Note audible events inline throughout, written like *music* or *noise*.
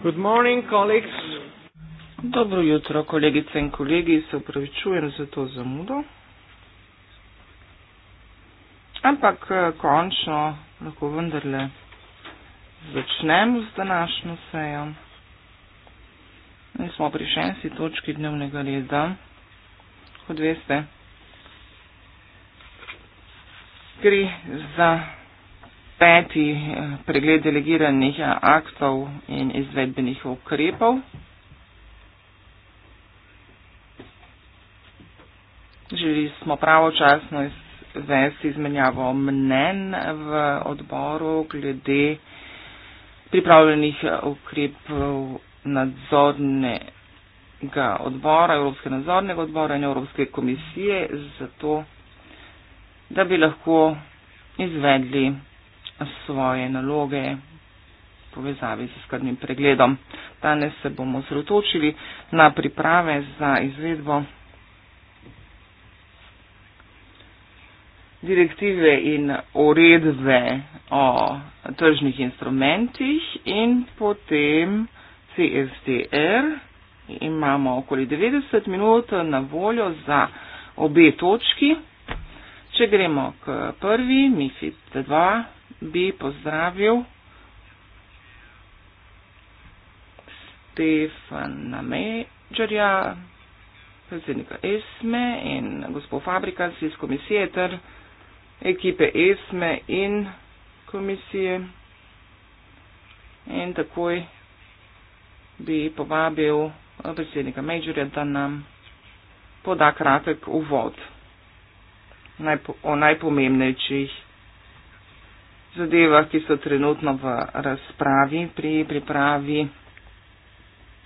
Good morning, colleagues. Dobro jutro, kolegice in kolegi, se upravičujem za to zamudo. Ampak eh, končno lahko vendarle začnem z današnjo sejo. Mi smo pri šesti točki dnevnega reda, kot veste. Gre za peti eh, pregled delegiranih eh, aktov in izvedbenih ukrepov. Želi smo pravočasno izvesti izmenjavo mnen v odboru glede pripravljenih ukrepov nadzornega odbora, Evropske nadzornega odbora in Evropske komisije, zato da bi lahko izvedli svoje naloge povezavi z skrbnim pregledom. Danes se bomo zrotočili na priprave za izvedbo direktive in uredbe o tržnih instrumentih in potem CSDR. Imamo okoli 90 minut na voljo za obe točki. Če gremo k prvi, MIFID 2 bi pozdravil Stefana Međerja, predsednika ESME in gospod Fabrika iz komisije ter ekipe ESME in komisije. In takoj bi povabil predsednika Međerja, da nam poda kratek uvod o najpomembnejših zadevah, ki so trenutno v razpravi pri pripravi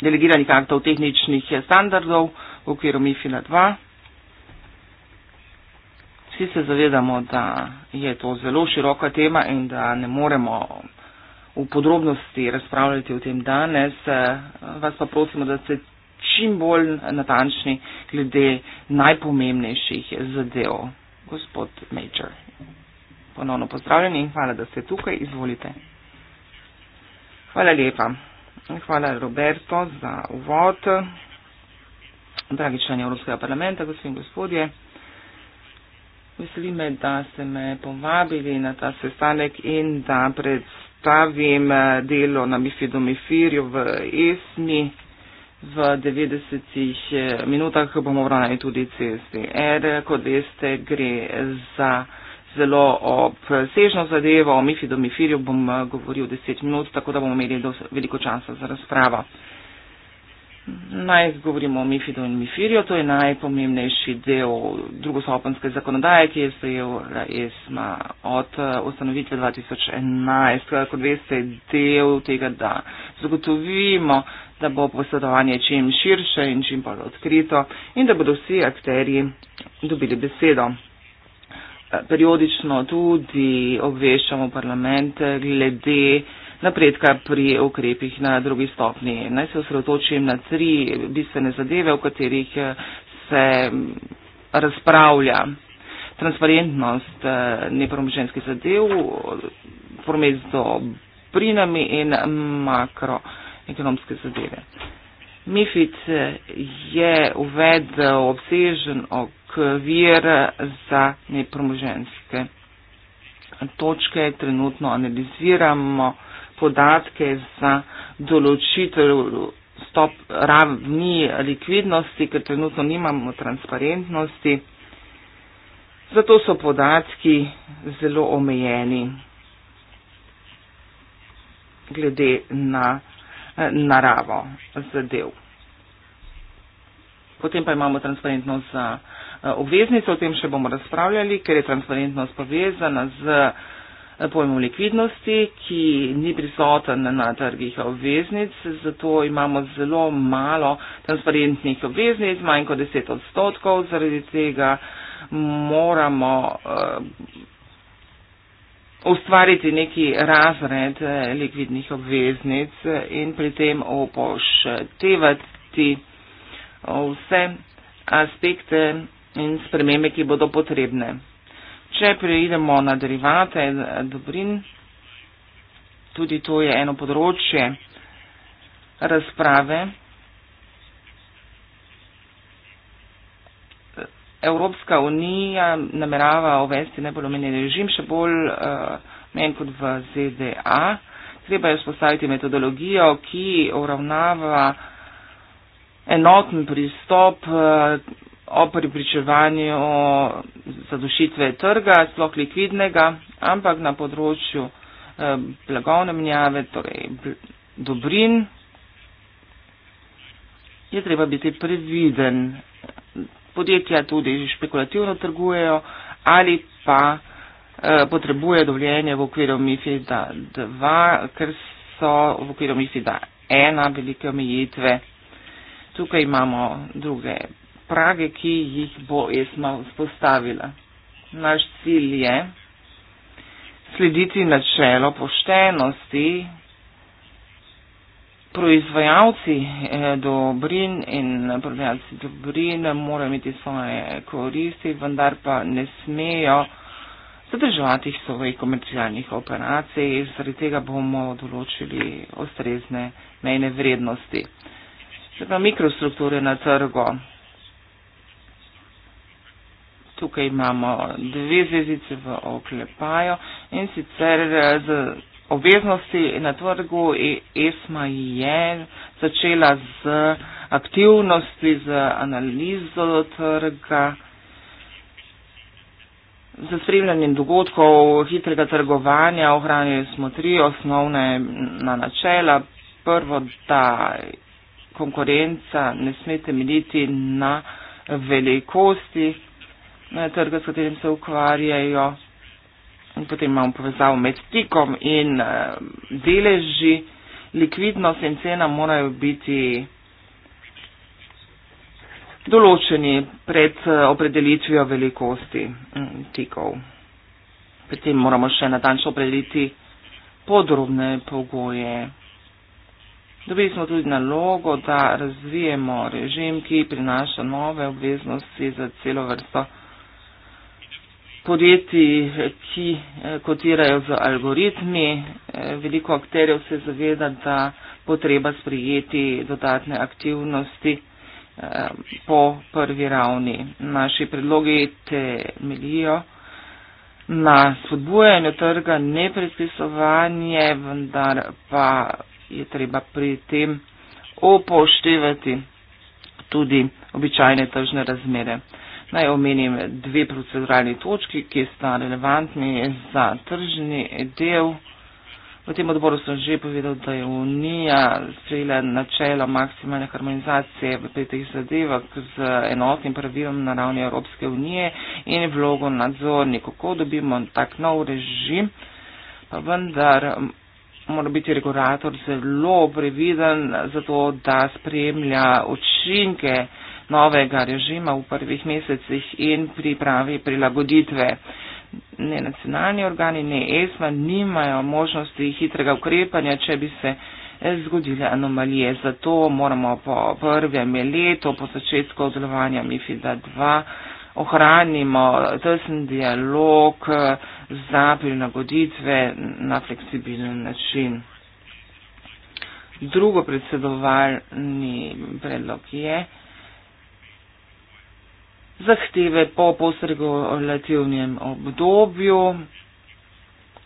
delegiranih aktov tehničnih standardov v okviru MIFIL-2. Vsi se zavedamo, da je to zelo široka tema in da ne moremo v podrobnosti razpravljati o tem danes. Vas pa prosimo, da se čim bolj natančni glede najpomembnejših zadev. Gospod Major ponovno pozdravljeni in hvala, da ste tukaj. Izvolite. Hvala lepa. Hvala Roberto za uvod. Dragi člani Evropskega parlamenta, gospod in gospodje, veseli me, da ste me povabili na ta sestanek in da predstavim delo na Mifidomifirju v Esni. V 90 eh, minutah bomo obravnali tudi CSDR. Kot veste, gre za zelo obsežno zadevo. O mifidomifirju bom eh, govoril 10 minut, tako da bomo imeli veliko časa za razpravo. Naj govorimo o mifidu in mifirju. To je najpomembnejši del drugostopenske zakonodaje, ki je sprejel ESMA od eh, ustanovitve 2011. Kot veste, je del tega, da zagotovimo, da bo posredovanje čim širše in čim bolj odkrito in da bodo vsi akteri dobili besedo periodično tudi obveščamo parlament glede napredka pri ukrepih na drugi stopni. Naj se osredotočim na tri bistvene zadeve, o katerih eh, se mm, razpravlja. Transparentnost eh, nepromoženskih zadev, promet z dobrinami in makroekonomske zadeve. MIFID eh, je uvedel obsežen okrep okvir za nepromoženske točke. Trenutno analiziramo podatke za določitev stop ravni likvidnosti, ker trenutno nimamo transparentnosti. Zato so podatki zelo omejeni glede na eh, naravo zadev. Potem pa imamo transparentnost za uh, obveznice, o tem še bomo razpravljali, ker je transparentnost povezana z eh, pojmom likvidnosti, ki ni prisoten na trgih obveznic, zato imamo zelo malo transparentnih obveznic, manj kot 10 odstotkov, zaradi tega moramo eh, ustvariti neki razred eh, likvidnih obveznic in pri tem upoštevati vse aspekte in spremembe, ki bodo potrebne. Če preidemo na derivate dobrin, tudi to je eno področje razprave. Evropska unija namerava uvesti najbolj omenjeni režim, še bolj eh, menj kot v ZDA. Treba je vzpostaviti metodologijo, ki uravnava enoten pristop eh, o pripričevanju zadušitve trga, sploh likvidnega, ampak na področju eh, blagovne mnjave, torej dobrin, je treba biti previden. Podjetja tudi špekulativno trgujejo ali pa eh, potrebuje dovoljenje v okviru MIFID-a 2, ker so v okviru MIFID-a 1 velike omejitve. Tukaj imamo druge naprave, ki jih bo ESMA vzpostavila. Naš cilj je slediti načelo poštenosti. Proizvajalci eh, dobrin in prodajalci dobrin morajo imeti svoje koristi, vendar pa ne smejo zadržavati svojih komercialnih operacij in zaradi tega bomo določili ostrezne mejne vrednosti. Zdaj pa mikrostrukture na trgu tukaj imamo dve zvezdice v oklepaju in sicer eh, z obveznosti na trgu e-, ESMA je začela z aktivnosti, z analizo trga, z spremljanjem dogodkov hitrega trgovanja. Ohranili smo tri osnovne na načela. Prvo, da konkurenca ne smete miniti na velikosti, Eh, trga, s katerim se ukvarjajo. In potem imamo povezavo med tikom in uh, deleži, likvidnost in cena morajo biti določeni pred uh, opredelitvijo velikosti um, tikov. Potem moramo še natančno opredeliti podrobne pogoje. Dobili smo tudi nalogo, da razvijemo režim, ki prinaša nove obveznosti za celo vrsto podjetij, ki eh, kotirajo z algoritmi. Eh, veliko akterjev se zaveda, da potreba sprijeti dodatne aktivnosti eh, po prvi ravni. Naši predlogi temeljijo na spodbujanju trga, ne predpisovanje, vendar pa je treba pri tem upoštevati tudi običajne tržne razmere. Naj omenim dve proceduralni točki, ki sta relevantni za tržni del. V tem odboru sem že povedal, da je Unija sprejela načelo maksimalne harmonizacije v petih zadevah z enotnim pravilom na ravni Evropske unije in vlogo nadzornikov. Kako dobimo tak nov režim, pa vendar mora biti regulator zelo previden za to, da spremlja učinke novega režima v prvih mesecih in pripravi prilagoditve. Ne nacionalni organi, ne ESMA nimajo možnosti hitrega ukrepanja, če bi se zgodile anomalije. Zato moramo po prvem letu, po začetku delovanja MIFID-2, ohranimo tesen dialog eh, za prilagoditve na fleksibilen način. Drugo predsedovalni predlog je, zahteve po postregulativnem obdobju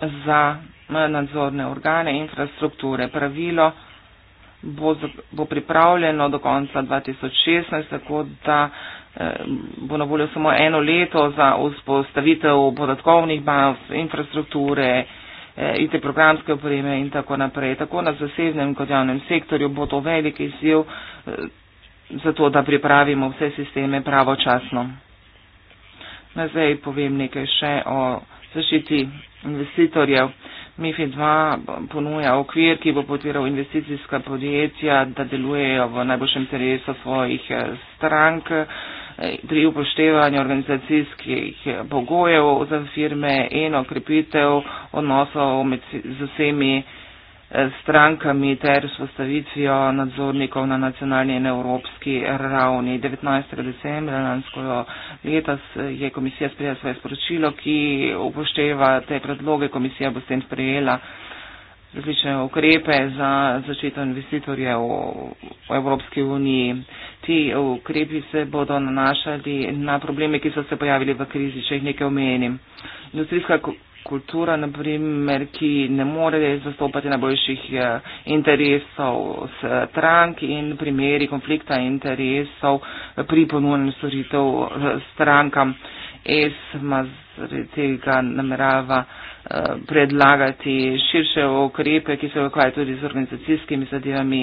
za nadzorne organe infrastrukture. Pravilo bo, bo pripravljeno do konca 2016, tako da eh, bo na voljo samo eno leto za vzpostavitev podatkovnih baz, infrastrukture, eh, IT programske opreme in tako naprej. Tako na zasebnem kot javnem sektorju bo to velik izziv. Eh, zato, da pripravimo vse sisteme pravočasno. Na zdaj povem nekaj še o zašiti investitorjev. MIFID 2 ponuja okvir, ki bo podpiral investicijska podjetja, da delujejo v najboljšem interesu svojih eh, strank eh, pri upoštevanju organizacijskih pogojev za firme in okrepitev odnosov med z vsemi uh, strankami ter vzpostavitvijo nadzornikov na nacionalni in evropski ravni. 19. decembra lanskojo leta je komisija sprejela svoje sporočilo, ki upošteva te predloge. Komisija bo s tem sprejela različne ukrepe za začetno investitorje v, v Evropski uniji. Ti ukrepi se bodo nanašali na probleme, ki so se pojavili v krizi, če jih nekaj omenim kultura, naprimer, ki ne more zastopati najboljših eh, interesov strank in primeri konflikta interesov eh, pri ponujanju storitev eh, strankam. ESMA zaradi tega namerava predlagati širše okrepe, ki se ukvarjajo tudi z organizacijskimi zadevami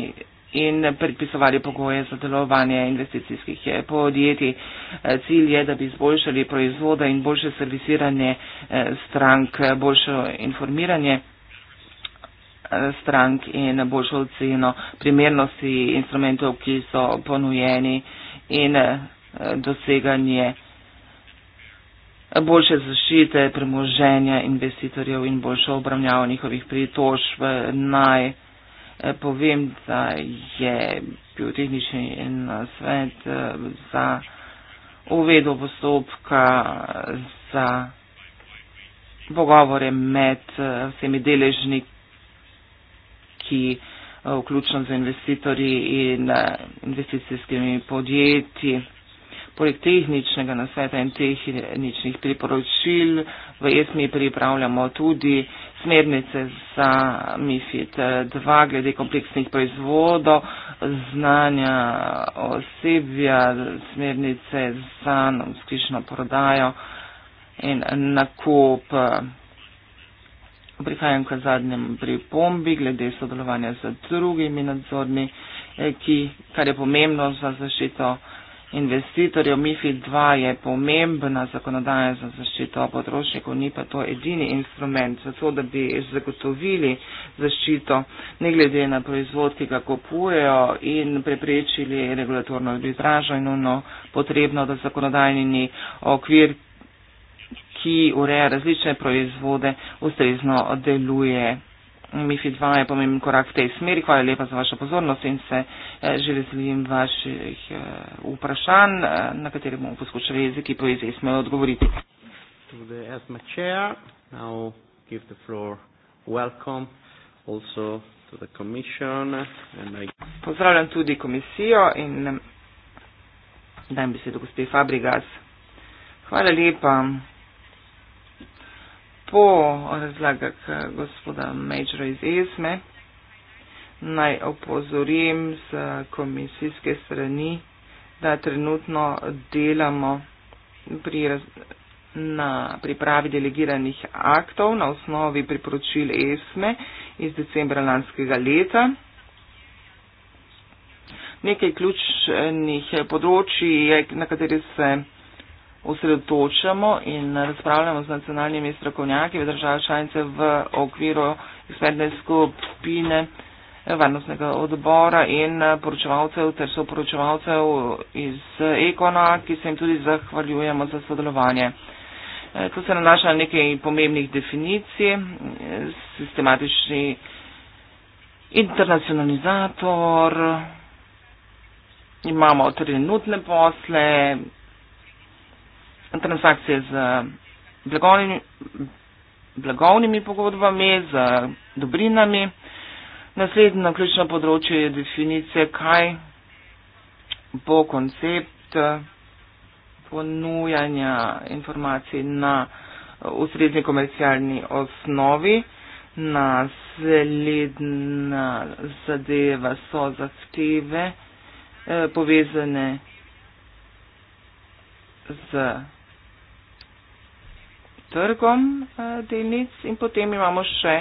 in predpisovali pogoje za delovanje investicijskih eh, podjetij. Eh, cilj je, da bi izboljšali proizvode in boljše servisiranje eh, strank, boljše informiranje strank in boljšo oceno primernosti instrumentov, ki so ponujeni in doseganje boljše zašite premoženja investitorjev in boljšo obravnjavo njihovih pritožb naj. Eh, povem, da je bil tehnični nasvet eh, za uvedo postopka za pogovore med eh, vsemi deležniki, vključno z investitorji in investicijskimi podjetji. Poleg tehničnega nasveta in tehničnih priporočil v ESMI pripravljamo tudi smernice za MIFID 2 glede kompleksnih proizvodov, znanja osebja, smernice za uspešno prodajo in nakup. Prihajam k zadnjem pripombi glede sodelovanja z drugimi nadzorni, ki, kar je pomembno za zaščito investitorjev MIFID 2 je pomembna zakonodaja za zaščito potrošnikov, ni pa to edini instrument za to, da bi zagotovili zaščito ne glede na proizvod, ki ga kupujejo in preprečili regulatorno arbitražo in ono potrebno, da zakonodajni okvir, ki ureja različne proizvode, ustrezno deluje. MIFI 2 je pomemben korak v tej smeri. Hvala lepa za vašo pozornost in se eh, že veselim vaših eh, vprašanj, eh, na katere bomo poskušali z ekipo iz ESME odgovoriti. Pozdravljam tudi komisijo in dajem besedo gospe Fabrigas. Hvala lepa lepo razlaga gospoda Mejdžra iz Esme. Naj opozorim z komisijske strani, da trenutno delamo pri raz, na pripravi delegiranih aktov na osnovi priporočil Esme iz decembra lanskega leta. Nekaj ključnih področji, na kateri se osredotočamo in razpravljamo z nacionalnimi strokovnjaki v državi članice v okviru ekspertne skupine eh, varnostnega odbora in eh, poročevalcev ter soporočevalcev iz eh, Ekona, ki se jim tudi zahvaljujemo za sodelovanje. To se nanaša na nekaj pomembnih definicij, sistematični internacionalizator, imamo trenutne posle, transakcije z blagovnimi, blagovnimi pogodbami, z dobrinami. Naslednje ključno področje je definicija, kaj bo koncept ponujanja informacij na ustrezni komercialni osnovi. Naslednja zadeva so zahteve eh, povezane z trgom eh, delnic in potem imamo še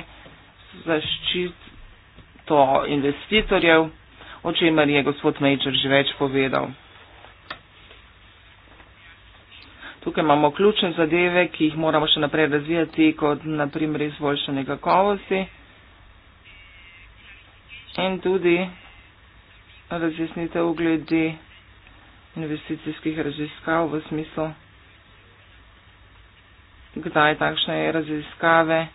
zaščito investitorjev, o čemer je gospod Major že več povedal. Tukaj imamo ključne zadeve, ki jih moramo še naprej razvijati, kot naprimer izboljšanje kakovosti in tudi razjasnitev glede investicijskih raziskav v smislu kdaj takšne raziskave.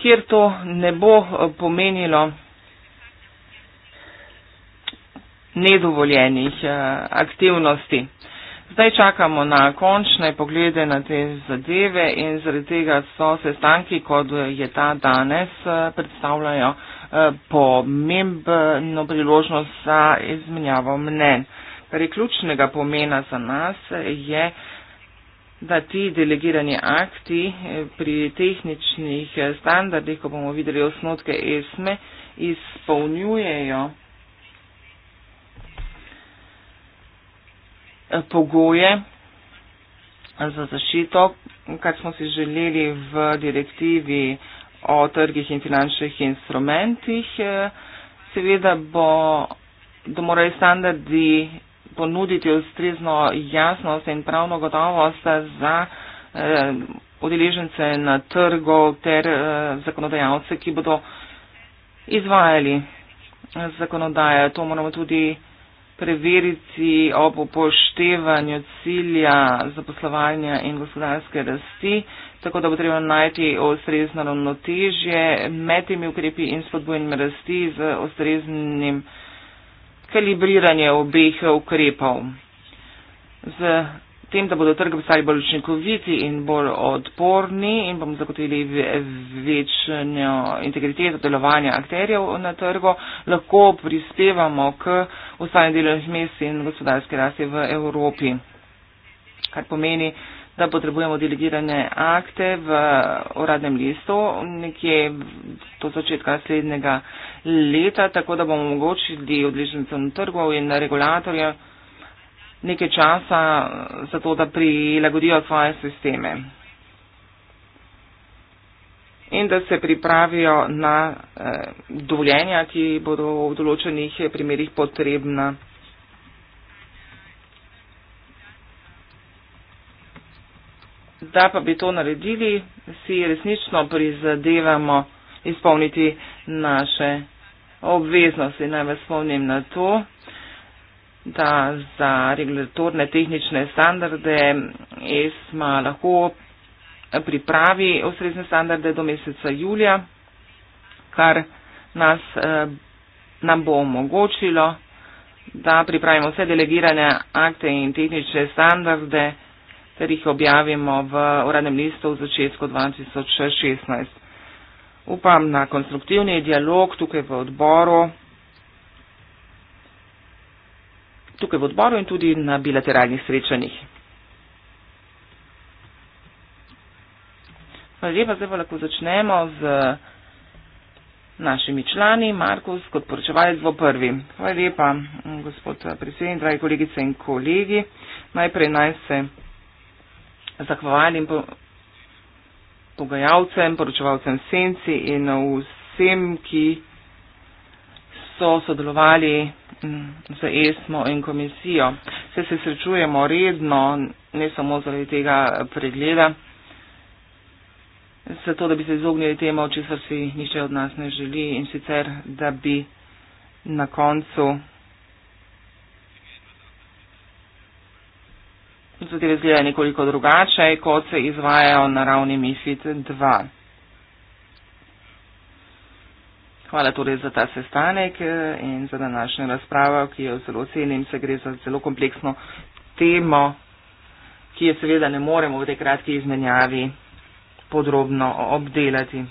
Kjer to ne bo eh, pomenilo nedovoljenih eh, aktivnosti. Zdaj čakamo na končne poglede na te zadeve in zaradi tega so sestanki, kot je ta danes, eh, predstavljajo pomembno priložnost za izmenjavo mnen kar torej, je ključnega pomena za nas, je, da ti delegirani akti pri tehničnih standardih, ko bomo videli osnotke ESME, izpolnjujejo pogoje za zašito, kar smo si želeli v direktivi o trgih in finančnih instrumentih. Seveda bo, da morajo standardi ponuditi ustrezno jasnost in pravno gotovost za odeležence eh, na trgu ter eh, zakonodajalce, ki bodo izvajali eh, zakonodaje. To moramo tudi preveriti ob upoštevanju cilja zaposlovanja in gospodarske rasti, tako da bo treba najti ustrezno ravnotežje med temi ukrepi in spodbojnimi rasti z ustreznim kalibriranje obeh ukrepov. Z tem, da bodo trg postali bolj učinkoviti in bolj odporni in bomo zagotovili večjo integriteto delovanja akterjev na trgu, lahko prispevamo k ustvarjanju delovnih mest in gospodarske rasti v Evropi. Kar pomeni, da potrebujemo delegirane akte v uradnem listu nekje do začetka naslednjega leta, tako da bomo omogočili odličnicam trgov in regulatorjem nekaj časa za to, da prilagodijo svoje sisteme in da se pripravijo na eh, dovoljenja, ki bodo v določenih primerjih potrebna. da pa bi to naredili, si resnično prizadevamo izpolniti naše obveznosti. Naj vas spomnim na to, da za regulatorne tehnične standarde ESMA lahko pripravi ustrezne standarde do meseca julija, kar nas, eh, nam bo omogočilo, da pripravimo vse delegirane akte in tehnične standarde, ter jih objavimo v uradnem listu v začetku 2016. Upam na konstruktivni dialog tukaj v odboru, tukaj v odboru in tudi na bilateralnih srečanjih. Hvala lepa, zdaj pa lahko začnemo z našimi člani. Markus, kot poročevalec, bo prvi. Hvala lepa, gospod predsednik, dragi kolegice in kolegi. Najprej naj se zahvali in po, pogajalcem, poročevalcem Senci in vsem, ki so sodelovali mm, z ESMO in komisijo. Vse se srečujemo redno, ne samo zaradi tega pregleda, zato da bi se izognili temu, če se si nišče od nas ne želi in sicer, da bi na koncu. in tudi razgleda nekoliko drugače, kot se izvajajo na ravni MIFID 2. Hvala torej za ta sestanek eh, in za današnjo razpravo, ki jo zelo cenim, se gre za zelo kompleksno temo, ki je seveda ne moremo v tej kratki izmenjavi podrobno obdelati.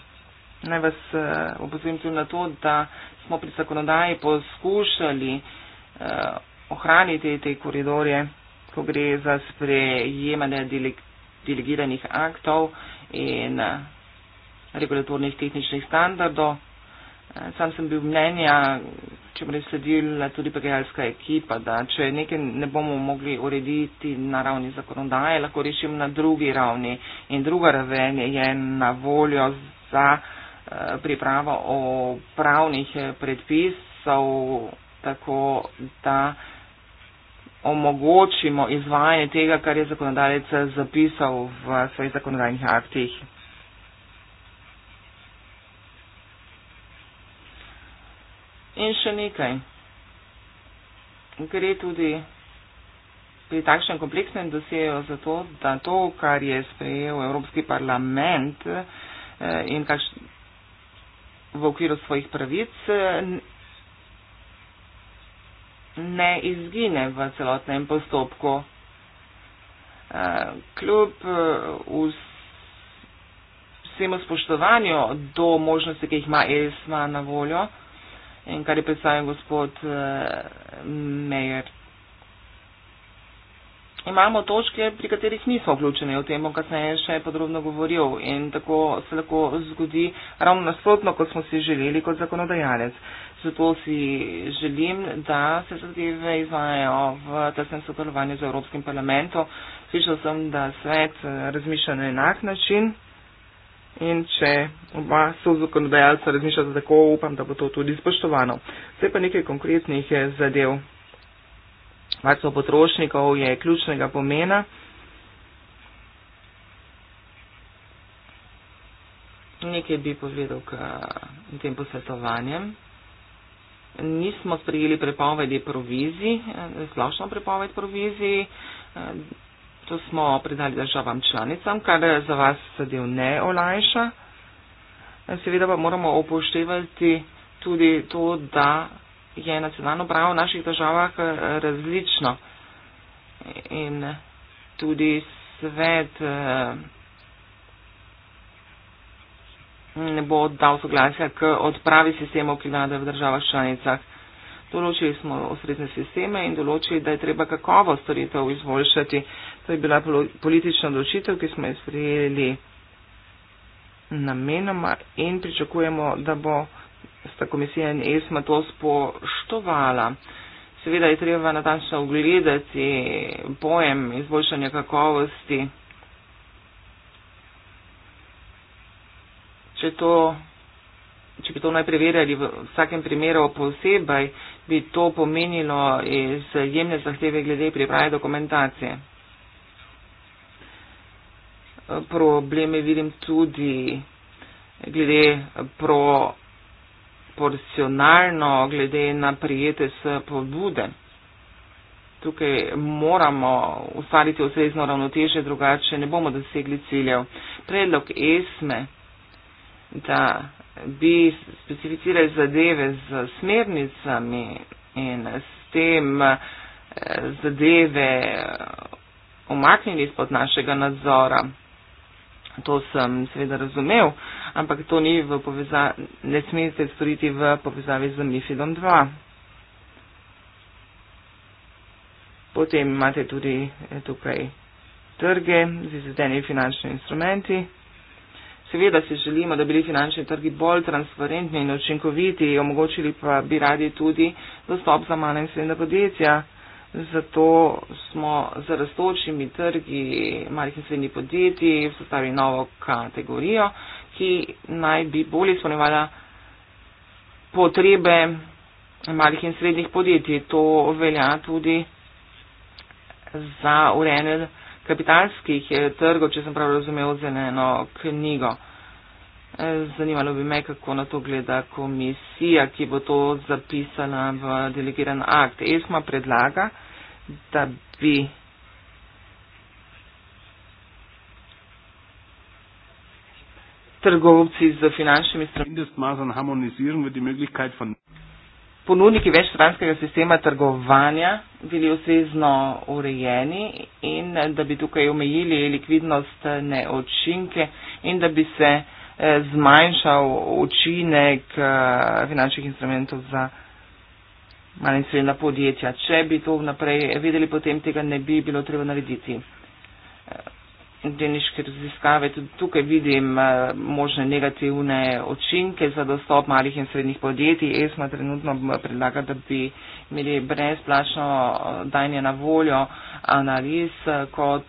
Naj vas eh, opozorim tudi na to, da smo pri zakonodaji poskušali eh, ohraniti te koridorje ko gre za sprejemanje delegiranih aktov in eh, regulatornih tehničnih standardov. Eh, sam sem bil mnenja, če bom sledila tudi pregajalska ekipa, da če nekaj ne bomo mogli urediti na ravni zakonodaje, lahko rešim na drugi ravni. In druga raven je na voljo za eh, pripravo o pravnih predpisov, tako da omogočimo izvajanje tega, kar je zakonodajec zapisal v svojih zakonodajnih aktih. In še nekaj. Gre tudi pri takšnem kompleksnem dosjeju za to, da to, kar je sprejel Evropski parlament eh, in kakšen v okviru svojih pravic, ne izgine v celotnem postopku. Eh, kljub eh, vsemu spoštovanju do možnosti, ki jih ima ESMA na voljo in kar je predstavljen gospod eh, Mejert imamo točke, pri katerih nismo vključeni v tem, o kasneje še podrobno govoril in tako se lahko zgodi ravno nasprotno, kot smo si želeli kot zakonodajalec. Zato si želim, da se zadeve izvajajo v tesnem sodelovanju z Evropskim parlamentom. Slišal sem, da svet eh, razmišlja na enak način in če oba so zakonodajalca razmišljata tako, upam, da bo to tudi spoštovano. Zdaj pa nekaj konkretnih eh, zadev varstvo potrošnikov je ključnega pomena. Nekaj bi povedal k tem posvetovanjem. Nismo sprejeli prepovedi provizij, splošno prepoved provizij. To smo predali državam članicam, kar za vas sedel ne olajša. Seveda pa moramo upoštevati tudi to, da je nacionalno pravo v naših državah eh, različno in tudi svet eh, ne bo dal soglasja k odpravi sistemov, ki vlada v državah članicah. Določili smo osrednje sisteme in določili, da je treba kakovo storitev izboljšati. To je bila politična odločitev, ki smo jo sprejeli namenoma in pričakujemo, da bo sta komisija in ESMA to spoštovala. Seveda je treba natančno ogledati pojem izboljšanja kakovosti. Če, to, če bi to naj preverjali v vsakem primeru posebej, bi to pomenilo izjemne zahteve glede priprave dokumentacije. Probleme vidim tudi glede pro porcionalno glede na prijete s pobude. Tukaj moramo ustvariti ustrezno ravnoteže, drugače ne bomo dosegli ciljev. Predlog ESME, da bi specificirali zadeve z smernicami in s tem eh, zadeve omaknili eh, izpod našega nadzora, To sem seveda razumel, ampak to ni v povezavi, ne sme se storiti v povezavi z Mifidom 2. Potem imate tudi eh, tukaj trge z izvedenimi finančnimi instrumenti. Seveda si želimo, da bi bili finančni trgi bolj transparentni in učinkoviti, omogočili pa bi radi tudi dostop za manj in srednja podjetja. Zato smo z rastočimi trgi malih in srednjih podjetij vzpostavili novo kategorijo, ki naj bi bolje izpolnjevala potrebe malih in srednjih podjetij. To velja tudi za urejanje kapitalskih eh, trgov, če sem prav razumel zeleno knjigo. Zanimalo bi me, kako na to gleda komisija, ki bo to zapisana v delegiran akt. ESMA predlaga, da bi. Trgovci z finančnimi stroški. Ponudniki večstranskega sistema trgovanja bili ustrezno urejeni in da bi tukaj omejili likvidnost neočinke in da bi se uh, zmanjšal učinek eh, finančnih instrumentov za manj in srednja podjetja. Če bi to vnaprej vedeli, potem tega ne bi bilo treba narediti. Eh, Deniške raziskave tudi tukaj vidim eh, možne negativne učinke za dostop malih in srednjih podjetij. ESMA trenutno predlaga, da bi imeli brezplačno dajanje na voljo analiz kot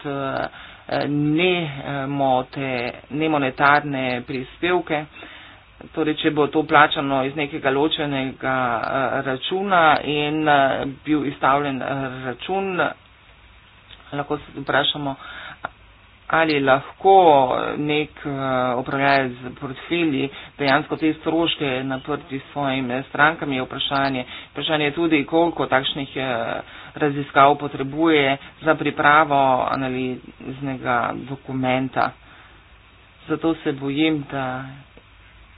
ne, eh, mote, ne monetarne prispevke. Torej, če bo to plačano iz nekega ločenega eh, računa in eh, bil izstavljen račun, lahko se vprašamo, ali lahko nek upravljalec portfelji dejansko te stroške naprti s svojimi strankami. Vprašanje. vprašanje je tudi, koliko takšnih. Je, raziskav potrebuje za pripravo analiznega dokumenta. Zato se bojim, da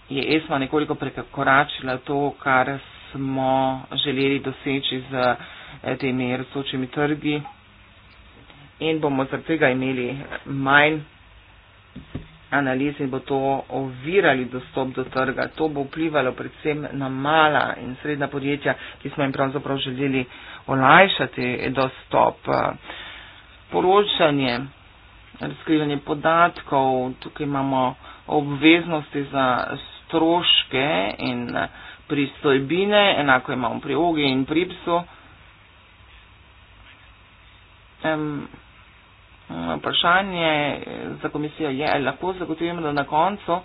je ESMA nekoliko prekoračila to, kar smo želeli doseči z eh, temi resočimi trgi in bomo zaradi tega imeli manj analizi bo to ovirali dostop do trga. To bo vplivalo predvsem na mala in srednja podjetja, ki smo jim pravzaprav želeli olajšati dostop. Poročanje, razkrivanje podatkov, tukaj imamo obveznosti za stroške in pristojbine, enako imamo pri OGE in pri PSO. Um, vprašanje za komisijo je, ali lahko zagotovimo, da na koncu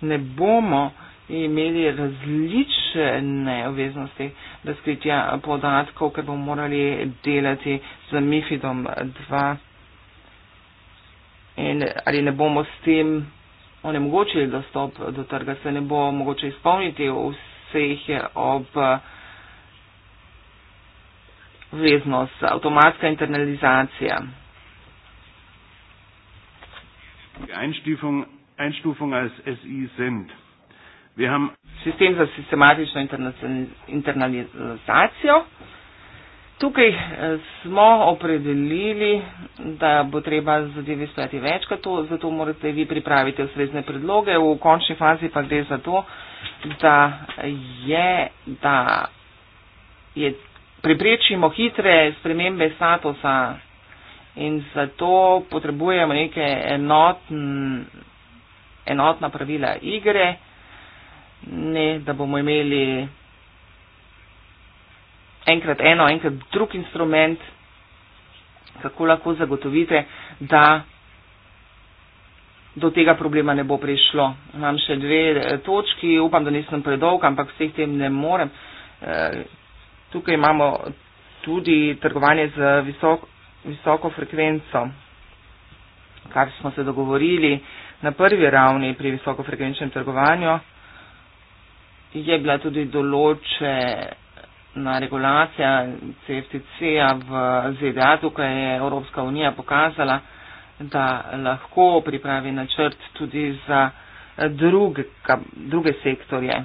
ne bomo imeli različne obveznosti razkritja podatkov, ker bomo morali delati z MIFIDom 2. In ali ne bomo s tem onemogočili dostop do trga, se ne bo mogoče izpolniti vseh ob obveznost, avtomatska internalizacija die Einstufung, Einstufung als SI sind. Wir haben System za sistematično internalizacijo. Tukaj eh, smo opredelili, da bo treba zadeve izpeljati več kot to, zato morate vi pripraviti ustrezne predloge. V končni fazi pa gre za to, da je, da je preprečimo hitre spremembe statusa in zato potrebujemo neke enotn, enotna pravila igre, ne da bomo imeli enkrat eno, enkrat drug instrument, kako lahko zagotovite, da do tega problema ne bo prišlo. Imam še dve eh, točki, upam, da nisem predolg, ampak vseh tem ne morem. Eh, tukaj imamo tudi trgovanje z visoko visoko frekvenco, kar smo se dogovorili na prvi ravni pri visokofrekvenčnem trgovanju, je bila tudi določena regulacija CFTC-a v ZDA, tukaj je Evropska unija pokazala, da lahko pripravi načrt tudi za drug, druge sektorje.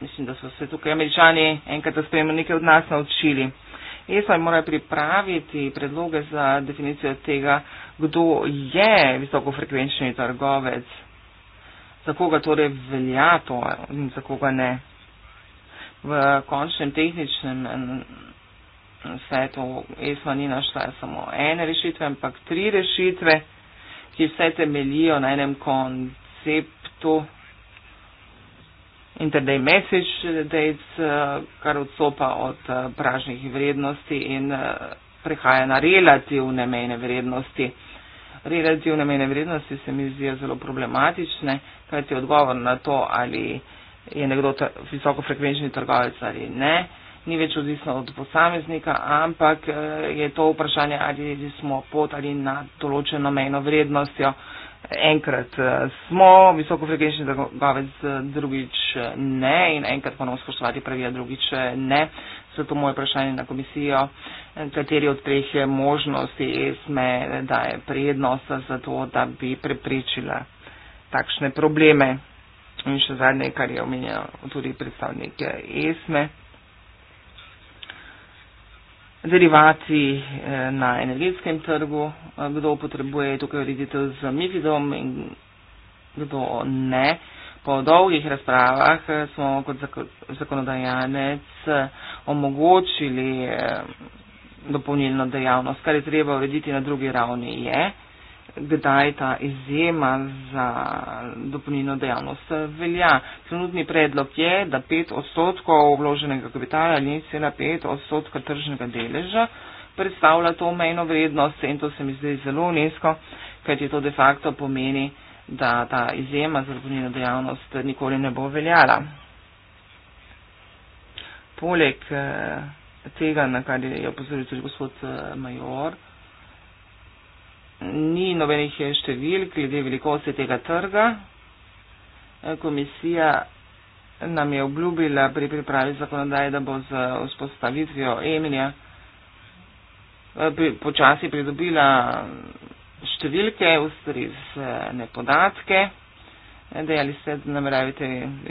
mislim, da so se tukaj američani enkrat, da sprejemo nekaj od nas naučili. ESA mora pripraviti predloge za definicijo tega, kdo je visokofrekvenčni trgovec, za koga torej velja to in za koga ne. V končnem tehničnem mm, svetu ESA ni našla samo ene rešitve, ampak tri rešitve, ki vse temelijo na enem konceptu interday message, da je uh, kar odsopa od uh, pražnih vrednosti in uh, prehaja na relativne mejne vrednosti. Relativne mejne vrednosti se mi zdijo zelo problematične, kajti odgovor na to, ali je nekdo tr visokofrekvenčni trgovec ali ne, ni več odvisno od posameznika, ampak uh, je to vprašanje, ali smo pot ali nad določeno mejno vrednostjo enkrat eh, smo visokofrekvenčni trgovec, eh, drugič eh, ne in enkrat moramo spoštovati pravila, drugič ne. Zato moje vprašanje na komisijo, kateri od treh možnosti ESME daje prednost za to, da bi preprečila takšne probleme. In še zadnje, kar je omenjal tudi predstavnik ESME derivati eh, na energetskem trgu, eh, kdo potrebuje tukaj ureditev z MIFID-om in kdo ne. Po dolgih razpravah eh, smo kot zakonodajanec omogočili dopolnilno dejavnost. Kar je treba urediti na drugi ravni je, kdaj ta izjema za dopolnilno dejavnost velja. Trenutni predlog je, da 5 odstotkov vloženega kapitala ali 1,5 odstotka tržnega deleža predstavlja to mejno vrednost in to se mi zdi zelo nizko, kajti to de facto pomeni, da ta izjema za dopolnilno dejavnost nikoli ne bo veljala. Poleg eh, tega, na kar je opozoril tudi gospod eh, Major, ni nobenih številk glede velikosti tega trga. Komisija nam je obljubila pri pripravi zakonodaje, da bo z vzpostavitvijo emnja eh, počasi pridobila številke, ustrezne podatke. Dejali ste, da nameravate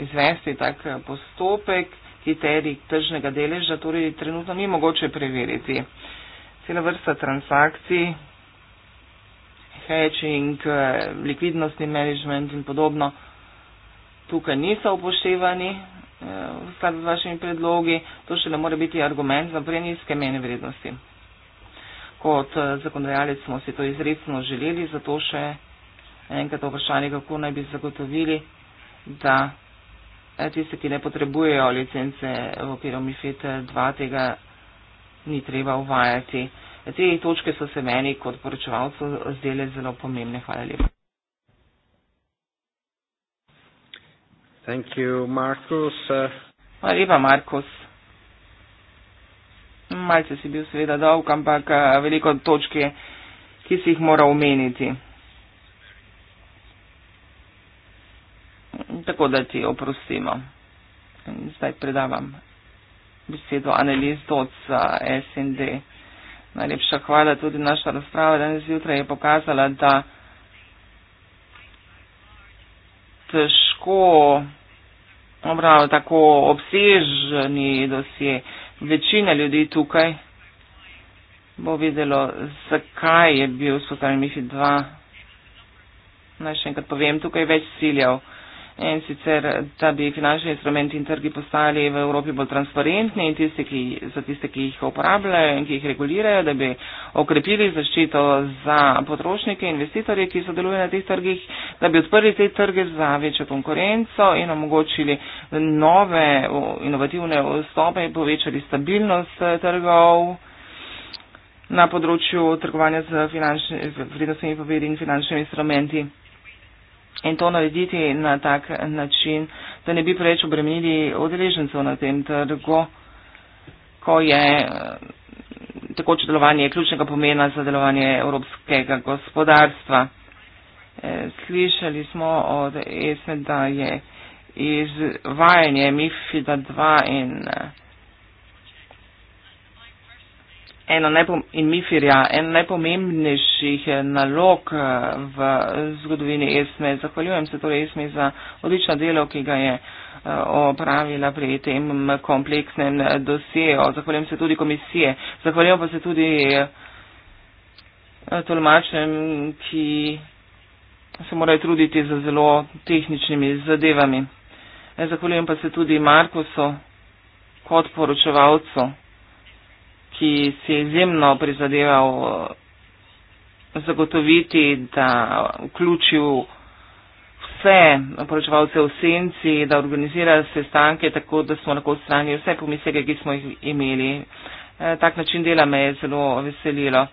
izvesti tak eh, postopek, kriterij tržnega deleža, torej trenutno ni mogoče preveriti. Cela vrsta transakcij hedging, eh, likvidnostni management in podobno tukaj niso upoštevani eh, v skladu z vašimi predlogi, to še ne more biti argument za preniske mene vrednosti. Kot eh, zakonodajalec smo si to izredno želeli, zato še enkrat vprašanje, kako naj bi zagotovili, da tiste, ki ne potrebujejo licence v okviru MIFID 2, tega ni treba uvajati. Te točke so se meni kot poročevalcu zdele zelo pomembne. Hvala lepa. Thank you, Markus. Hvala lepa, Markus. Malce si bil seveda dolg, ampak eh, veliko točke, ki si jih mora omeniti. Tako da ti oprostimo. Zdaj predavam besedo Annelies Dodds, SND. Najlepša hvala. Tudi naša razprava danes jutraj je pokazala, da težko obravno tako obsežni dosje. Večina ljudi tukaj bo videlo, zakaj je bil vzpostavljen MIFID 2. Naj še enkrat povem, tukaj več ciljev in sicer, da bi finančni instrumenti in trgi postali v Evropi bolj transparentni in tisti, ki, za tiste, ki jih uporabljajo in ki jih regulirajo, da bi okrepili zaščito za potrošnike, investitorje, ki sodelujejo na teh trgih, da bi odprli te trge za večjo konkurenco in omogočili nove inovativne vstope in povečali stabilnost eh, trgov na področju trgovanja z vrednostnimi papirji in finančnimi instrumenti in to narediti na tak način, da ne bi preveč obremenili odeležencev na tem trgu, ko je eh, takoče delovanje ključnega pomena za delovanje evropskega gospodarstva. Eh, slišali smo od ESME, da je izvajanje MIFID-2 in eh, ena in Mifirja, ena najpomembnejših eh, nalog eh, v zgodovini Esme. Zahvaljujem se torej Esme za odlično delo, ki ga je eh, opravila pri tem kompleksnem dosijeju. Zahvaljujem se tudi komisije. Zahvaljujem pa se tudi tolmačem, ki se morajo truditi za zelo tehničnimi zadevami. Zahvaljujem pa se tudi Markusu kot poročevalcu ki si je izjemno prizadeval eh, zagotoviti, da vključil vse poročevalce v senci, da organizira sestanke tako, da smo lahko odstranili vse pomisleke, ki smo jih imeli. Eh, tak način dela me je zelo veselilo.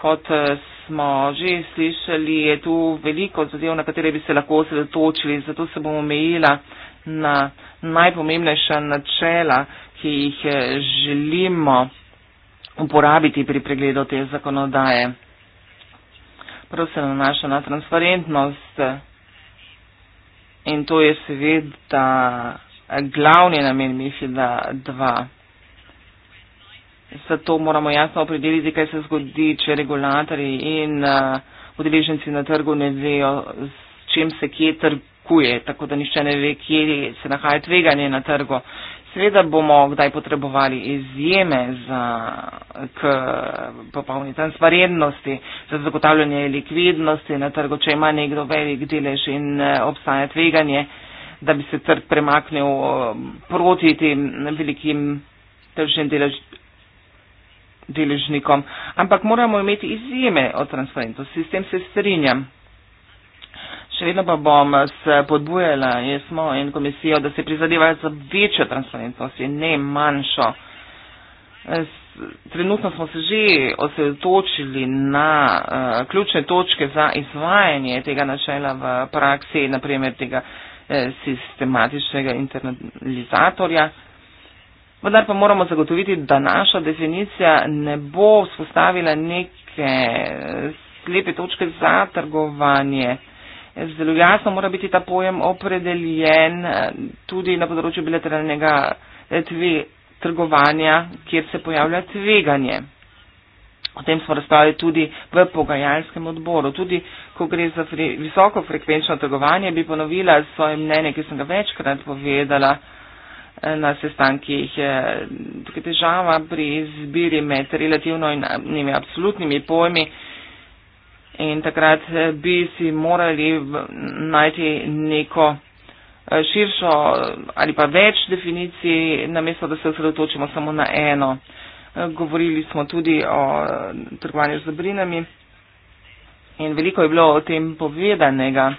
Kot eh, smo že slišali, je tu veliko zadev, na katere bi se lahko osredotočili, zato se bom omejila na najpomembnejša načela, ki jih želimo uporabiti pri pregledu te zakonodaje. Prav se nanaša na transparentnost in to je seveda glavni namen Mifida 2. Zato moramo jasno opredeliti, kaj se zgodi, če regulatori in eh, udeleženci na trgu ne vejo, s čem se kje trguje, tako da nišče ne ve, kje se nahaja tveganje na trgu. Seveda bomo kdaj potrebovali izjeme za popolni transparentnosti, za zagotavljanje likvidnosti na trgu, če ima nekdo velik delež in eh, obstaja tveganje, da bi se trg premaknil eh, proti tem velikim tržnim delež, deležnikom. Ampak moramo imeti izjeme od transparentnosti, s tem se strinjam. Še vedno pa bom se podbujala, jaz smo in komisijo, da se prizadevajo za večjo transparentnost in ne manjšo. Trenutno smo se že osredotočili na uh, ključne točke za izvajanje tega načela v praksi, naprimer tega eh, sistematičnega internalizatorja. Vendar pa moramo zagotoviti, da naša definicija ne bo vzpostavila neke eh, slepe točke za trgovanje. Eh, zelo jasno mora biti ta pojem opredeljen eh, tudi na področju bilateralnega eh, tve, trgovanja, kjer se pojavlja tveganje. O tem smo razpravljali tudi v pogajalskem odboru. Tudi, ko gre za fre, visoko frekvenčno trgovanje, bi ponovila svoje mnenje, ki sem ga večkrat povedala eh, na sestankih. Tukaj težava pri izbiri med relativno in absolutnimi pojmi in takrat eh, bi si morali najti neko eh, širšo eh, ali pa več definicij, namesto da se osredotočimo samo na eno. Govorili smo tudi o trgovanju z dobrinami in veliko je bilo o tem povedanega.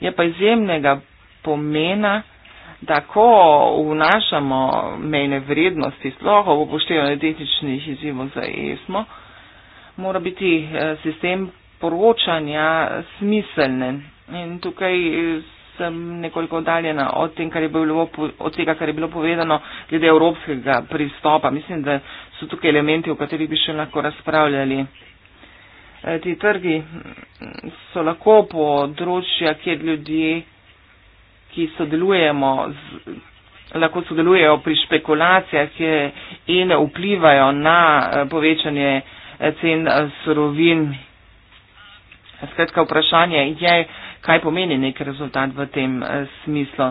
Je pa izjemnega pomena, da ko vnašamo mejne vrednosti, sploh v upoštevanje tehničnih izzivov za ESMO, mora biti sistem poročanja smiselne. In tukaj sem nekoliko oddaljena od, tem, kar bilo, od tega, kar je bilo povedano glede evropskega pristopa. Mislim, da so tukaj elementi, o katerih bi še lahko razpravljali. E, ti trgi so lahko področja, kjer ljudje, ki sodelujemo, z, lahko sodelujejo pri špekulacijah in vplivajo na e, povečanje e, cen surovin. Skratka, vprašanje je, kaj pomeni nek rezultat v tem eh, smislu.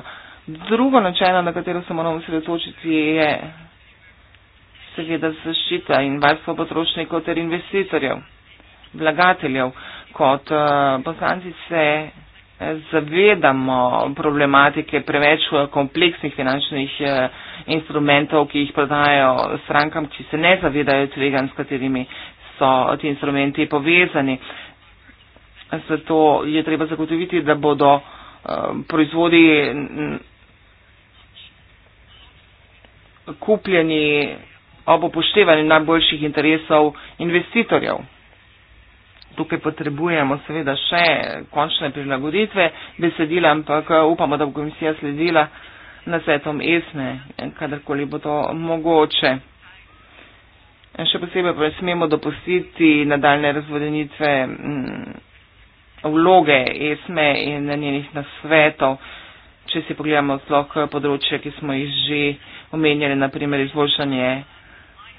Drugo načelo, na katero se moramo sredotočiti, je seveda zaščita in varstvo potrošnikov ter investitorjev, vlagateljev. Kot eh, poslanci se eh, zavedamo problematike preveč kompleksnih finančnih instrumentov, ki jih prodajajo strankam, ki se ne zavedajo tvegan, s katerimi so ti instrumenti povezani zato je treba zagotoviti, da bodo um, proizvodi kupljeni ob upoštevanju najboljših interesov investitorjev. Tukaj potrebujemo seveda še končne prilagoditve besedila, ampak uh, upamo, da bo komisija sledila nasvetom ESME, kadarkoli bo to mogoče. Še posebej pa ne smemo dopustiti nadaljne razvodenitve. Mm, vloge ESME in njenih nasvetov, če si pogledamo zlog področje, ki smo jih že omenjali, naprimer izboljšanje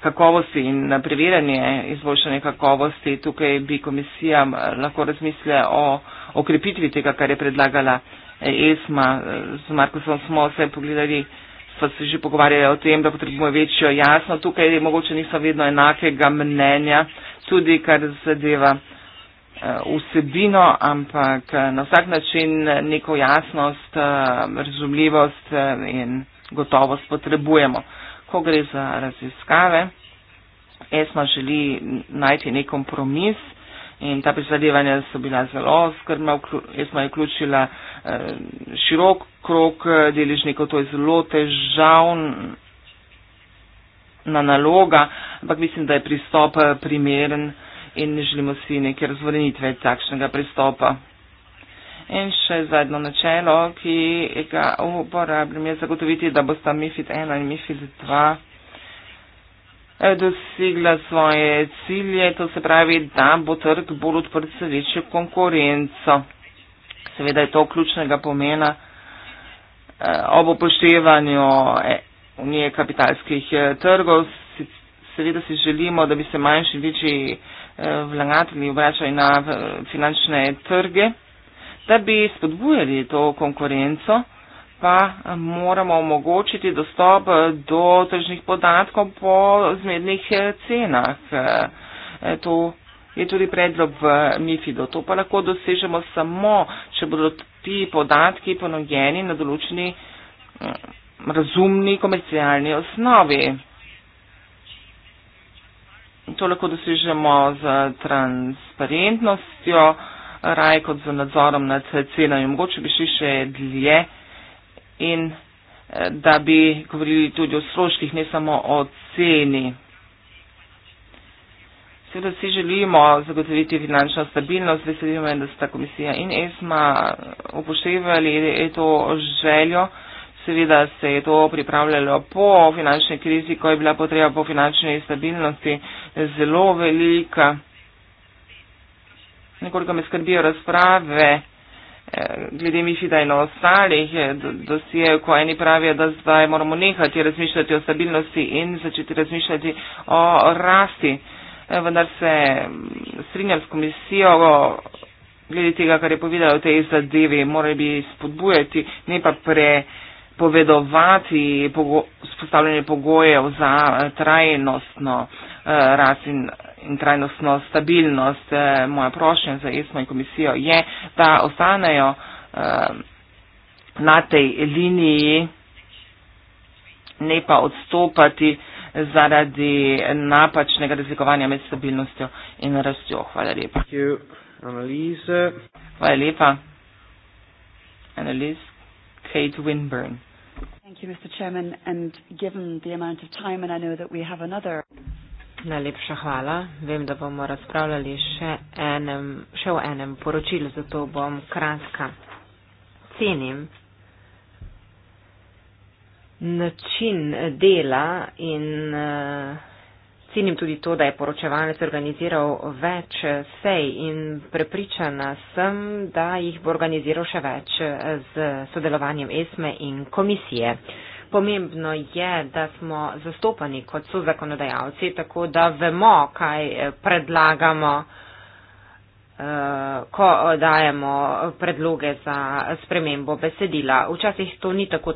kakovosti in preverjanje izboljšanje kakovosti. Tukaj bi komisija lahko razmislila o okrepitvi tega, kar je predlagala ESMA. Z Markusom smo se pogledali, sva se že pogovarjali o tem, da potrebujemo večjo jasno. Tukaj mogoče niso vedno enakega mnenja, tudi kar zadeva vsebino, ampak eh, na vsak način eh, neko jasnost, eh, razumljivost in gotovost potrebujemo. Ko gre za raziskave, ESMA želi najti nek kompromis. In ta prizadevanja so bila zelo skrbna, ESMA je vključila širok krok deležnikov, to je zelo težavna naloga, ampak mislim, da je pristop primeren in ne želimo si nekaj razvorenit več takšnega pristopa. In še zadnjo načelo, ki ga uporabljam, je zagotoviti, da bosta MIFID 1 in MIFID 2 eh, dosigla svoje cilje, to se pravi, da bo trg bolj odprt za večjo konkurenco. Seveda je to ključnega pomena eh, ob upoštevanju eh, unije kapitalskih trgov. Seveda si želimo, da bi se manjši večji. Eh, vlagatelji obračali na eh, finančne trge. Da bi spodbujali to konkurenco, pa eh, moramo omogočiti dostop do tržnih podatkov po zmednih cenah. To je tudi predlog v MIFID-u. To pa lahko dosežemo samo, če bodo ti podatki ponujeni na določeni razumni komercialni osnovi. To lahko dosežemo z transparentnostjo, raje kot z nadzorom nad cenami. Mogoče bi šli še dlje in eh, da bi govorili tudi o stroških, ne samo o ceni. Seveda si želimo zagotoviti finančno stabilnost, veselimo, da sta komisija in ESMA upoštevali to željo. Seveda se je to pripravljalo po finančni krizi, ko je bila potreba po finančni stabilnosti zelo velika. Nekoliko me skrbijo razprave eh, glede Mifida in ostalih eh, dosijev, ko eni pravijo, da zdaj moramo nehati razmišljati o stabilnosti in začeti razmišljati o rasti. Eh, vendar se mm, strinjam s komisijo glede tega, kar je povedala v tej zadevi, morali bi spodbujati, ne pa pre. Uh, povedovati vzpostavljanje pogo, pogojev za eh, trajnostno eh, rast in, in trajnostno stabilnost. Eh, moja prošnja za ESMO in komisijo je, da ostanejo eh, na tej liniji, ne pa odstopati zaradi napačnega razlikovanja med stabilnostjo in rastjo. Hvala lepa. Hvala lepa. Analiz. Kate Winburn. Thank you, Mr. Chairman, and given the amount of time, and I know that we have another. Najlepša hvala. Vem, da bomo razpravljali še, enem, še o enem poročilu, zato bom kratka. Cenim način dela in uh, Cenim tudi to, da je poročevalec organiziral več sej in prepričana sem, da jih bo organiziral še več z sodelovanjem ESME in komisije. Pomembno je, da smo zastopani kot so zakonodajalci, tako da vemo, kaj predlagamo, eh, ko dajemo predloge za spremembo besedila. Včasih to ni tako,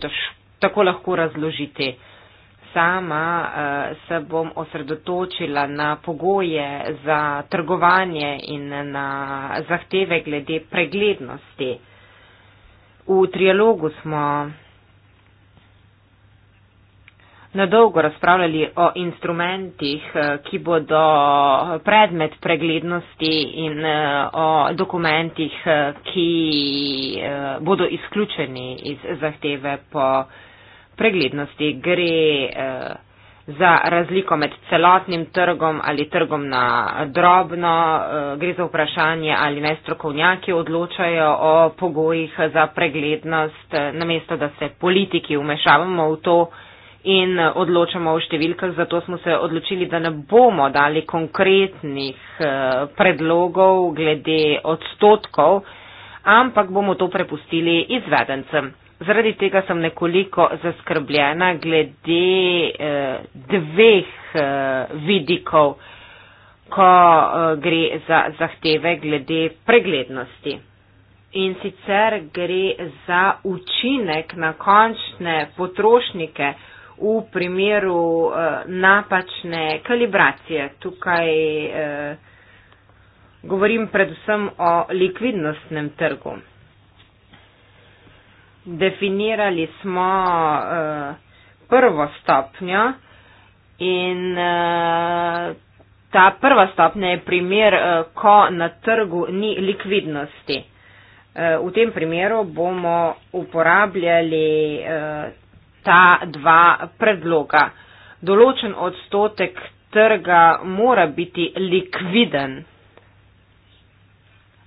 tako lahko razložiti sama uh, se bom osredotočila na pogoje za trgovanje in na zahteve glede preglednosti. V trialogu smo nadolgo razpravljali o instrumentih, eh, ki bodo predmet preglednosti in eh, o dokumentih, ki bodo izključeni iz zahteve po preglednosti preglednosti. Gre eh, za razliko med celotnim trgom ali trgom na drobno, eh, gre za vprašanje, ali naj strokovnjaki odločajo o pogojih za preglednost, eh, namesto da se politiki umešavamo v to in eh, odločamo o številkah. Zato smo se odločili, da ne bomo dali konkretnih eh, predlogov glede odstotkov, ampak bomo to prepustili izvedencem. Zaradi tega sem nekoliko zaskrbljena glede eh, dveh eh, vidikov, ko eh, gre za zahteve glede preglednosti. In sicer gre za učinek na končne potrošnike v primeru eh, napačne kalibracije. Tukaj eh, govorim predvsem o likvidnostnem trgu definirali smo uh, prvo stopnjo in uh, ta prva stopnja je primer, uh, ko na trgu ni likvidnosti. Uh, v tem primeru bomo uporabljali uh, ta dva predloga. Določen odstotek trga mora biti likviden.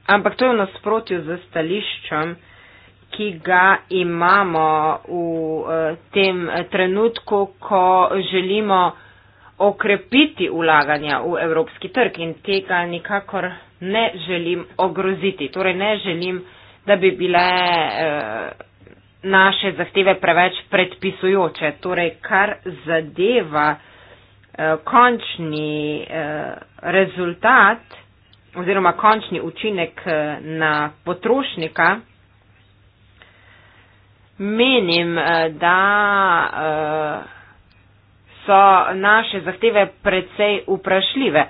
Ampak to je v nasprotju z stališčem, ki ga imamo v eh, tem trenutku, ko želimo okrepiti ulaganja v evropski trg in tega nikakor ne želim ogroziti. Torej ne želim, da bi bile eh, naše zahteve preveč predpisujoče. Torej, kar zadeva eh, končni rezultat oziroma končni učinek na potrošnika, menim, eh, da eh, so naše zahteve precej uprašljive.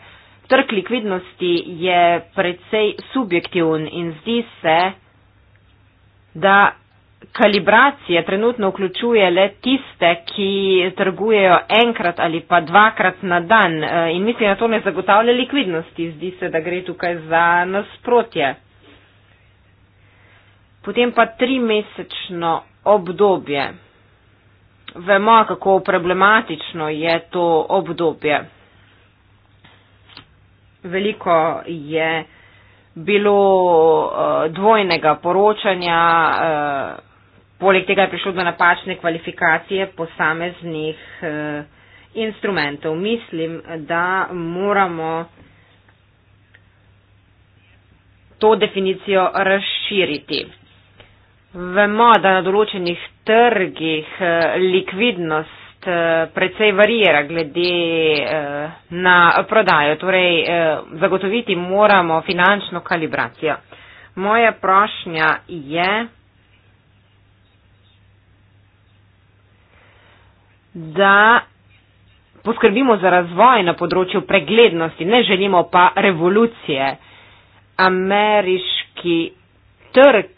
Trg likvidnosti je precej subjektivn in zdi se, da kalibracija trenutno vključuje le tiste, ki trgujejo enkrat ali pa dvakrat na dan eh, in mislim, da to ne zagotavlja likvidnosti. Zdi se, da gre tukaj za nasprotje. Potem pa trimesečno obdobje. Vemo, kako problematično je to obdobje. Veliko je bilo eh, dvojnega poročanja, eh, poleg tega je prišlo do napačne kvalifikacije posameznih eh, instrumentov. Mislim, da moramo to definicijo razširiti. Vemo, da na določenih trgih eh, likvidnost eh, precej varira glede eh, na prodajo, torej zagotoviti moramo finančno kalibracijo. Moja prošnja je, da poskrbimo za razvoj na področju preglednosti, ne želimo pa revolucije. Ameriški trg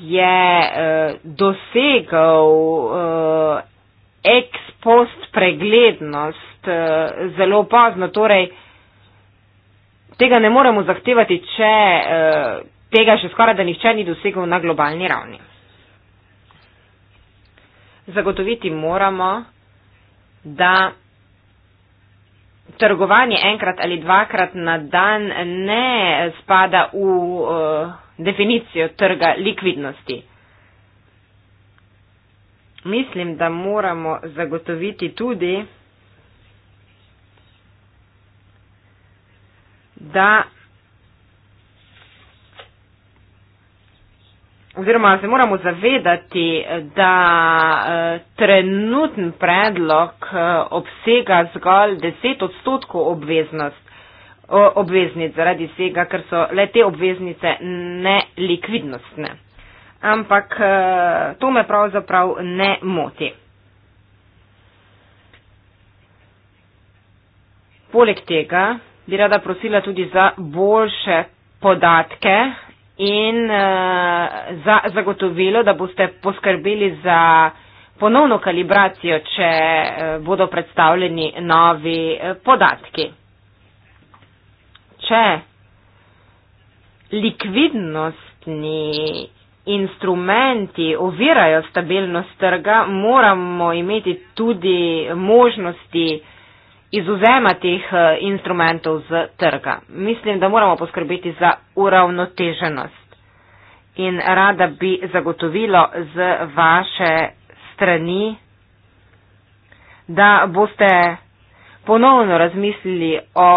je uh, eh, dosegal uh, eh, ex post preglednost uh, zelo pazno, torej tega ne moremo zahtevati, če uh, tega še skoraj da nihče ni dosegal na globalni ravni. Zagotoviti moramo, da trgovanje enkrat ali dvakrat na dan ne spada v. Uh, definicijo trga likvidnosti. Mislim, da moramo zagotoviti tudi, da oziroma se moramo zavedati, da e, trenutni predlog e, obsega zgolj 10 odstotkov obveznosti obveznic, zaradi vsega, ker so le te obveznice nelikvidnostne. Ampak eh, to me pravzaprav ne moti. Poleg tega bi rada prosila tudi za boljše podatke in uh, za zagotovilo, da boste poskrbeli za ponovno kalibracijo, če uh, bodo predstavljeni novi uh, podatki če likvidnostni instrumenti ovirajo stabilnost trga, moramo imeti tudi možnosti izuzema teh eh, instrumentov z trga. Mislim, da moramo poskrbeti za uravnoteženost in rada bi zagotovilo z vaše strani, da boste ponovno razmislili o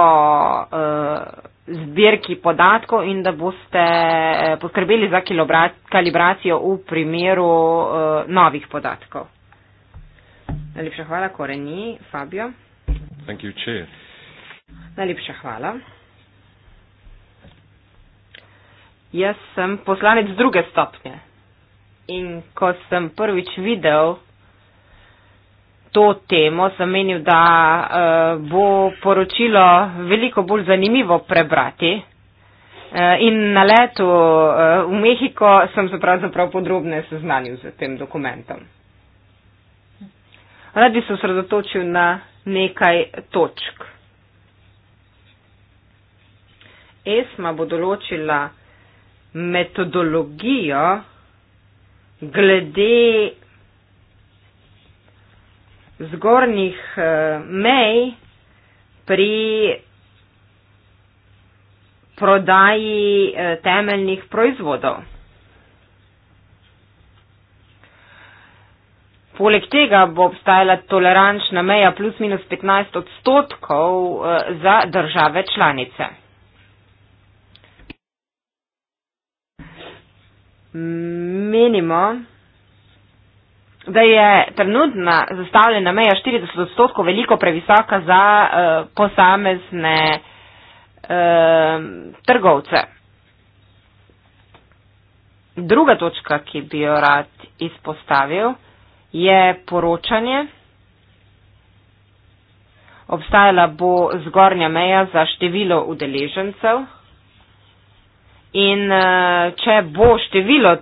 uh, zbirki podatkov in da boste eh, poskrbeli za kalibracijo v primeru uh, novih podatkov. Najlepša hvala, Koreni, Fabio. You, Najlepša hvala. Jaz sem poslanec druge stopnje. In ko sem prvič videl, to temo, sem menil, da uh, bo poročilo veliko bolj zanimivo prebrati. Uh, in na letu uh, v Mehiko sem se pravzaprav podrobne seznanil z tem dokumentom. Rad bi se osredotočil na nekaj točk. ESMA bo določila metodologijo glede zgornjih eh, mej pri prodaji eh, temeljnih proizvodov. Poleg tega bo obstajala tolerančna meja plus minus 15 odstotkov eh, za države članice. Minimo da je trenutna zastavljena meja 40 odstotkov veliko previsoka za uh, posamezne uh, trgovce. Druga točka, ki bi jo rad izpostavil, je poročanje. Obstajala bo zgornja meja za število udeležencev. In eh, če bo število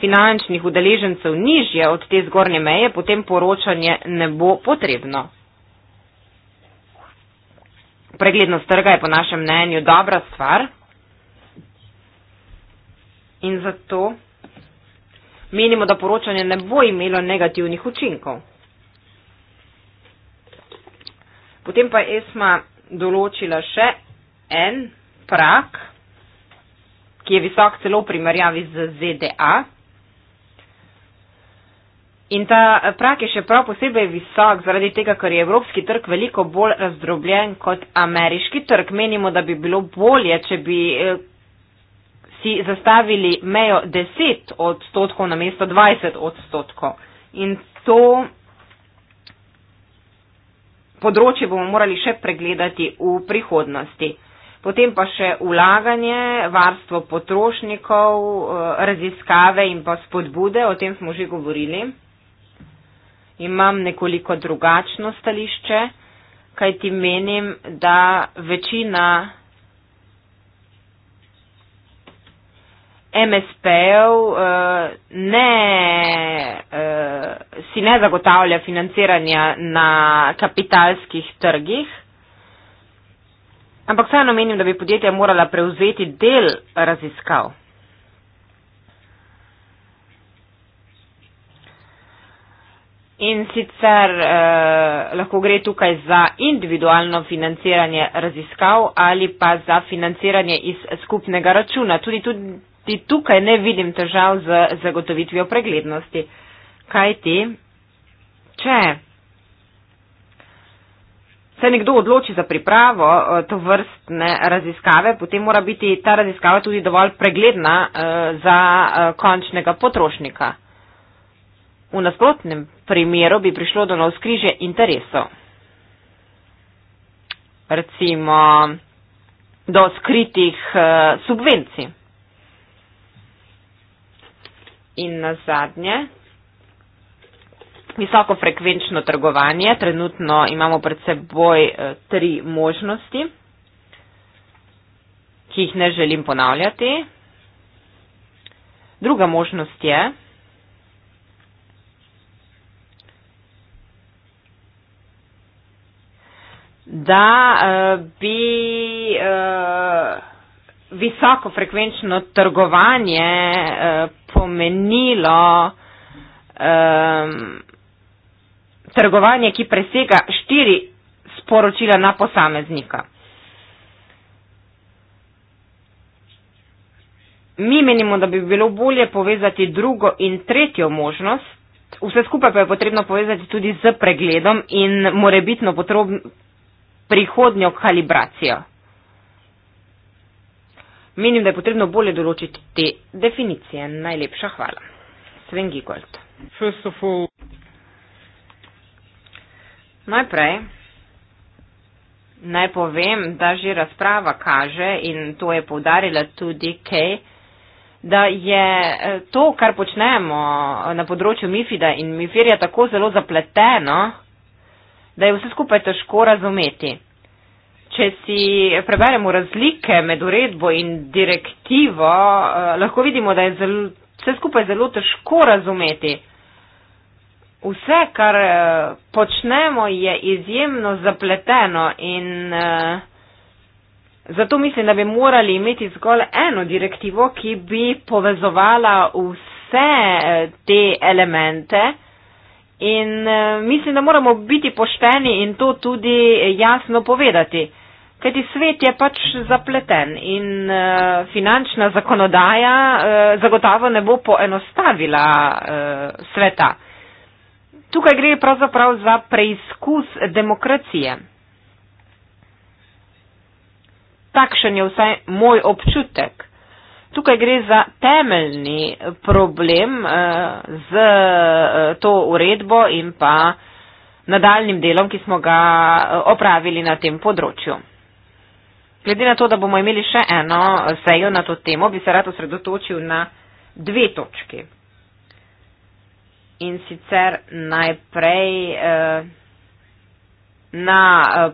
finančnih udeležencev nižje od te zgornje meje, potem poročanje ne bo potrebno. Preglednost trga je po našem mnenju dobra stvar in zato menimo, da poročanje ne bo imelo negativnih učinkov. Potem pa je ESMA določila še en prak, ki je visok celo v primerjavi z ZDA, In ta eh, prak je še prav posebej visok, zaradi tega, ker je evropski trg veliko bolj razdrobljen kot ameriški trg. Menimo, da bi bilo bolje, če bi eh, si zastavili mejo 10 odstotkov na mesto 20 odstotkov. In to področje bomo morali še pregledati v prihodnosti. Potem pa še ulaganje, varstvo potrošnikov, eh, raziskave in pa spodbude, o tem smo že govorili imam nekoliko drugačno stališče, kajti menim, da večina MSP-ev eh, ne, eh, si ne zagotavlja financiranja na kapitalskih trgih, ampak vseeno menim, da bi podjetja morala prevzeti del raziskav. in sicer eh, lahko gre tukaj za individualno financiranje raziskav ali pa za financiranje iz skupnega računa. Tudi, tudi tukaj ne vidim težav z zagotovitvijo preglednosti. Kaj ti, če se nekdo odloči za pripravo eh, to vrstne raziskave, potem mora biti ta raziskava tudi dovolj pregledna eh, za eh, končnega potrošnika. V nasprotnem primeru bi prišlo do navskrižja interesov. Recimo do skritih eh, subvencij. In na zadnje, visokofrekvenčno trgovanje. Trenutno imamo pred seboj eh, tri možnosti, ki jih ne želim ponavljati. Druga možnost je, da uh, bi uh, visokofrekvenčno trgovanje uh, pomenilo um, trgovanje, ki presega štiri sporočila na posameznika. Mi menimo, da bi bilo bolje povezati drugo in tretjo možnost, vse skupaj pa je potrebno povezati tudi z pregledom in morebitno potrebno prihodnjo kalibracijo. Menim, da je potrebno bolje določiti te definicije. Najlepša hvala. Sven Gigold. All... Najprej naj povem, da že razprava kaže in to je povdarila tudi Kej, da je eh, to, kar počnemo eh, na področju Mifida in Mifirja tako zelo zapleteno, da je vse skupaj težko razumeti. Če si preberemo razlike med uredbo in direktivo, eh, lahko vidimo, da je zelo, vse skupaj zelo težko razumeti. Vse, kar eh, počnemo, je izjemno zapleteno in eh, zato mislim, da bi morali imeti zgolj eno direktivo, ki bi povezovala vse te elemente. In eh, mislim, da moramo biti pošteni in to tudi jasno povedati. Kajti svet je pač zapleten in uh, finančna zakonodaja uh, zagotovo ne bo poenostavila uh, sveta. Tukaj gre pravzaprav za preizkus demokracije. Takšen je vsaj moj občutek. Tukaj gre za temeljni eh, problem eh, z eh, to uredbo in pa nadaljnim delom, ki smo ga opravili na tem področju. Glede na to, da bomo imeli še eno sejo na to temo, bi se rad osredotočil na dve točki. In sicer najprej na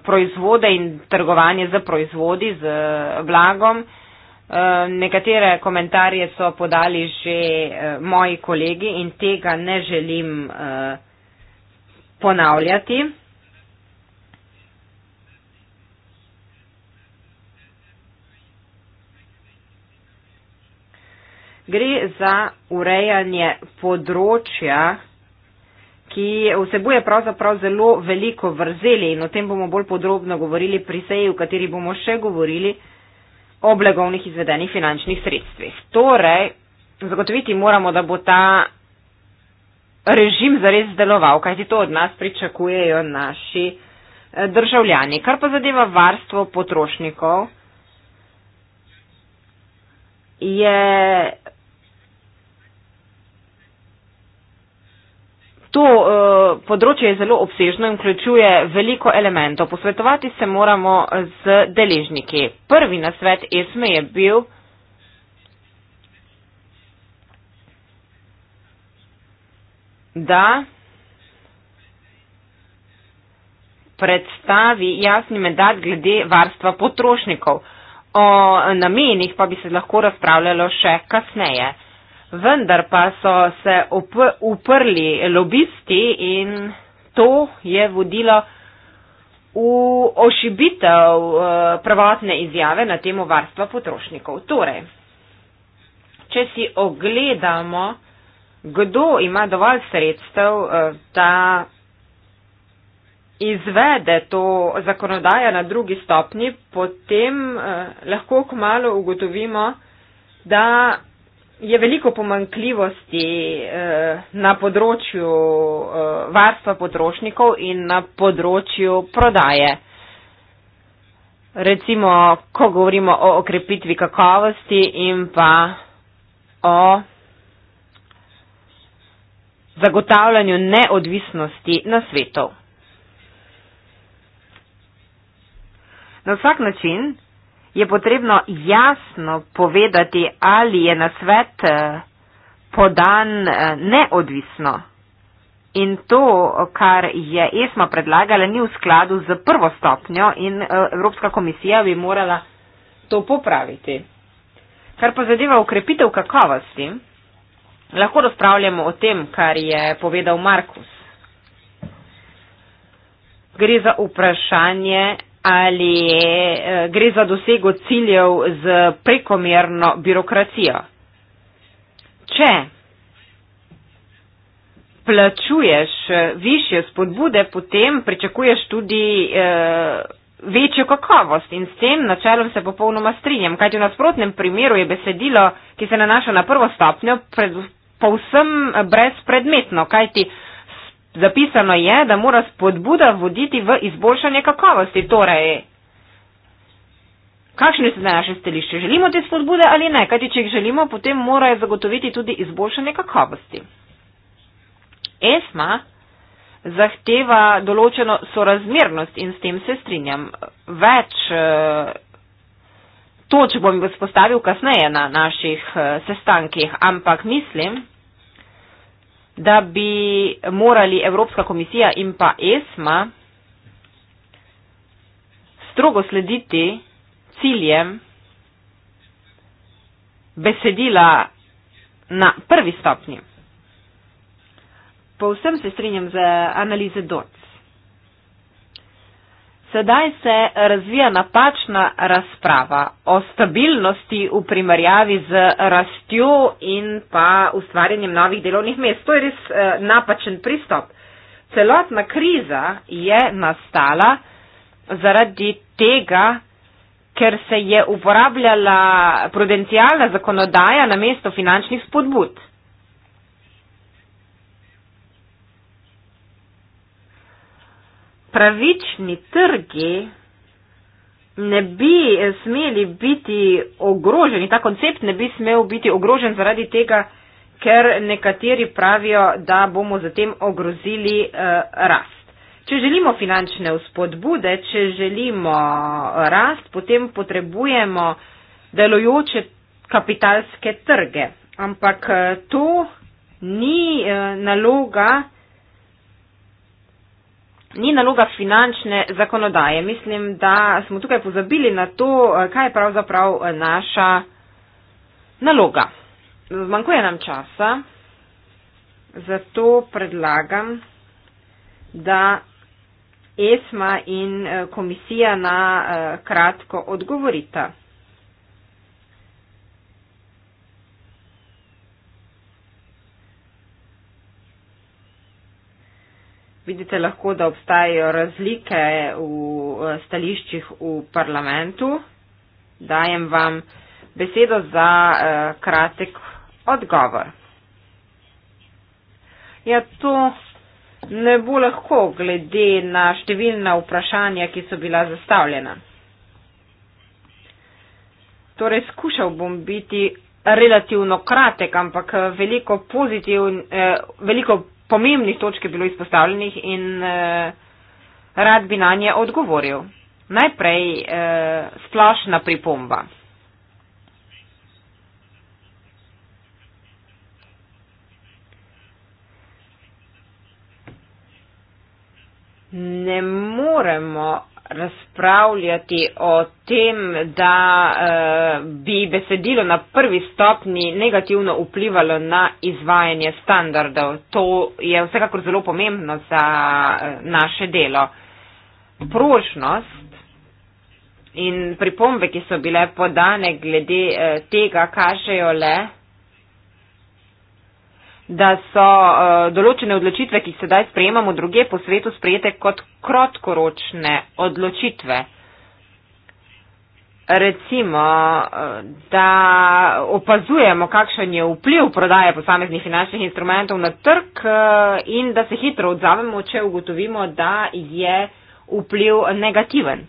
proizvode in trgovanje z proizvodi, z blagom Eh, nekatere komentarje so podali že eh, moji kolegi in tega ne želim eh, ponavljati. Gre za urejanje področja, ki vsebuje pravzaprav zelo veliko vrzeli in o tem bomo bolj podrobno govorili pri seji, v kateri bomo še govorili o blagovnih izvedenih finančnih sredstvih. Torej, zagotoviti moramo, da bo ta režim zares deloval, kajti to od nas pričakujejo naši eh, državljani. Kar pa zadeva varstvo potrošnikov, je to uh, področje je zelo obsežno in vključuje veliko elementov. Posvetovati se moramo z deležniki. Prvi nasvet ESME je bil, da predstavi jasni medat glede varstva potrošnikov. O namenih pa bi se lahko razpravljalo še kasneje vendar pa so se uprli lobisti in to je vodilo v ošibitev eh, prvotne izjave na temo varstva potrošnikov. Torej, če si ogledamo, kdo ima dovolj sredstev, eh, da izvede to zakonodajo na drugi stopni, potem eh, lahko k malu ugotovimo, da je veliko pomankljivosti eh, na področju eh, varstva potrošnikov in na področju prodaje. Recimo, ko govorimo o okrepitvi kakovosti in pa o zagotavljanju neodvisnosti na svetu. Na vsak način je potrebno jasno povedati, ali je na svet eh, podan eh, neodvisno. In to, kar je ESMA predlagala, ni v skladu z prvo stopnjo in eh, Evropska komisija bi morala to popraviti. Kar pa zadeva ukrepitev kakovosti, lahko razpravljamo o tem, kar je povedal Markus. Gre za vprašanje ali eh, gre za dosego ciljev z prekomerno birokracijo. Če plačuješ eh, više spodbude, potem pričakuješ tudi eh, večjo kakovost in s tem načelom se popolnoma strinjam, kajti v nasprotnem primeru je besedilo, ki se nanaša na prvo stopnjo, pred, povsem eh, brezpredmetno, kajti eh, Zapisano je, da mora spodbuda voditi v izboljšanje kakovosti. Torej, kakšne so naše stališče? Želimo te spodbude ali ne? Kajti, če jih želimo, potem morajo zagotoviti tudi izboljšanje kakovosti. ESMA zahteva določeno sorazmernost in s tem se strinjam. Več eh, točk bom izpostavil kasneje na naših eh, sestankih, ampak mislim, da bi morali Evropska komisija in pa ESMA strogo slediti ciljem besedila na prvi stopnji. Povsem se strinjam z analize DOC. Sedaj se razvija napačna razprava o stabilnosti v primerjavi z rastjo in pa ustvarjanjem novih delovnih mest. To je res eh, napačen pristop. Celotna kriza je nastala zaradi tega, ker se je uporabljala prudencialna zakonodaja na mesto finančnih spodbud. pravični trgi ne bi smeli biti ogroženi, ta koncept ne bi smel biti ogrožen zaradi tega, ker nekateri pravijo, da bomo zatem ogrozili uh, rast. Če želimo finančne vzpodbude, če želimo eh, rast, potem potrebujemo delojoče kapitalske trge. Ampak eh, to ni uh, naloga, ni naloga finančne zakonodaje. Mislim, da smo tukaj pozabili na to, eh, kaj je pravzaprav eh, naša naloga. Zmanjkuje nam časa, zato predlagam, da ESMA in eh, komisija na kratko odgovorita. Vidite lahko, da obstajajo razlike v eh, stališčih v parlamentu. Dajem vam besedo za uh, kratek odgovor. Ja, to ne bo lahko glede na številna vprašanja, ki so bila zastavljena. Torej, skušal bom biti relativno kratek, ampak eh, veliko, pozitiv, eh, veliko pomembnih točk je bilo izpostavljenih in eh, rad bi na nje odgovoril. Najprej eh, splošna pripomba. Ne moremo razpravljati o tem, da eh, bi besedilo na prvi stopni negativno vplivalo na izvajanje standardov. To je vsekakor zelo pomembno za eh, naše delo. Prožnost in pripombe, ki so bile podane glede eh, tega, kažejo le, da so uh, določene odločitve, ki jih sedaj sprejemamo druge po svetu, sprejete kot kratkoročne odločitve. Recimo, eh, da opazujemo, kakšen je vpliv prodaje posameznih finančnih instrumentov na trg eh, in da se hitro odzavemo, če ugotovimo, da je vpliv negativen.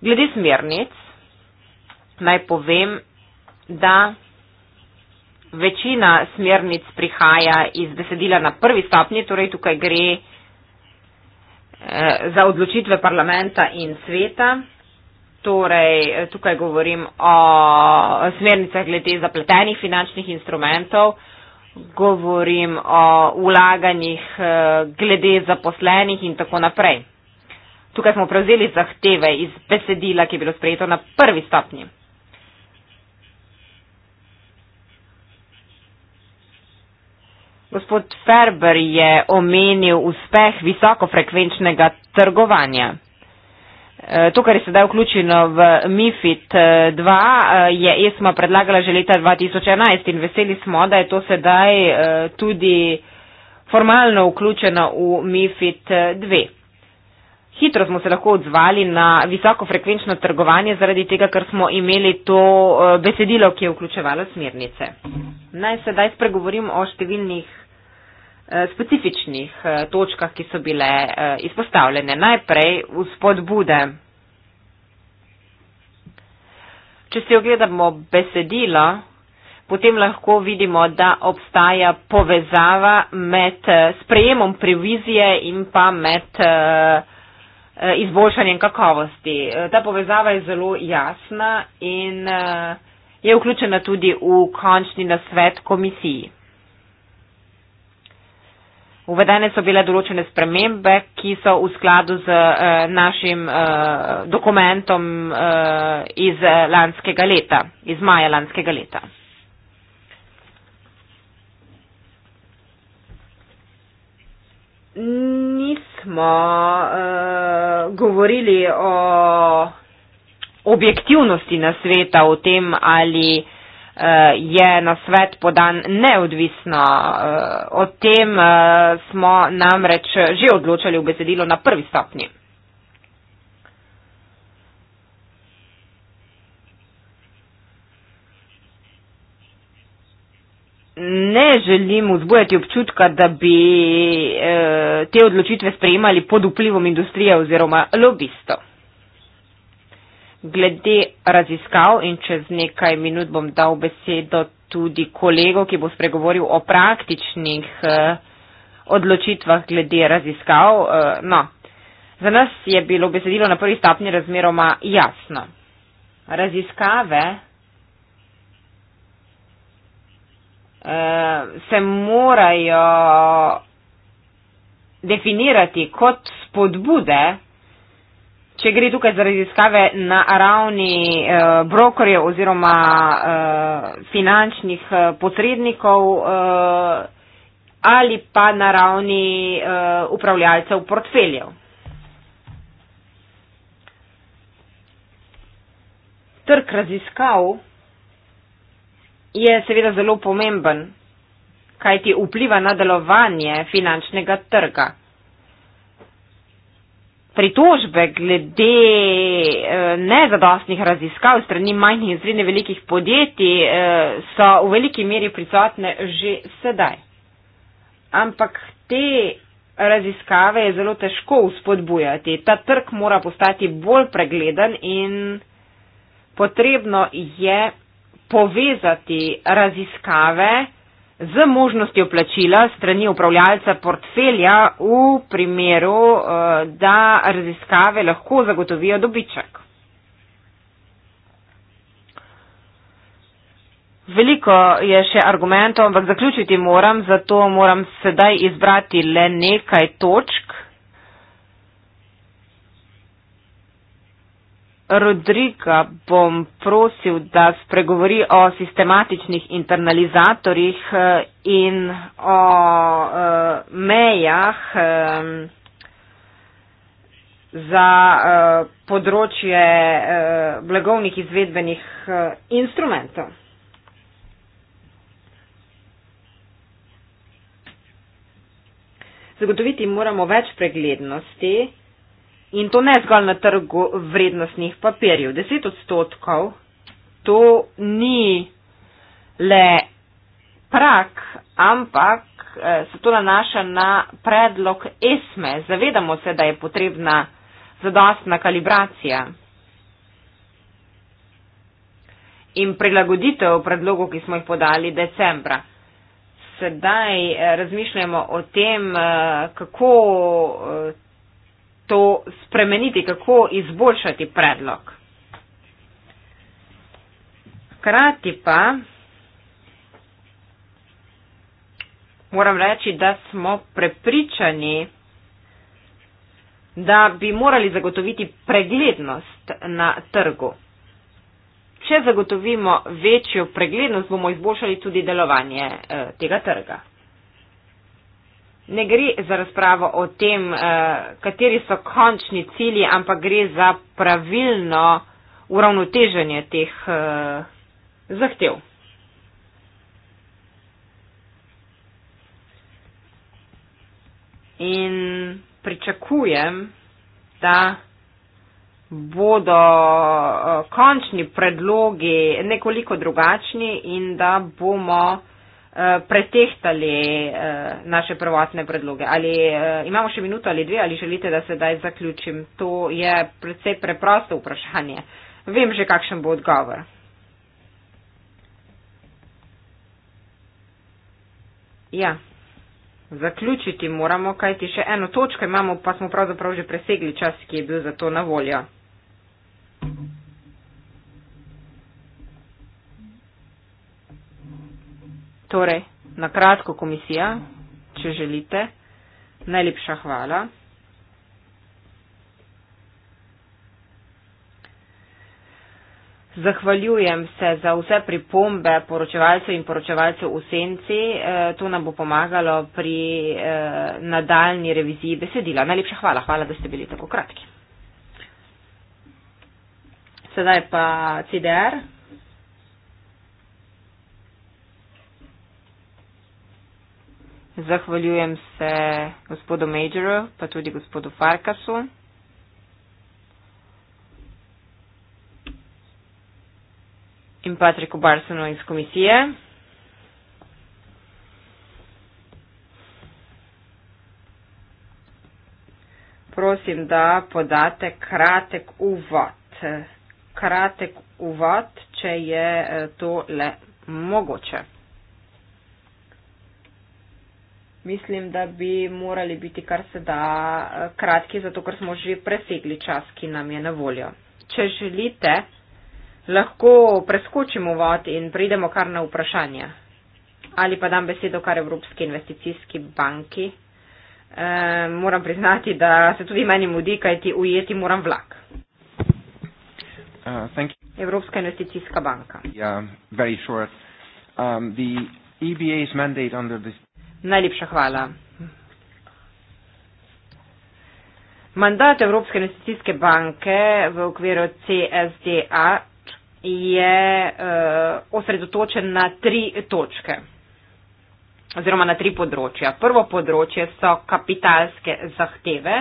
Glede smernic, naj povem, da večina smernic prihaja iz besedila na prvi stopni, torej tukaj gre eh, za odločitve parlamenta in sveta. Torej, eh, tukaj govorim o smernicah glede zapletenih finančnih instrumentov, govorim o ulaganjih eh, glede zaposlenih in tako naprej. Tukaj smo prevzeli zahteve iz besedila, ki je bilo sprejeto na prvi stopni. Gospod Ferber je omenil uspeh visokofrekvenčnega trgovanja. E, to, kar je sedaj vključeno v MIFID 2, e, e, je ESMA predlagala že leta 2011 in veseli smo, da je to sedaj tudi formalno vključeno v MIFID 2. Hitro smo se lahko odzvali na visokofrekvenčno trgovanje zaradi tega, ker smo imeli to besedilo, ki je vključevalo smernice. Naj sedaj spregovorim o številnih Eh, specifičnih eh, točkah, ki so bile eh, izpostavljene. Najprej v spodbude. Če si ogledamo besedilo, potem lahko vidimo, da obstaja povezava med sprejemom previzije in pa med izboljšanjem kakovosti. Ta povezava je zelo jasna in je vključena tudi v končni nasvet komisiji. Uvedene so bile določene spremembe, ki so v skladu z eh, našim eh, dokumentom eh, iz eh, lanskega leta, iz maja lanskega leta. Nismo eh, govorili o objektivnosti na sveta, o tem ali eh, Eh, je na svet podan neodvisno. Eh, o tem eh, smo namreč že odločali v besedilu na prvi stopni. Ne želim vzbujati občutka, da bi te odločitve sprejemali pod vplivom industrije oziroma lobistov glede raziskav in čez nekaj minut bom dal besedo tudi kolegu, ki bo spregovoril o praktičnih eh, odločitvah glede raziskav. Eh, no, za nas je bilo besedilo na prvi stopni razmeroma jasno. Raziskave eh, se morajo definirati kot spodbude Če gre tukaj za raziskave na ravni eh, brokerjev oziroma eh, finančnih eh, posrednikov eh, ali pa na ravni eh, upravljalcev portfeljev. Trg raziskav je seveda zelo pomemben, kaj ti vpliva na delovanje finančnega trga pritožbe glede eh, nezadostnih raziskav strani manjih in srednje velikih podjetij eh, so v veliki meri prisotne že sedaj. Ampak te raziskave je zelo težko uspodbujati. Ta trg mora postati bolj pregleden in potrebno je povezati raziskave, z možnostjo plačila strani upravljalca portfelja v primeru, eh, da raziskave lahko zagotovijo dobiček. Veliko je še argumentov, ampak zaključiti moram, zato moram sedaj izbrati le nekaj točk. Rodriga bom prosil, da spregovori o sistematičnih internalizatorjih eh, in o eh, mejah eh, za področje blagovnih izvedbenih instrumentov. Zagotoviti moramo več preglednosti in to ne zgolj na trgu vrednostnih papirjev. 10 odstotkov to ni le prak, ampak eh, se to nanaša na predlog esme. Zavedamo se, da je potrebna zadostna kalibracija. In prilagoditev predlogov, ki smo jih podali decembra. Sedaj eh, razmišljamo o tem, eh, kako to spremeniti, kako izboljšati predlog. Hkrati pa moram reči, da smo prepričani, da bi morali zagotoviti preglednost na trgu. Če zagotovimo večjo preglednost, bomo izboljšali tudi delovanje eh, tega trga ne gre za razpravo o tem, eh, kateri so končni cilji, ampak gre za pravilno uravnoteženje teh eh, zahtev. In pričakujem, da bodo eh, končni predlogi nekoliko drugačni in da bomo Eh, pretehtali uh, naše prvotne predloge. Ali uh, imamo še minuto ali dve, ali želite, da se daj zaključim? To je predvsej preprosto vprašanje. Vem že, kakšen bo odgovor. Ja, zaključiti moramo, kajti še eno točko imamo, pa smo pravzaprav že presegli čas, ki je bil za to na voljo. Mm -hmm. Torej, na kratko komisija, če želite, najlepša hvala. Zahvaljujem se za vse pripombe poročevalcev in poročevalcev v senci. E, to nam bo pomagalo pri e, nadaljni reviziji besedila. Najlepša hvala. Hvala, da ste bili tako kratki. Sedaj pa CDR. Zahvaljujem se gospodu Majoru, pa tudi gospodu Farkasu. In Patriku Barsonu iz komisije. Prosim, da podate kratek uvod. Kratek uvod, če je eh, to le mogoče. mislim, da bi morali biti kar se da eh, kratki, zato ker smo že presegli čas, ki nam je na voljo. Če želite, lahko preskočimo vod in pridemo kar na vprašanje. Ali pa dam besedo kar Evropski investicijski banki. E, moram priznati, da se tudi meni mudi, kaj ti ujeti moram vlak. Uh, Evropska investicijska banka. Yeah, um, the EBA's mandate under the Najlepša hvala. Mandat Evropske investicijske banke v okviru CSDA je uh, osredotočen na tri točke oziroma na tri področja. Prvo področje so kapitalske zahteve,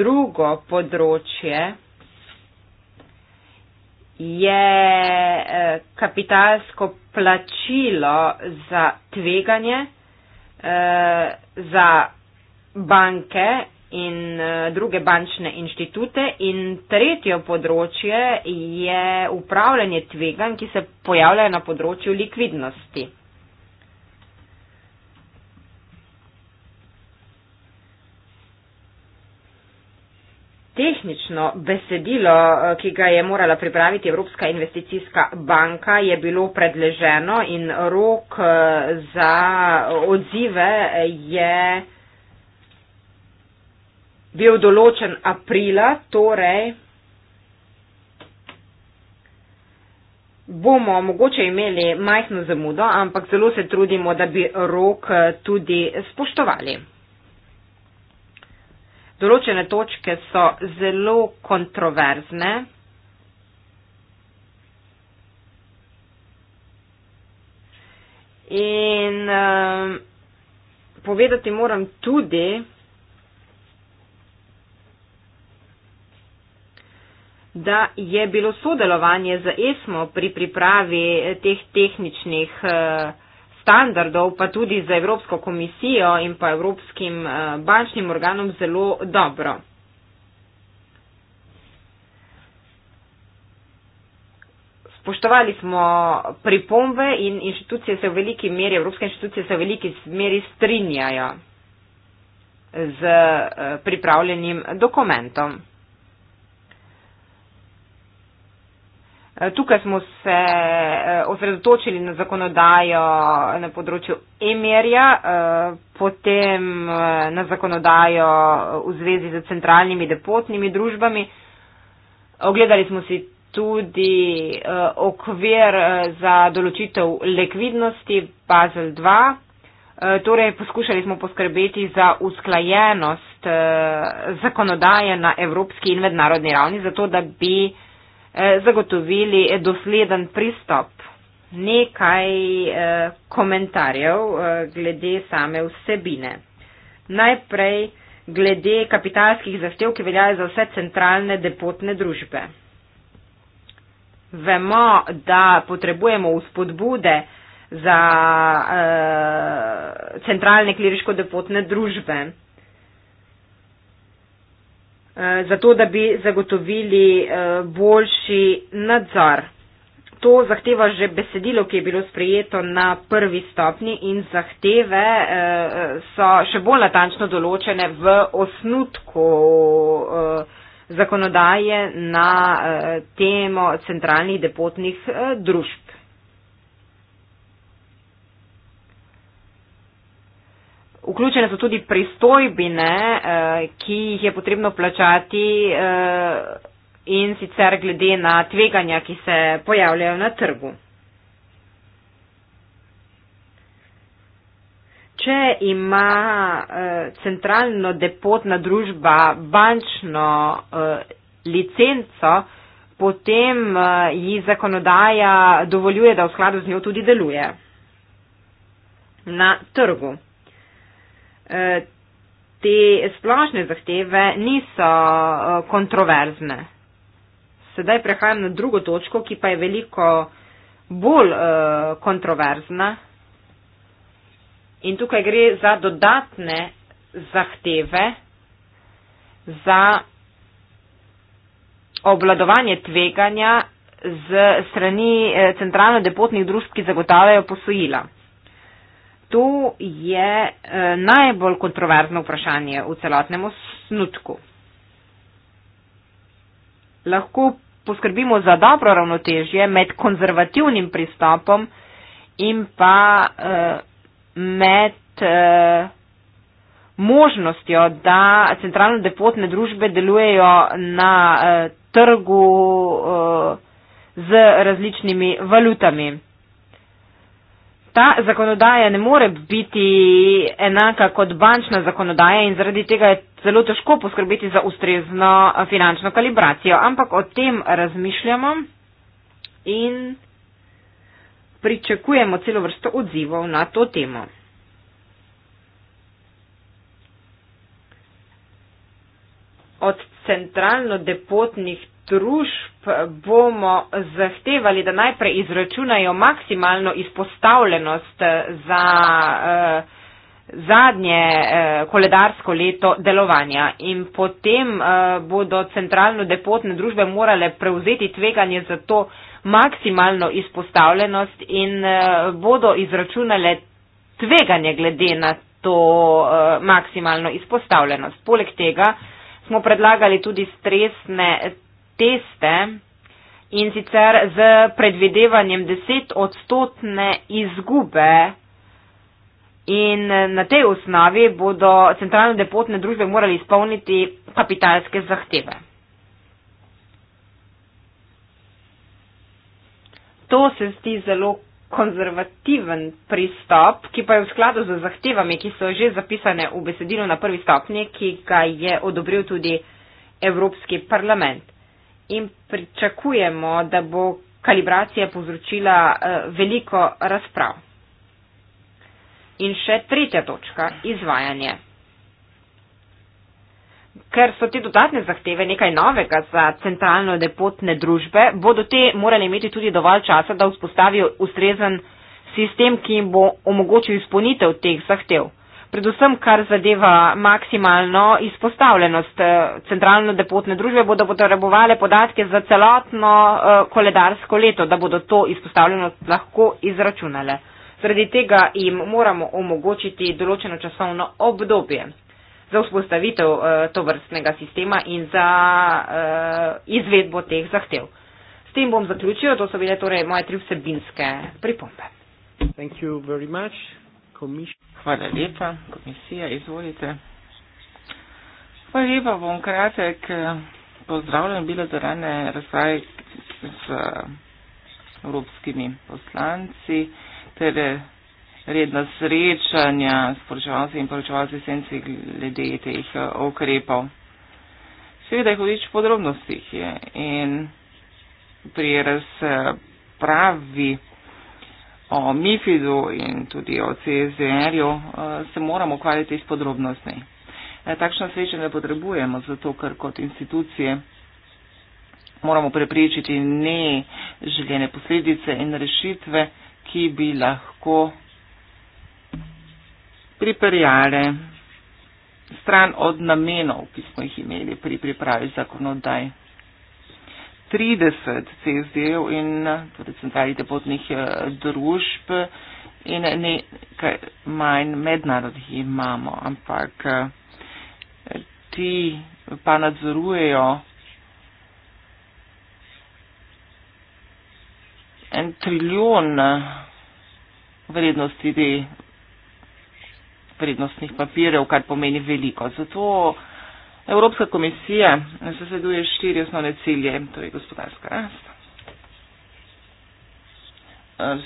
drugo področje je eh, kapitalsko plačilo za tveganje, eh, za banke in eh, druge bančne inštitute. In tretje področje je upravljanje tvegan, ki se pojavljajo na področju likvidnosti. tehnično besedilo, eh, ki ga je morala pripraviti Evropska investicijska banka, je bilo predleženo in rok eh, za odzive je bil določen aprila, torej bomo mogoče imeli majhno zamudo, ampak zelo se trudimo, da bi rok eh, tudi spoštovali določene točke so zelo kontroverzne. In um, povedati moram tudi, da je bilo sodelovanje z ESMO pri pripravi teh tehničnih uh, standardov, pa tudi za Evropsko komisijo in pa Evropskim eh, bančnim organom zelo dobro. Spoštovali smo pripombe in inštitucije se v veliki meri, evropske inštitucije se v veliki meri strinjajo z eh, pripravljenim dokumentom. Eh, tukaj smo se eh, osredotočili na zakonodajo na področju emerja, eh, potem na zakonodajo v zvezi z centralnimi depotnimi družbami. Ogledali smo si tudi okvir za določitev likvidnosti Basel 2. Torej, poskušali smo poskrbeti za usklajenost zakonodaje na evropski in mednarodni ravni, zato da bi Eh, zagotovili dosleden pristop. Nekaj eh, komentarjev eh, glede same vsebine. Najprej glede kapitalskih zahtev, ki veljajo za vse centralne depotne družbe. Vemo, da potrebujemo vzpodbude za e, centralne kliriško depotne družbe zato da bi zagotovili eh, boljši nadzor. To zahteva že besedilo, ki je bilo sprejeto na prvi stopni in zahteve eh, so še bolj natančno določene v osnutku eh, zakonodaje na temo centralnih depotnih družb. vključene so tudi pristojbine, eh, ki jih je potrebno plačati eh, in sicer glede na tveganja, ki se pojavljajo na trgu. Če ima eh, centralno depotna družba bančno licenco, potem ji zakonodaja dovoljuje, da v skladu z njo tudi deluje na trgu. E, te splošne zahteve niso e, kontroverzne. Sedaj prehajam na drugo točko, ki pa je veliko bolj e, kontroverzna. In tukaj gre za dodatne zahteve za obladovanje tveganja z strani centralno depotnih družb, ki zagotavljajo posojila to je eh, najbolj kontroverzno vprašanje v celotnem osnutku. Lahko poskrbimo za dobro ravnotežje med konzervativnim pristopom in pa eh, med eh, možnostjo, da centralno depotne družbe delujejo na eh, trgu eh, z različnimi valutami ta zakonodaja ne more biti enaka kot bančna zakonodaja in zaradi tega je zelo težko poskrbeti za ustrezno finančno kalibracijo. Ampak o tem razmišljamo in pričakujemo celo vrsto odzivov na to temo. Od centralno depotnih družb bomo zahtevali, da najprej izračunajo maksimalno izpostavljenost za eh, zadnje eh, koledarsko leto delovanja in potem eh, bodo centralno depotne družbe morale prevzeti tveganje za to maksimalno izpostavljenost in eh, bodo izračunale tveganje glede na to eh, maksimalno izpostavljenost. Poleg tega smo predlagali tudi stresne teste in sicer z predvidevanjem desetodstotne izgube in eh, na tej osnovi bodo centralne depotne družbe morali izpolniti kapitalske zahteve. To se zdi zelo konzervativen pristop, ki pa je v skladu z zahtevami, ki so že zapisane v besedilu na prvi stopni, ki ga je odobril tudi Evropski parlament in pričakujemo, da bo kalibracija povzročila eh, veliko razprav. In še tretja točka, izvajanje. Ker so te dodatne zahteve nekaj novega za centralno depotne družbe, bodo te morali imeti tudi dovolj časa, da vzpostavijo ustrezen sistem, ki jim bo omogočil izpolnitev teh zahtev predvsem kar zadeva maksimalno izpostavljenost. Eh, centralno depotne družbe bodo potrebovale podatke za celotno eh, koledarsko leto, da bodo to izpostavljenost lahko izračunale. Zaradi tega jim moramo omogočiti določeno časovno obdobje za vzpostavitev eh, tovrstnega sistema in za izvedbo teh zahtev. S tem bom zaključil, to so bile torej moje tri vsebinske pripombe. Thank you very much. Hvala lepa, komisija, izvolite. Hvala lepa, bom kratek. Pozdravljam bilo zarane razvaj z evropskimi poslanci ter redna srečanja s poročevalci in poročevalci senci glede teh eh, ukrepov. Seveda jih vič podrobnostih je in pri razpravi. Uh, o MIFID-u in tudi o CSDR-ju, eh, se moramo ukvarjati s podrobnostmi. Eh, Takšno srečanje potrebujemo, zato ker kot institucije moramo preprečiti neželjene posledice in rešitve, ki bi lahko priperjale stran od namenov, ki smo jih imeli pri pripravi zakonodaj. 30 CSD-ev in torej centralite potnih eh, družb in nekaj manj mednarodnih imamo, ampak eh, ti pa nadzorujejo en trilijon eh, vrednosti te vrednostnih papirjev, kar pomeni veliko. Zato Evropska komisija zasleduje štiri osnovne cilje, to je gospodarska rast,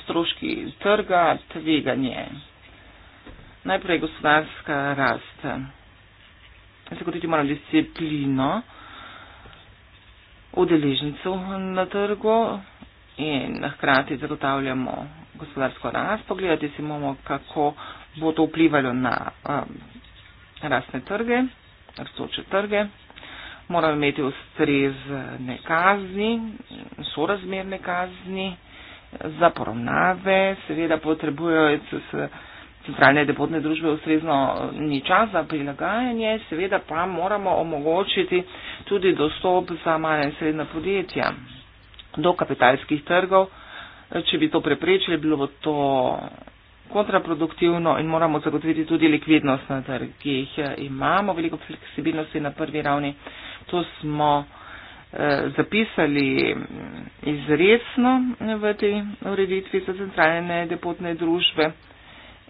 stroški trga, tveganje. Najprej gospodarska rast. Zagotoviti moramo disciplino udeležencev na trgu in hkrati zagotavljamo gospodarsko rast. Pogledati si moramo, kako bo to vplivalo na um, rastne trge rastoče trge, morajo imeti ustrezne kazni, sorazmerne kazni za poravnave, seveda potrebujejo centralne depotne družbe ustrezno ni čas za prilagajanje, seveda pa moramo omogočiti tudi dostop za male in srednje podjetja do kapitalskih trgov. Če bi to preprečili, bilo bo to kontraproduktivno in moramo zagotoviti tudi likvidnost na trgih. Imamo veliko fleksibilnosti na prvi ravni. To smo eh, zapisali mm, izresno v tej ureditvi za centralne depotne družbe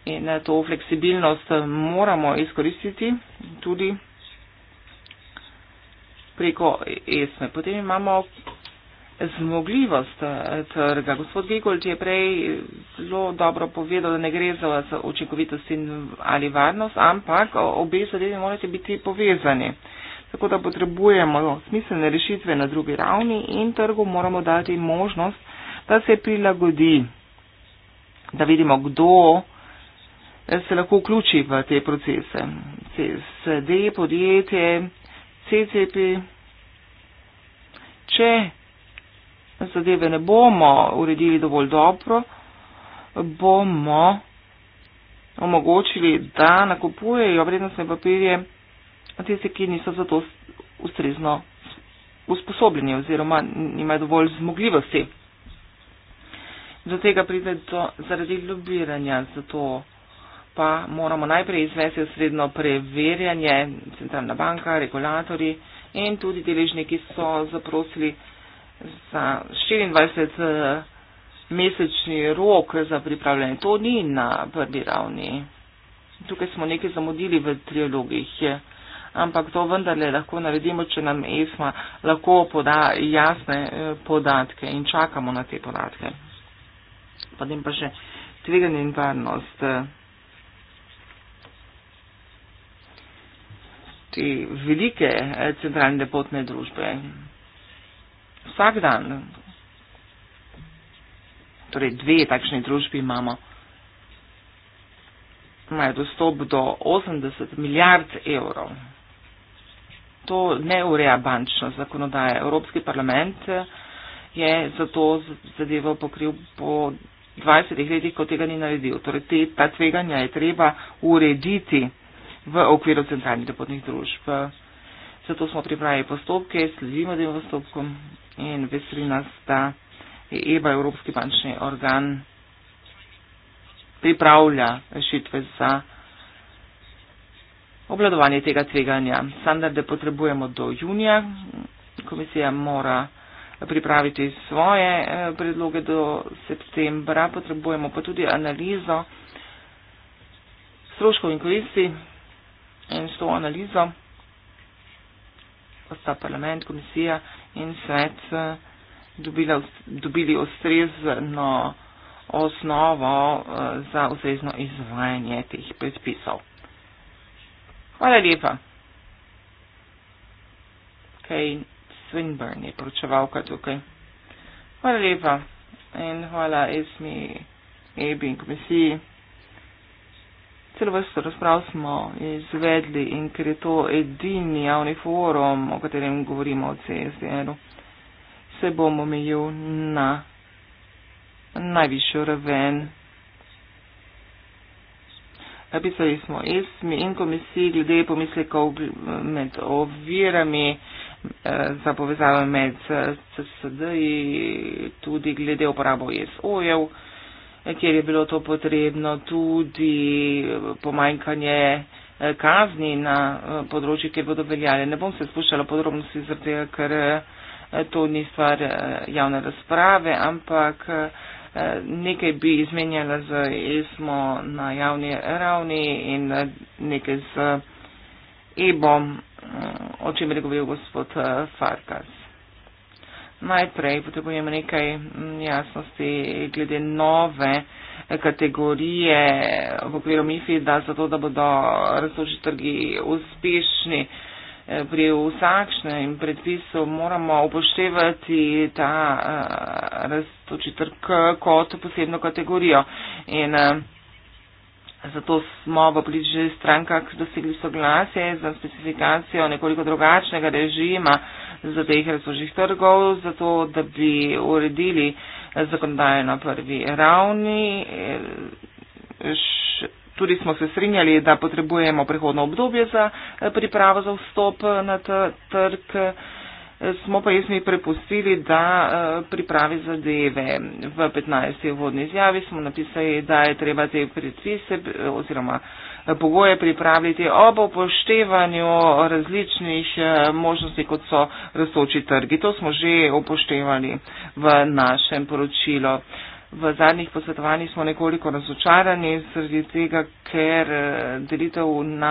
in eh, to fleksibilnost eh, moramo izkoristiti tudi preko ESME. Potem imamo zmogljivost eh, trga. Gospod Gigold je prej zelo dobro povedal, da ne gre za očekovitost ali varnost, ampak obe zadeve morate biti povezani. Tako da potrebujemo smiselne rešitve na drugi ravni in trgu moramo dati možnost, da se prilagodi, da vidimo, kdo se lahko vključi v te procese. CSD, podjetje, CCP, če zadeve ne bomo uredili dovolj dobro, bomo omogočili, da nakupujejo vrednostne papirje tiste, ki niso za to ustrezno usposobljeni oziroma nimajo dovolj zmogljivosti. Do tega pride do, zaradi lobiranja, zato pa moramo najprej izvesti osredno preverjanje, centralna banka, regulatori in tudi deležniki so zaprosili za 24 eh, mesečni rok za pripravljanje. To ni na prvi ravni. Tukaj smo nekaj zamudili v trilogih, eh, ampak to vendarle lahko naredimo, če nam ESMA lahko poda jasne eh, podatke in čakamo na te podatke. Potem pa še tveganje in varnost. Te velike centralne depotne družbe, vsak dan. Torej, dve takšni družbi imamo, imajo dostop do 80 milijard evrov. To ne ureja bančna zakonodaja. Evropski parlament je za to zadevo pokril po 20 letih, ko tega ni naredil. Torej, te, ta tveganja je treba urediti v okviru centralnih dopotnih družb. Zato smo pripravili postopke, sledimo tem postopkom in veseli nas, da je EBA, Evropski bančni organ, pripravlja rešitve za obladovanje tega tveganja. Standarde potrebujemo do junija. Komisija mora pripraviti svoje eh, predloge do septembra. Potrebujemo pa tudi analizo stroškov in koristi in s to analizo sta parlament, komisija in svet eh, dobila, dobili ustrezno osnovo eh, za ustrezno izvajanje teh predpisov. Hvala lepa. Kaj Swinburne je pročevalka tukaj. Hvala lepa in hvala Esmi, Ebi in komisiji celo vrsto razprav smo izvedli in ker je to edini javni forum, o katerem govorimo o CSDR-u, se bom omejil na najvišjo raven. Napisali smo ESMI in komisiji glede pomislekov med ovirami eh, za povezave med CSD-ji, tudi glede uporabo ESO-jev kjer je bilo to potrebno, tudi pomanjkanje eh, kazni na eh, področju, kjer bodo veljale. Ne bom se spuščala podrobnosti, zrtega, ker eh, to ni stvar javne razprave, ampak nekaj bi izmenjala z ESMO na javni ravni in nekaj z EBO, o čem je govoril gospod Farkas najprej potrebujem nekaj mm, jasnosti glede nove eh, kategorije v okviru MIFI, da zato, da bodo razloži trgi uspešni eh, pri vsakšnem predpisu, moramo upoštevati ta eh, rastoči trg kot posebno kategorijo. In, uh, Zato smo v politični strankah dosegli soglasje za specifikacijo nekoliko drugačnega režima za teh razložih trgov, zato da bi uredili zakonodajo na prvi ravni. Tudi smo se strinjali, da potrebujemo prehodno obdobje za eh, pripravo za vstop eh, na trg. Tr tr smo pa jaz mi prepustili, da eh, pripravi zadeve. V 15. vodni izjavi smo napisali, da je treba te predpise oziroma eh, pogoje pripraviti ob upoštevanju različnih eh, možnosti, kot so razsoči trgi. To smo že upoštevali v našem poročilu. V zadnjih posvetovanjih smo nekoliko razočarani zaradi tega, ker eh, delitev na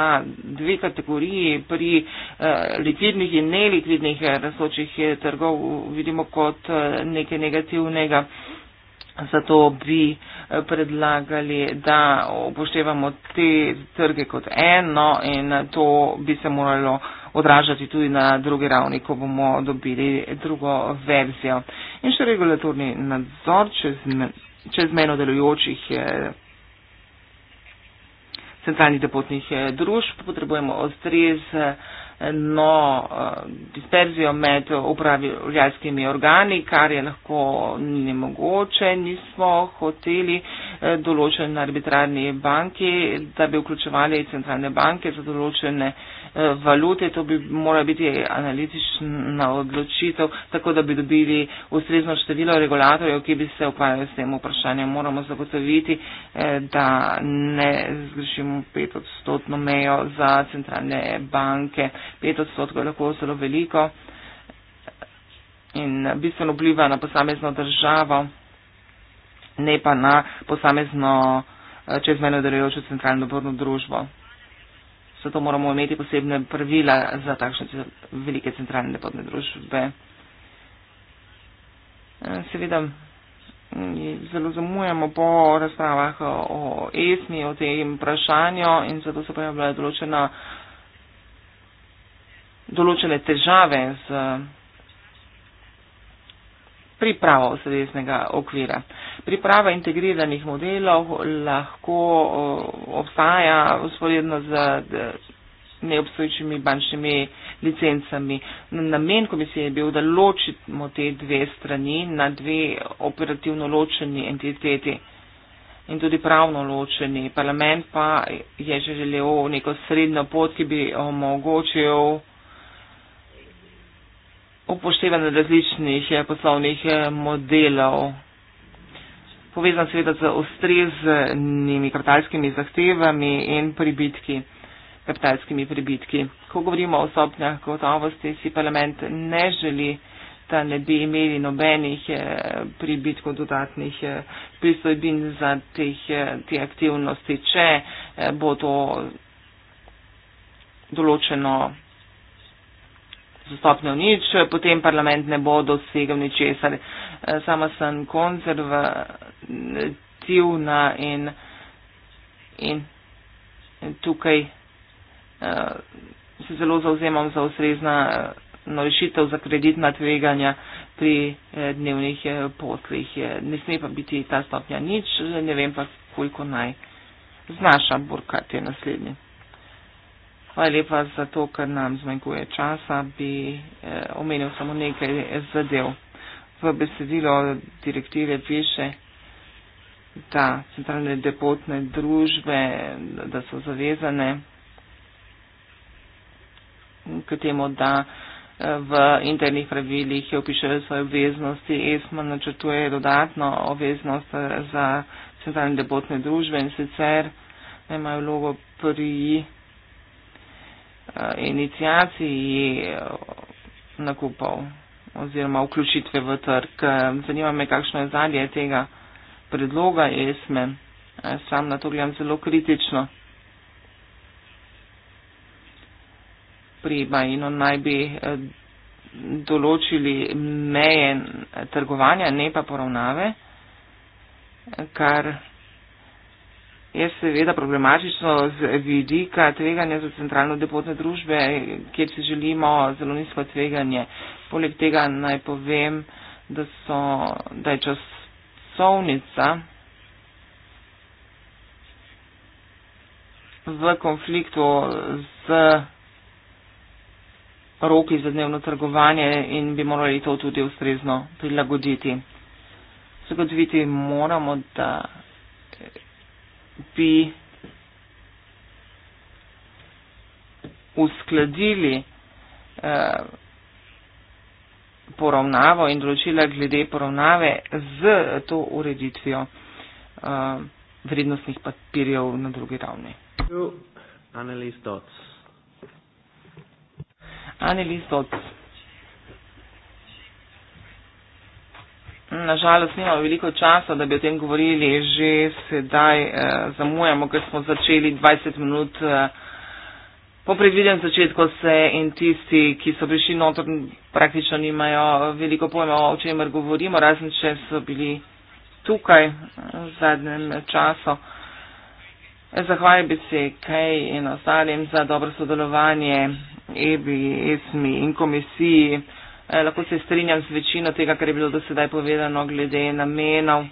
dve kategoriji pri eh, likvidnih in nelikvidnih eh, razločih trgov vidimo kot nekaj negativnega. Zato bi eh, predlagali, da upoštevamo te trge kot eno in to bi se moralo odražati tudi na drugi ravni, ko bomo dobili drugo verzijo. In še regulatorni nadzor čezmeno delujočih eh, centralnih depotnih eh, družb potrebujemo ostrez no, eh, disperzijo med upravljalskimi organi, kar je lahko nemogoče. Nismo hoteli eh, določen arbitrarni banki, da bi vključevali centralne banke za določene. Eh, valute, to bi mora biti analitična odločitev, tako da bi dobili ustrezno število regulatorjev, ki bi se ukvarjali s tem vprašanjem. Moramo zagotoviti, eh, da ne zgrešimo pet odstotno mejo za centralne banke. Pet odstotkov je lahko zelo veliko in bistveno vpliva na posamezno državo, ne pa na posamezno eh, čezmejno delujočo centralno borno družbo zato moramo imeti posebne pravila za takšne velike centralne podne družbe. Eh, seveda, mm, zelo zamujamo po razpravah o ESMI, o tem vprašanju in zato so pojavljale določene težave z pripravo ustreznega okvira. Priprava integriranih modelov lahko eh, obstaja usporedno z neobstojčimi bančnimi licencami. Namen komisije je bil, da ločimo te dve strani na dve operativno ločeni entiteti in tudi pravno ločeni. Parlament pa je že želel neko srednjo pot, ki bi omogočil upoštevanje različnih eh, poslovnih eh, modelov, povezan seveda z ustreznimi kapitalskimi zahtevami in pribitki, kapitalskimi pribitki. Ko govorimo o stopnjah gotovosti, si parlament ne želi, da ne bi imeli nobenih eh, pribitkov dodatnih pristojbin za teh, te aktivnosti, če bo to določeno stopnjo nič, potem parlament ne bo dosegel ničesar. Eh, sama sem konzervativna in, in tukaj eh, se zelo zauzemam za ustrezna eh, no, rešitev za kreditna tveganja pri dnevnih poslih. Ne sme pa biti ta stopnja nič, ne vem pa, koliko naj znaša burkati naslednji. Hvala lepa za to, ker nam zmanjkuje časa, bi eh, omenil samo nekaj zadev. V besedilo direktive piše, da centralne depotne družbe, da so zavezane k temu, da eh, v internih pravilih je opišajo svoje obveznosti. ESMA načrtuje dodatno obveznost eh, za centralne depotne družbe in sicer imajo vlogo pri Eh, inicijaciji eh, nakupov oziroma vključitve v trg. Zanima me, kakšno je zadje tega predloga ESME. Eh, sam na to gledam zelo kritično. Pri Bajino naj bi določili meje trgovanja, ne pa poravnave, kar je seveda problematično z vidika tveganja za centralno depotne družbe, kjer si želimo zelo nizko tveganje. Poleg tega naj povem, da, so, da je časovnica v konfliktu z roki za dnevno trgovanje in bi morali to tudi ustrezno prilagoditi. Zagotoviti moramo, da bi uskladili eh, poravnavo in določila glede poravnave z to ureditvijo eh, vrednostnih papirjev na drugi ravni. Annelies Dots. Annelies Dots. Nažalost, nimamo veliko časa, da bi o tem govorili. Že sedaj eh, zamujamo, ker smo začeli 20 minut eh, po predviden začetku se in tisti, ki so prišli notor, praktično nimajo veliko pojma, o čemer govorimo, razen če so bili tukaj v zadnjem času. Zahvaljujem bi se Kej in ostalim za dobro sodelovanje EBI, ESMI in komisiji. Eh, lahko se strinjam z večino tega, kar je bilo do sedaj povedano glede namenov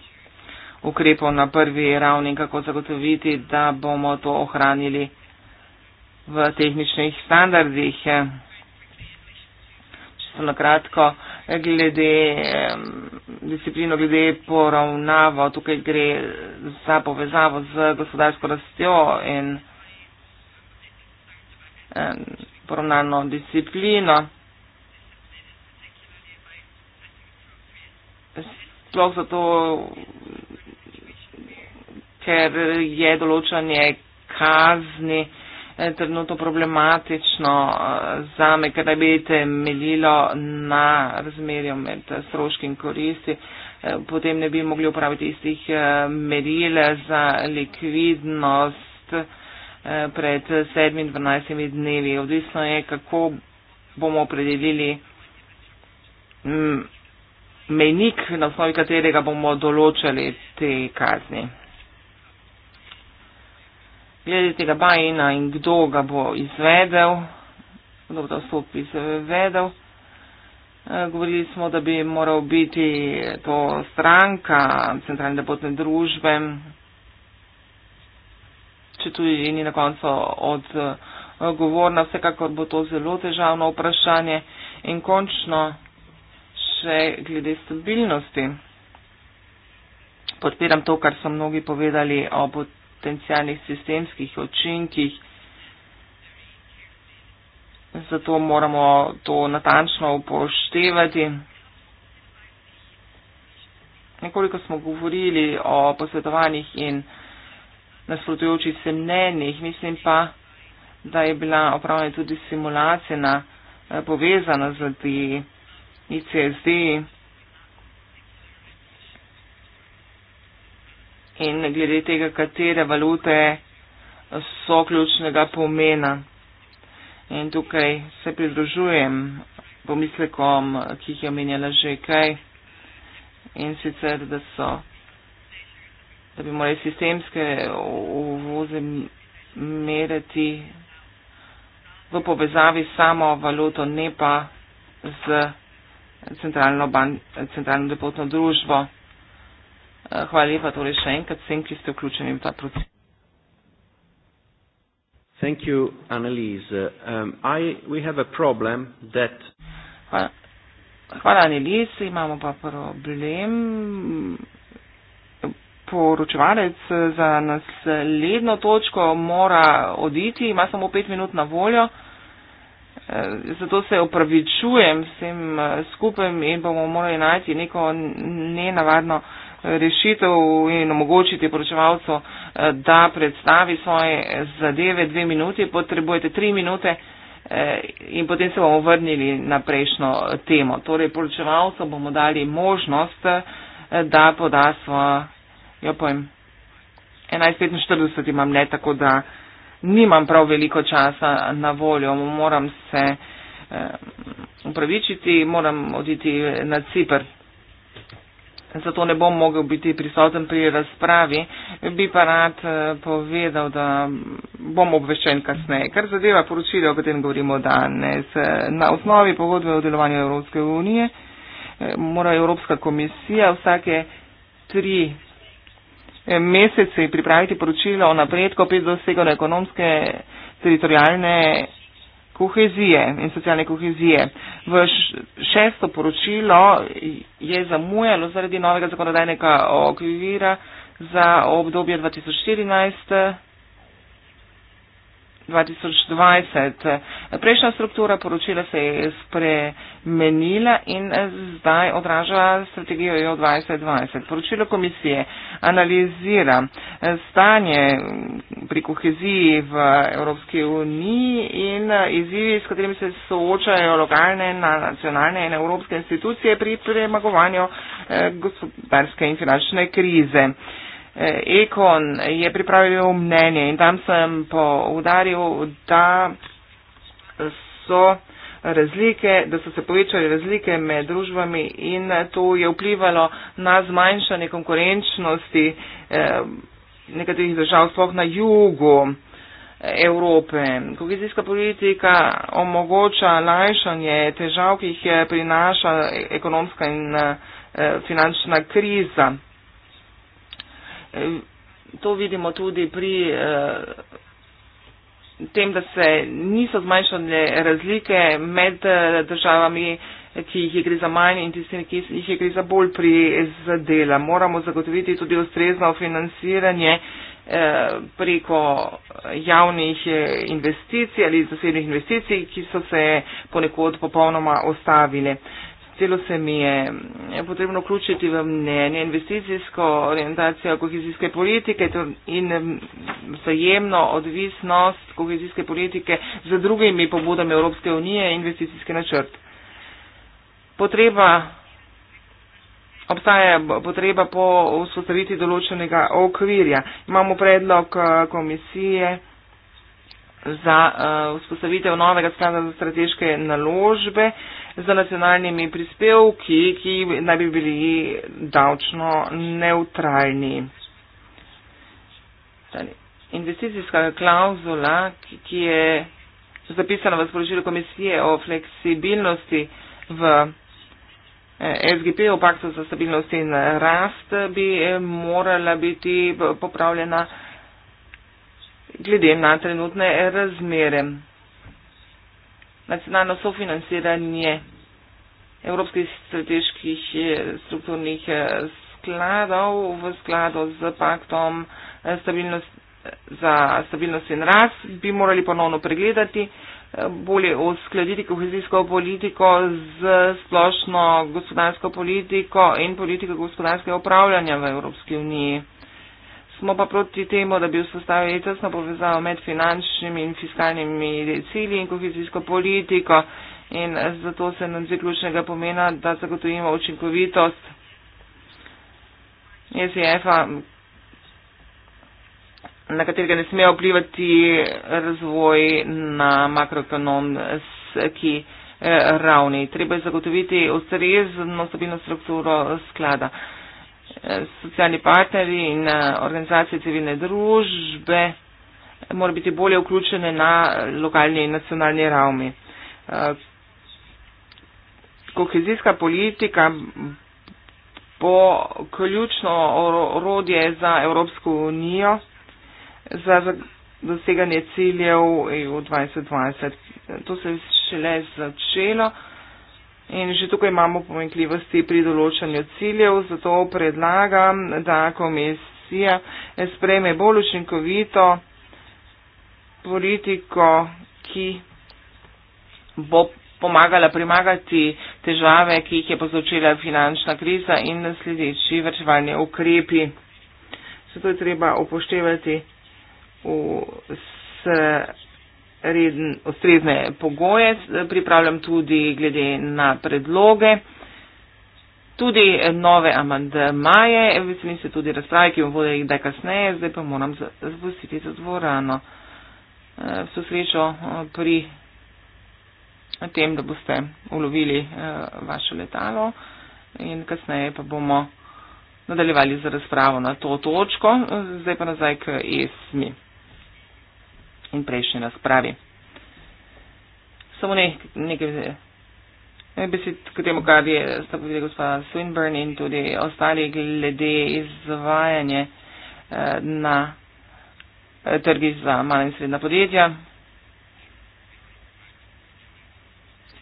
ukrepov na prvi ravni in kako zagotoviti, da bomo to ohranili v tehničnih standardih. Eh, Če sem na kratko, eh, glede eh, disciplino, glede poravnavo, tukaj gre za povezavo z gospodarsko rastjo in poravnano disciplino. sploh zato, ker je določanje kazni eh, trenutno problematično eh, zame, ker naj bi temeljilo na razmerju med stroški in koristi, eh, potem ne bi mogli upraviti istih meril za likvidnost pred 7-12 dnevi. Odvisno je, kako bomo opredelili mm, mejnik, na osnovi katerega bomo določali te kazni. Glede tega bajina in kdo ga bo izvedel, kdo bo ta vstop izvedel, eh, govorili smo, da bi moral biti to stranka centralne depotne družbe, če tudi ni na koncu od govorna, vsekakor bo to zelo težavno vprašanje. In končno, še glede stabilnosti. Podpiram to, kar so mnogi povedali o potencijalnih sistemskih očinkih. Zato moramo to natančno upoštevati. Nekoliko smo govorili o posvetovanjih in nasprotujočih se mnenjih. Mislim pa, da je bila opravljena tudi simulacija povezana z tem. ICSD in glede tega, katere valute so ključnega pomena. In tukaj se pridružujem pomislekom, ki jih je omenjala že kaj. In sicer, da so, da bi morali sistemske uvoze meriti v povezavi s samo valuto, ne pa z centralno, ban, centralno depotno družbo. Eh, hvala lepa torej še enkrat vsem, ki ste vključeni v ta proces. Thank you, Annelise. Um, I, we have a problem that... Hvala, Annelise. Imamo pa problem. Poročevalec eh, za naslednjo točko mora oditi. Ima samo pet minut na voljo. Zato se opravičujem vsem eh, skupaj in bomo morali najti neko nenavadno eh, rešitev in omogočiti poročevalcu, eh, da predstavi svoje zadeve dve minuti, potrebujete tri minute in potem se bomo vrnili na prejšnjo temo. Torej, poročevalcu bomo dali možnost, da poda svojo, jo ja, pojem, 11.45 imam ne, tako da nimam prav veliko časa na voljo, moram se eh, upravičiti, moram oditi na Cipr. Zato ne bom mogel biti prisoten pri razpravi, bi pa rad eh, povedal, da bom obveščen kasneje. Kar zadeva poročilo, o katerem govorimo danes, eh, na osnovi pogodbe o delovanju Evropske unije mora Evropska komisija vsake tri Eh, meseci pripraviti poročilo o napredku pri dosegu ekonomske, teritorijalne kohezije in socialne kohezije. V šesto poročilo je zamujalo zaradi novega zakonodajnega okvira za obdobje 2014. 2020. Prejšnja struktura poročila se je spremenila in zdaj odraža strategijo EU 2020. Poročilo komisije analizira stanje pri koheziji v Evropski uniji in izzivi, s katerimi se soočajo lokalne, nacionalne in evropske institucije pri premagovanju eh, gospodarske in finančne krize. Ekon je pripravil mnenje in tam sem poudaril, da so razlike, da so se povečale razlike med družbami in to je vplivalo na zmanjšanje konkurenčnosti eh, nekaterih držav, sploh na jugu eh, Evrope. Kohezijska politika omogoča lajšanje težav, ki jih prinaša ekonomska in eh, finančna kriza. To vidimo tudi pri eh, tem, da se niso zmanjšale razlike med eh, državami, ki jih je gre za manj in tistimi, ki jih je gre za bolj pri zadela. Moramo zagotoviti tudi ustrezno financiranje eh, preko javnih investicij ali zasebnih investicij, ki so se ponekod popolnoma ostavile htjelo se mi je potrebno vključiti v mnenje investicijsko orientacijo kohezijske politike in vzajemno odvisnost kohezijske politike z drugimi pobudami Evropske unije in investicijski načrt. Potreba obstaja potreba po vzpostaviti določenega okvirja. Imamo predlog eh, komisije za uh, vzpostavitev novega sklada za strateške naložbe z nacionalnimi prispevki, ki naj bi bili davčno neutralni. Investicijska klauzula, ki je zapisana v sporočilu komisije o fleksibilnosti v eh, SGP, o paktu za stabilnost in rast, bi eh, morala biti popravljena glede na trenutne razmere. Nacionalno sofinanciranje evropskih strateških eh, strukturnih eh, skladov v skladu z paktom eh, stabilnost, za stabilnost in rast bi morali ponovno pregledati, bolje uskladiti kohezijsko politiko z splošno gospodarsko politiko in politiko gospodarskega upravljanja v Evropski uniji. Smo pa proti temu, da bi vzpostavili tesno povezavo med finančnimi in fiskalnimi cilji in kohezijsko politiko in zato se nam zdi ključnega pomena, da zagotovimo učinkovitost ECF-a, na katerega ne smejo vplivati razvoj na makroekonomski eh, ravni. Treba je zagotoviti ustrezno stabilno strukturo sklada socialni partneri in eh, organizacije civilne družbe mora biti bolje vključene na lokalni in nacionalni ravni. Eh, kohezijska politika bo ključno orodje za Evropsko unijo za doseganje ciljev EU 2020. To se je šele začelo. In že tukaj imamo pomenkljivosti pri določanju ciljev, zato predlagam, da komisija spreme bolj učinkovito politiko, ki bo pomagala premagati težave, ki jih je povzročila finančna kriza in sledeči vrčevalni ukrepi. Zato je treba upoštevati vse reden, ustrezne pogoje, pripravljam tudi glede na predloge, tudi nove amandmaje, veselim se tudi razprave, ki bom vodila jih da kasneje, zdaj pa moram zapustiti za dvorano. Eh, vso srečo eh, pri tem, da boste ulovili eh, vaše letalo in kasneje pa bomo nadaljevali z razpravo na to točko, zdaj pa nazaj k esmi in prejšnji razpravi. Samo nekaj besed k temu, kar je sta povedali gospa Swinburne in tudi ostali glede izvajanja eh, na eh, trgi za mala in srednja podjetja.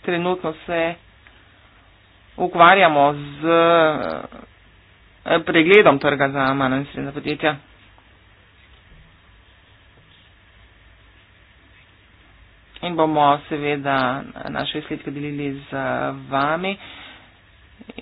Trenutno se ukvarjamo z eh, pregledom trga za mala in srednja podjetja. in bomo seveda naše izsledke delili z vami.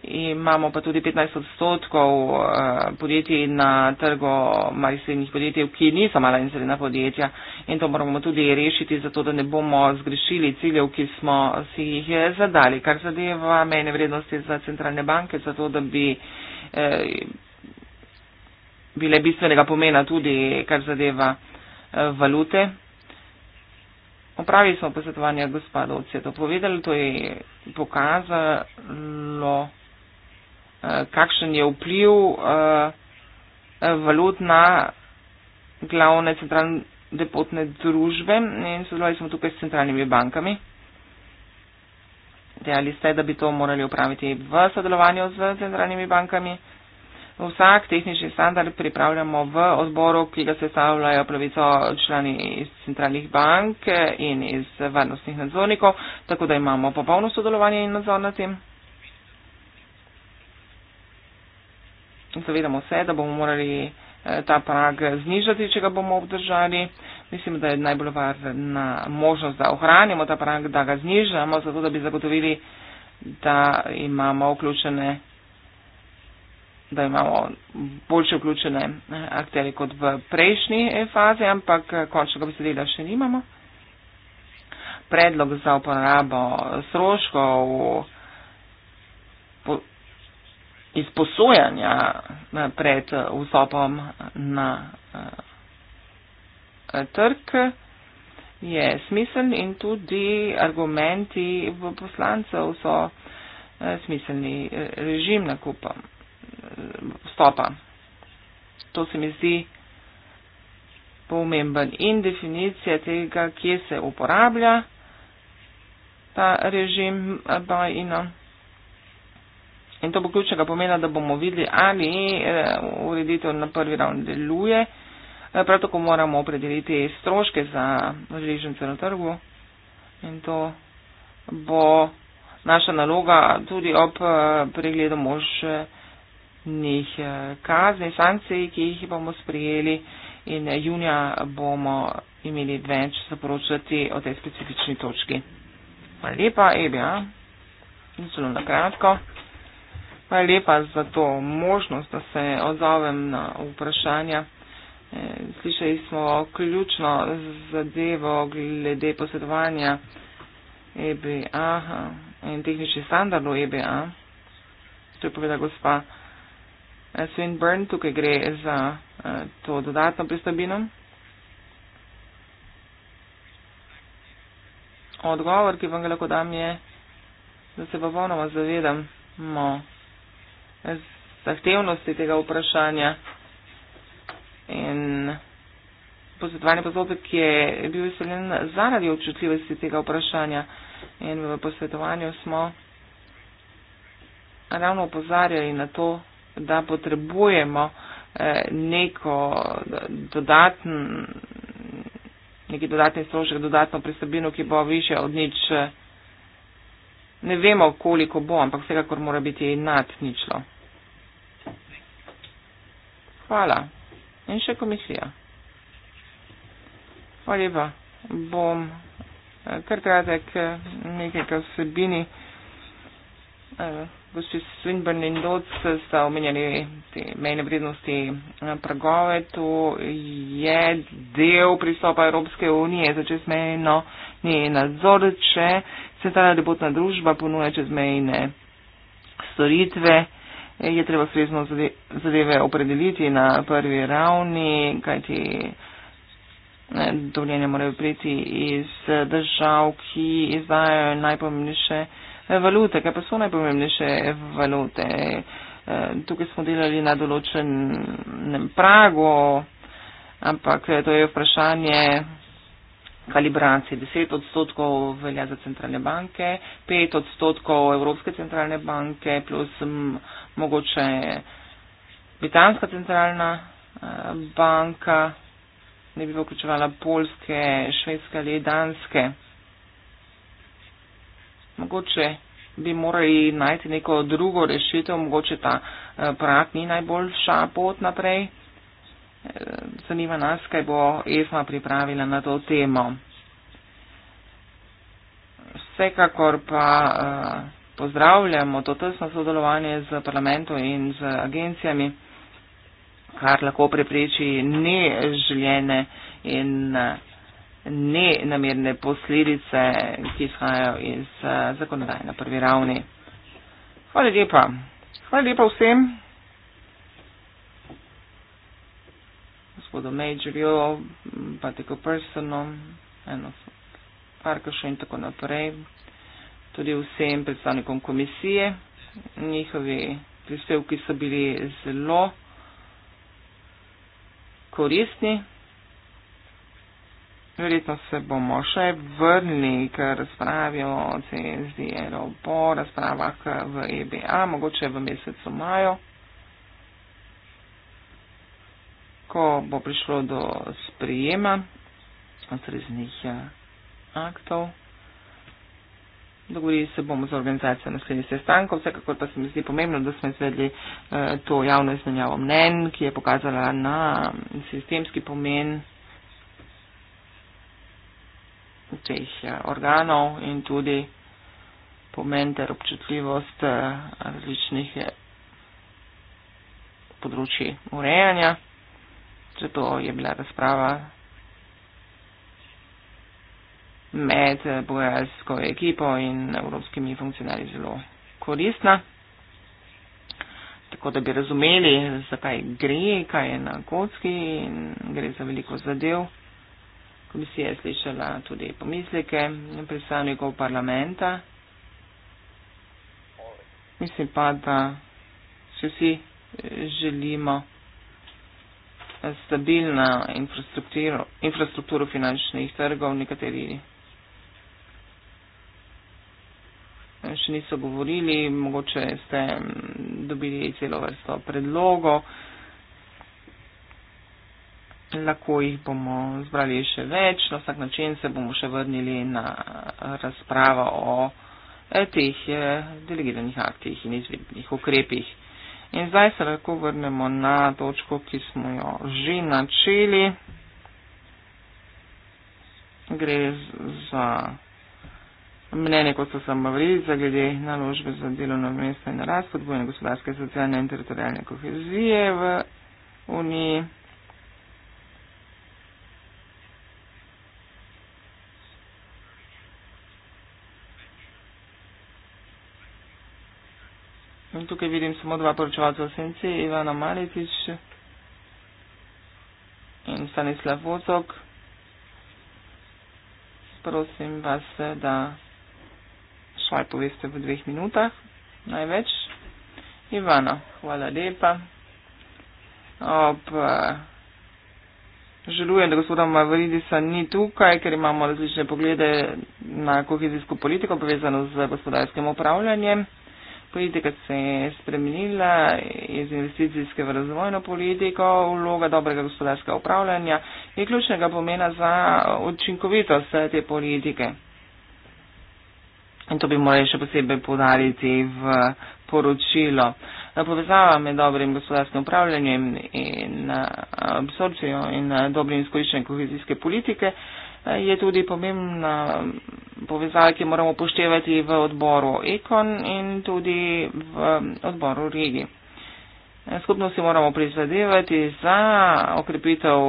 Imamo pa tudi 15 odstotkov eh, podjetij na trgu malih srednjih podjetij, ki niso mala in srednja podjetja in to moramo tudi rešiti, zato da ne bomo zgrešili ciljev, ki smo si jih eh, zadali, kar zadeva mejne vrednosti za centralne banke, zato da bi eh, bile bistvenega pomena tudi, kar zadeva valute opravi svoje posvetovanje gospodu, se je to povedalo, to je pokazalo, eh, kakšen je vpliv eh, valut na glavne centralne depotne družbe in sodelovali smo tukaj s centralnimi bankami. Dejali ste, da bi to morali upraviti v sodelovanju z centralnimi bankami, vsak tehnični standard pripravljamo v odboru, ki ga sestavljajo pravico člani iz centralnih bank in iz varnostnih nadzornikov, tako da imamo popolno sodelovanje in nadzor nad tem. Zavedamo se, da bomo morali eh, ta prag znižati, če ga bomo obdržali. Mislim, da je najbolj varna možnost, da ohranimo ta prag, da ga znižamo, zato da bi zagotovili, da imamo vključene da imamo boljše vključene eh, akterje kot v prejšnji eh, fazi, ampak eh, končnega besedila še nimamo. Predlog za uporabo stroškov izposojanja pred vstopom na trg je smisel in tudi argumenti v poslancev so smiselni režim nakupom vstopa. To se mi zdi pomemben. In definicija tega, kje se uporablja ta režim Bajina. In to bo ključnega pomena, da bomo videli, ali eh, ureditev na prvi ravni deluje. Eh, prav tako moramo opredeliti stroške za žvižence na trgu. In to bo naša naloga tudi ob eh, pregledu možnosti nekih eh, kazni, sankcij, ki jih bomo sprejeli in eh, junija bomo imeli več zaporočati o tej specifični točki. Hvala lepa, Ebja, zelo na kratko. Hvala lepa za to možnost, da se odzovem na vprašanja. Eh, slišali smo ključno zadevo glede posedovanja EBA in tehničnih standardov EBA. To je povedala gospa Eh, Swinburne, tukaj gre za eh, to dodatno pristojbino. Odgovor, ki vam ga lahko dam, je, da se popolnoma zavedamo zahtevnosti tega vprašanja in posvetovanje postopek, ki je bil izseljen zaradi občutljivosti tega vprašanja in v posvetovanju smo ravno opozarjali na to, da potrebujemo eh, neko dodaten, neki dodatni strošek, dodatno pristojbino, ki bo više od nič. Eh, ne vemo, koliko bo, ampak vsekakor mora biti nad ničlo. Hvala. In še komisija. Hvala lepa. Bom eh, kar kratek nekaj k vsebini gospe Svinbrn in Doc sta omenjali te mejne vrednosti pragove. To je del pristopa Evropske unije za čezmejno nadzor, če se ta debotna družba ponuja čezmejne storitve. Je treba srezno zadeve opredeliti na prvi ravni, kajti dovoljenja morajo priti iz držav, ki izdajo najpomembnejše valute, kaj pa so najpomembnejše valute. Eh, tukaj smo delali na določenem pragu, ampak eh, to je vprašanje kalibracije. 10 odstotkov velja za centralne banke, 5 odstotkov Evropske centralne banke plus mogoče Britanska centralna eh, banka, ne bi vključevala Polske, Švedske ali Danske mogoče bi morali najti neko drugo rešitev, mogoče ta eh, prak ni najboljša pot naprej. Eh, zanima nas, kaj bo ESMA pripravila na to temo. Vsekakor pa eh, pozdravljamo to tesno sodelovanje z parlamentom in z agencijami, kar lahko prepreči neželjene in nenamerne posledice, ki izhajajo iz eh, zakonodaje na prvi ravni. Hvala lepa. Hvala lepa vsem. Gospodu Majorju, pa tako personu, eno parkošu in tako naprej. Tudi vsem predstavnikom komisije. Njihovi prispevki so bili zelo koristni. Verjetno se bomo še vrnili k razpravi o CSDR-u po razpravah v EBA, mogoče v mesecu maju, ko bo prišlo do sprijema ustreznih eh, aktov. Dogovorili se bomo z organizacijo naslednjih sestankov, vsekakor pa se mi zdi pomembno, da smo izvedli eh, to javno izmenjavo mnen, ki je pokazala na mm, sistemski pomen teh eh, organov in tudi pomen ter občutljivost eh, različnih eh, področji urejanja. Zato je bila razprava med bojarsko ekipo in evropskimi funkcionarji zelo koristna. Tako da bi razumeli, zakaj gre, kaj je na kocki in gre za veliko zadev. Komisija je slišala tudi pomisleke predstavnikov parlamenta. Mislim pa, da se vsi eh, želimo stabilno infrastrukturo, infrastrukturo finančnih trgov, nekateri še niso govorili, mogoče ste mm, dobili celo vrsto predlogov lahko jih bomo zbrali še več, na vsak način se bomo še vrnili na razpravo o eh, teh eh, delegiranih aktih in izvedbenih ukrepih. In zdaj se lahko vrnemo na točko, ki smo jo že načeli. Gre za mnenje, kot so samovri, za glede naložbe za delovno mesto in rast, podbojne gospodarske, socialne in teritorijalne kohezije v Uniji. In no, tukaj vidim samo dva poročevalca v senci, Ivana Maletič in Stanislav Vozok. Prosim vas, da svoje poveste v dveh minutah, največ. Ivana, hvala lepa. Ob, eh, Želujem, da gospoda Mavridisa ni tukaj, ker imamo različne poglede na kohezijsko politiko povezano z gospodarskim upravljanjem politika se je spremenila iz investicijske v razvojno politiko, vloga dobrega gospodarskega upravljanja je ključnega pomena za učinkovitost te politike. In to bi morali še posebej podariti v poročilo. Povezava med dobrim gospodarskim upravljanjem in eh, absorpcijo in eh, dobrim izkoriščenjem kohezijske politike je tudi pomembna povezava, ki moramo poštevati v odboru ECON in tudi v odboru REGI. Skupno si moramo prizadevati za okrepitev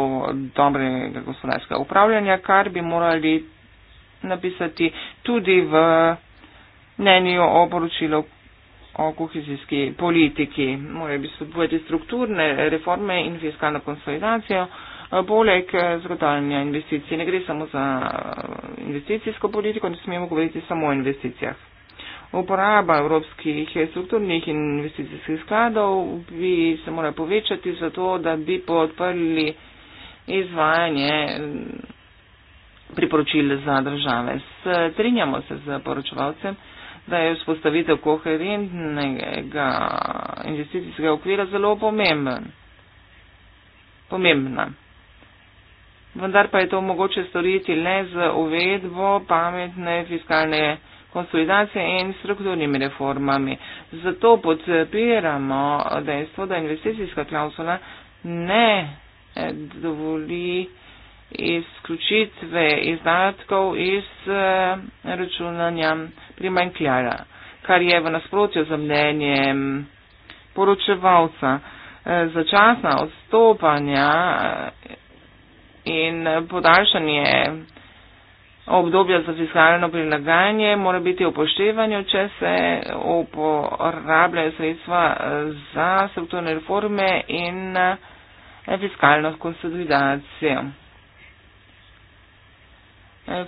dobrega gospodarskega upravljanja, kar bi morali napisati tudi v mnenju o poročilu o kohezijski politiki. Morali bi spodbujati strukturne reforme in fiskalno konsolidacijo. Eh, poleg eh, zgodanja investicij. Ne gre samo za eh, investicijsko politiko, ne smemo govoriti samo o investicijah. Uporaba evropskih strukturnih in investicijskih skladov bi se morala povečati zato, da bi podprli izvajanje mm, priporočil za države. Strinjamo se z poročevalcem, da je vzpostavitev koherentnega investicijskega okvira zelo pomemben. pomembna. Pomembna vendar pa je to mogoče storiti le z uvedbo pametne fiskalne konsolidacije in strukturnimi reformami. Zato podpiramo dejstvo, da investicijska klausula ne eh, dovoli izključitve izdatkov iz eh, računanja primankljara, kar je v nasprotju z mnenjem poročevalca. Eh, začasna odstopanja in eh, podaljšanje obdobja za fiskalno prilagajanje mora biti upoštevanje, če se uporabljajo sredstva eh, za strukturne reforme in eh, fiskalno konsolidacijo.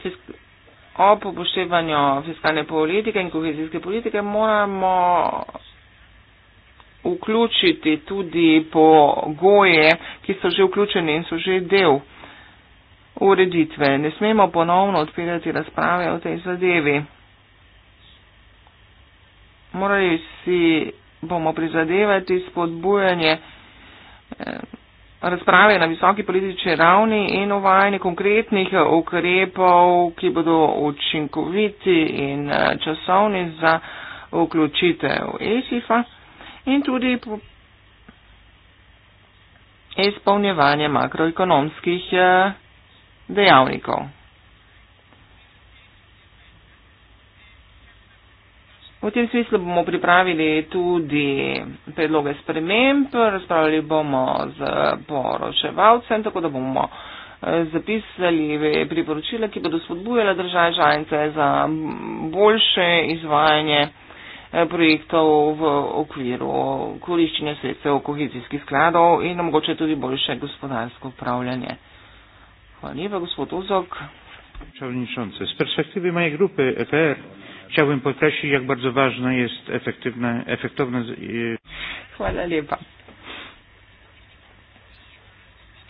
Fisk ob upoštevanju fiskalne politike in kohezijske politike moramo vključiti tudi pogoje, ki so že vključeni in so že del ureditve. Ne smemo ponovno odpirati razprave o tej zadevi. Morali si bomo prizadevati spodbujanje eh, razprave na visoki politični ravni in uvajanje konkretnih ukrepov, ki bodo učinkoviti in eh, časovni za vključitev ESIF-a in tudi izpolnjevanje makroekonomskih eh, dejavnikov. V tem smislu bomo pripravili tudi predloge sprememb, razpravljali bomo z poročevalcem, tako da bomo eh, zapisali priporočila, ki bodo spodbujala države žalice za boljše izvajanje eh, projektov v okviru koriščenja sredstev kohezijskih skladov in omogoče tudi boljše gospodarsko upravljanje. Panie gospod Ozok. Przewodniczący, z perspektywy mojej grupy EPR chciałbym podkreślić, jak bardzo ważne jest efektywne, efektowne... Chwala lepa.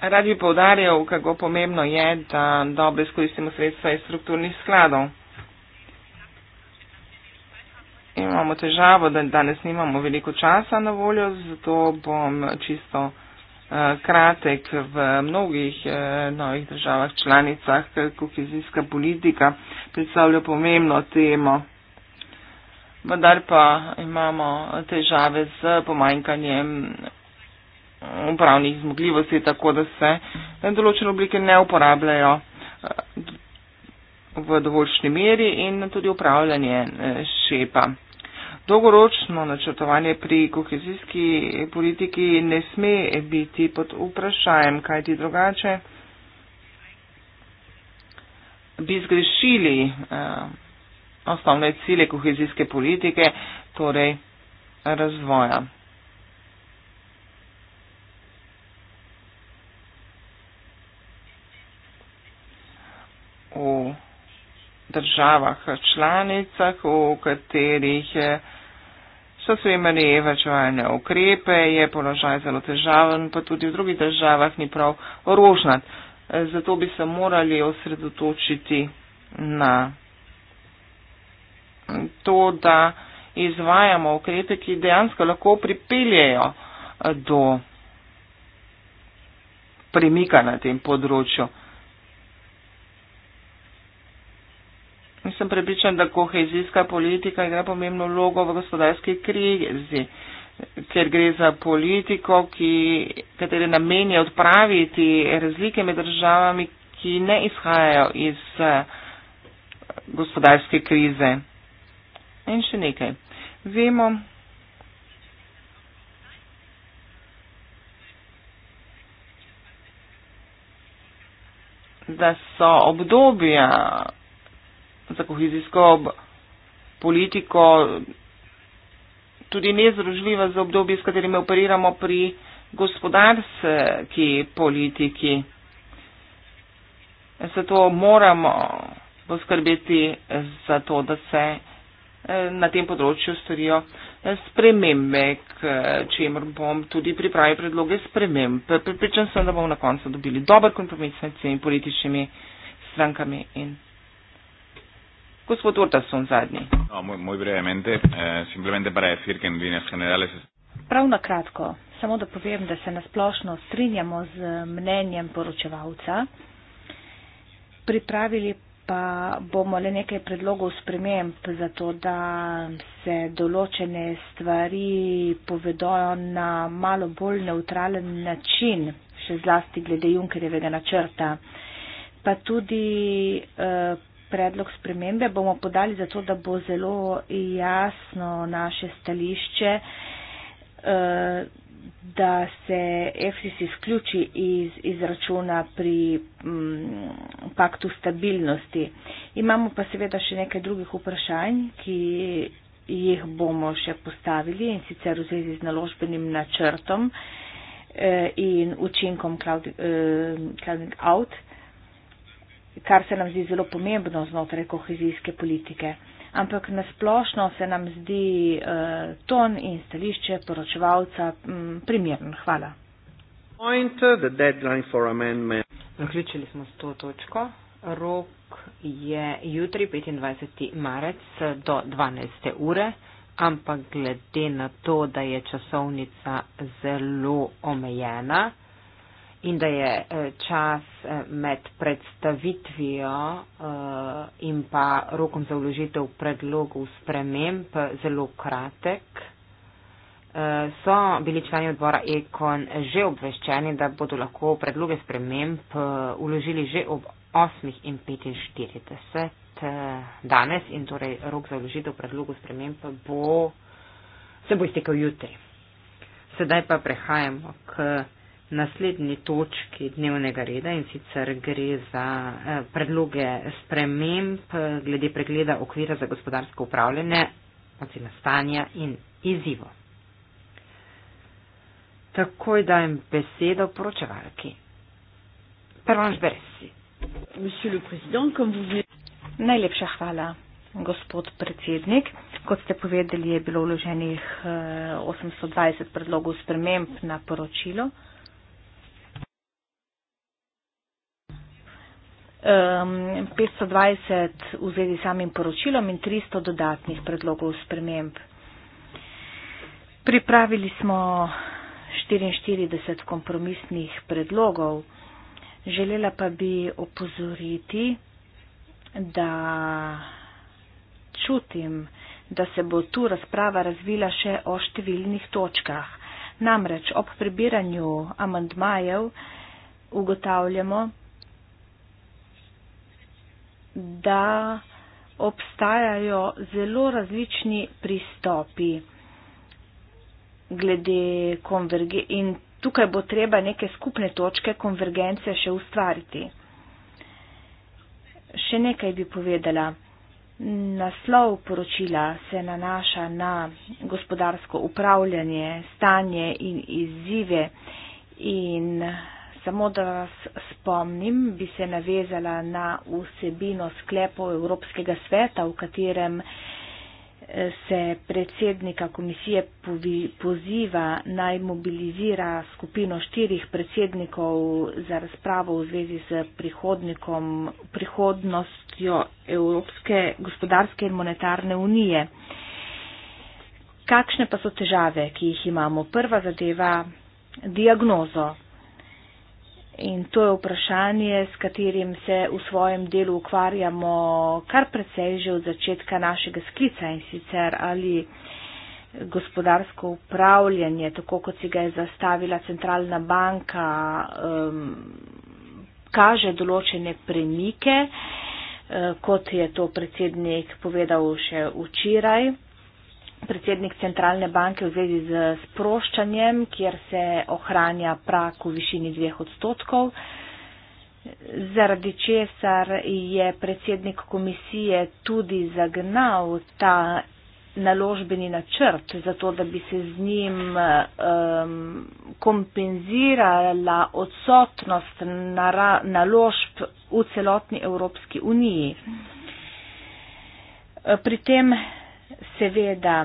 Rad bi poudarjal, kako pomembno je, da dobro izkoristimo sredstva iz strukturnih skladov. Imamo težavo, da danes nimamo veliko časa na voljo, zato bom čisto. Eh, kratek v mnogih eh, novih državah članicah, ker kohezijska politika predstavlja pomembno temo. Vendar pa imamo težave z pomanjkanjem eh, upravnih zmogljivosti, tako da se določene oblike ne uporabljajo v dovoljšni meri in tudi upravljanje šepa dolgoročno načrtovanje pri kohezijski politiki ne sme biti pod vprašajem, kajti drugače bi zgrešili eh, osnovne cilje kohezijske politike, torej razvoja. V državah članicah, v katerih eh, so se imeli evačevalne ukrepe, je položaj zelo težaven, pa tudi v drugih državah ni prav rožnat. Zato bi se morali osredotočiti na to, da izvajamo ukrepe, ki dejansko lahko pripeljejo eh, do premika na tem področju. in sem prepričan, da kohezijska politika igra pomembno vlogo v gospodarski krizi, ker gre za politiko, ki, katere namen je odpraviti razlike med državami, ki ne izhajajo iz eh, gospodarske krize. In še nekaj. Vemo, da so obdobja za kohezijsko politiko tudi nezdružljiva za obdobje, s katerimi operiramo pri gospodarski politiki. Zato moramo poskrbeti za to, da se eh, na tem področju storijo eh, spremembe, k čemer bom tudi pripravil predloge sprememb. Pripričan sem, da bomo na koncu dobili dober kompromis med vsemi političnimi strankami in. Gospod Urtasun, zadnji. No, moj, moj eh, Prav na kratko, samo da povem, da se nasplošno strinjamo z mnenjem poročevalca. Pripravili pa bomo le nekaj predlogov sprememb, zato da se določene stvari povedo na malo bolj neutralen način, še zlasti glede Junkerjevega načrta, pa tudi eh, predlog spremembe bomo podali zato, da bo zelo jasno naše stališče, eh, da se FCC izključi iz izračuna pri mm, paktu stabilnosti. Imamo pa seveda še nekaj drugih vprašanj, ki jih bomo še postavili in sicer v zvezi z naložbenim načrtom eh, in učinkom Cloud, eh, Cloud Out. Eh, kar se nam zdi zelo pomembno znotraj kohezijske politike. Ampak nasplošno se nam zdi uh, ton in stališče poročevalca um, mm, primern. Hvala. Uh, Zaključili smo s to točko. Rok je jutri, 25. marec, do 12. ure, ampak glede na to, da je časovnica zelo omejena, in da je eh, čas eh, med predstavitvijo eh, in pa rokom za vložitev predlogov sprememb zelo kratek. So bili člani odbora Ekon že obveščeni, da bodo lahko predloge sprememb uložili že ob 8.45 danes in torej rok za vložitev predlogov sprememb bo, se bo iztekel jutri. Sedaj pa prehajamo k naslednji točki dnevnega reda in sicer gre za eh, predloge sprememb eh, glede pregleda okvira za gospodarsko upravljanje, ocena stanja in izzivo. Takoj dajem besedo poročevalki. Prvanž Beresi. Najlepša hvala, gospod predsednik. Kot ste povedali, je bilo vloženih 820 eh, predlogov sprememb na poročilo. um, 520 v zvezi s samim poročilom in 300 dodatnih predlogov sprememb. Pripravili smo 44 kompromisnih predlogov. Želela pa bi opozoriti, da čutim, da se bo tu razprava razvila še o številnih točkah. Namreč ob prebiranju amandmajev ugotavljamo, da obstajajo zelo različni pristopi glede konverge in tukaj bo treba neke skupne točke konvergence še ustvariti. Še nekaj bi povedala. Naslov poročila se nanaša na gospodarsko upravljanje, stanje in izzive in Samo da vas spomnim, bi se navezala na vsebino sklepov Evropskega sveta, v katerem eh, se predsednika komisije poziva naj mobilizira skupino štirih predsednikov za razpravo v zvezi s prihodnostjo Evropske gospodarske in monetarne unije. Kakšne pa so težave, ki jih imamo? Prva zadeva diagnozo. In to je vprašanje, s katerim se v svojem delu ukvarjamo kar precej že od začetka našega sklica in sicer ali gospodarsko upravljanje, tako kot si ga je zastavila centralna banka, um, kaže določene premike, uh, kot je to predsednik povedal še včeraj predsednik centralne banke v zvezi z sproščanjem, kjer se ohranja prak v višini dveh odstotkov, zaradi česar je predsednik komisije tudi zagnal ta naložbeni načrt, zato da bi se z njim um, kompenzirala odsotnost nara, naložb v celotni Evropski uniji. Pri tem seveda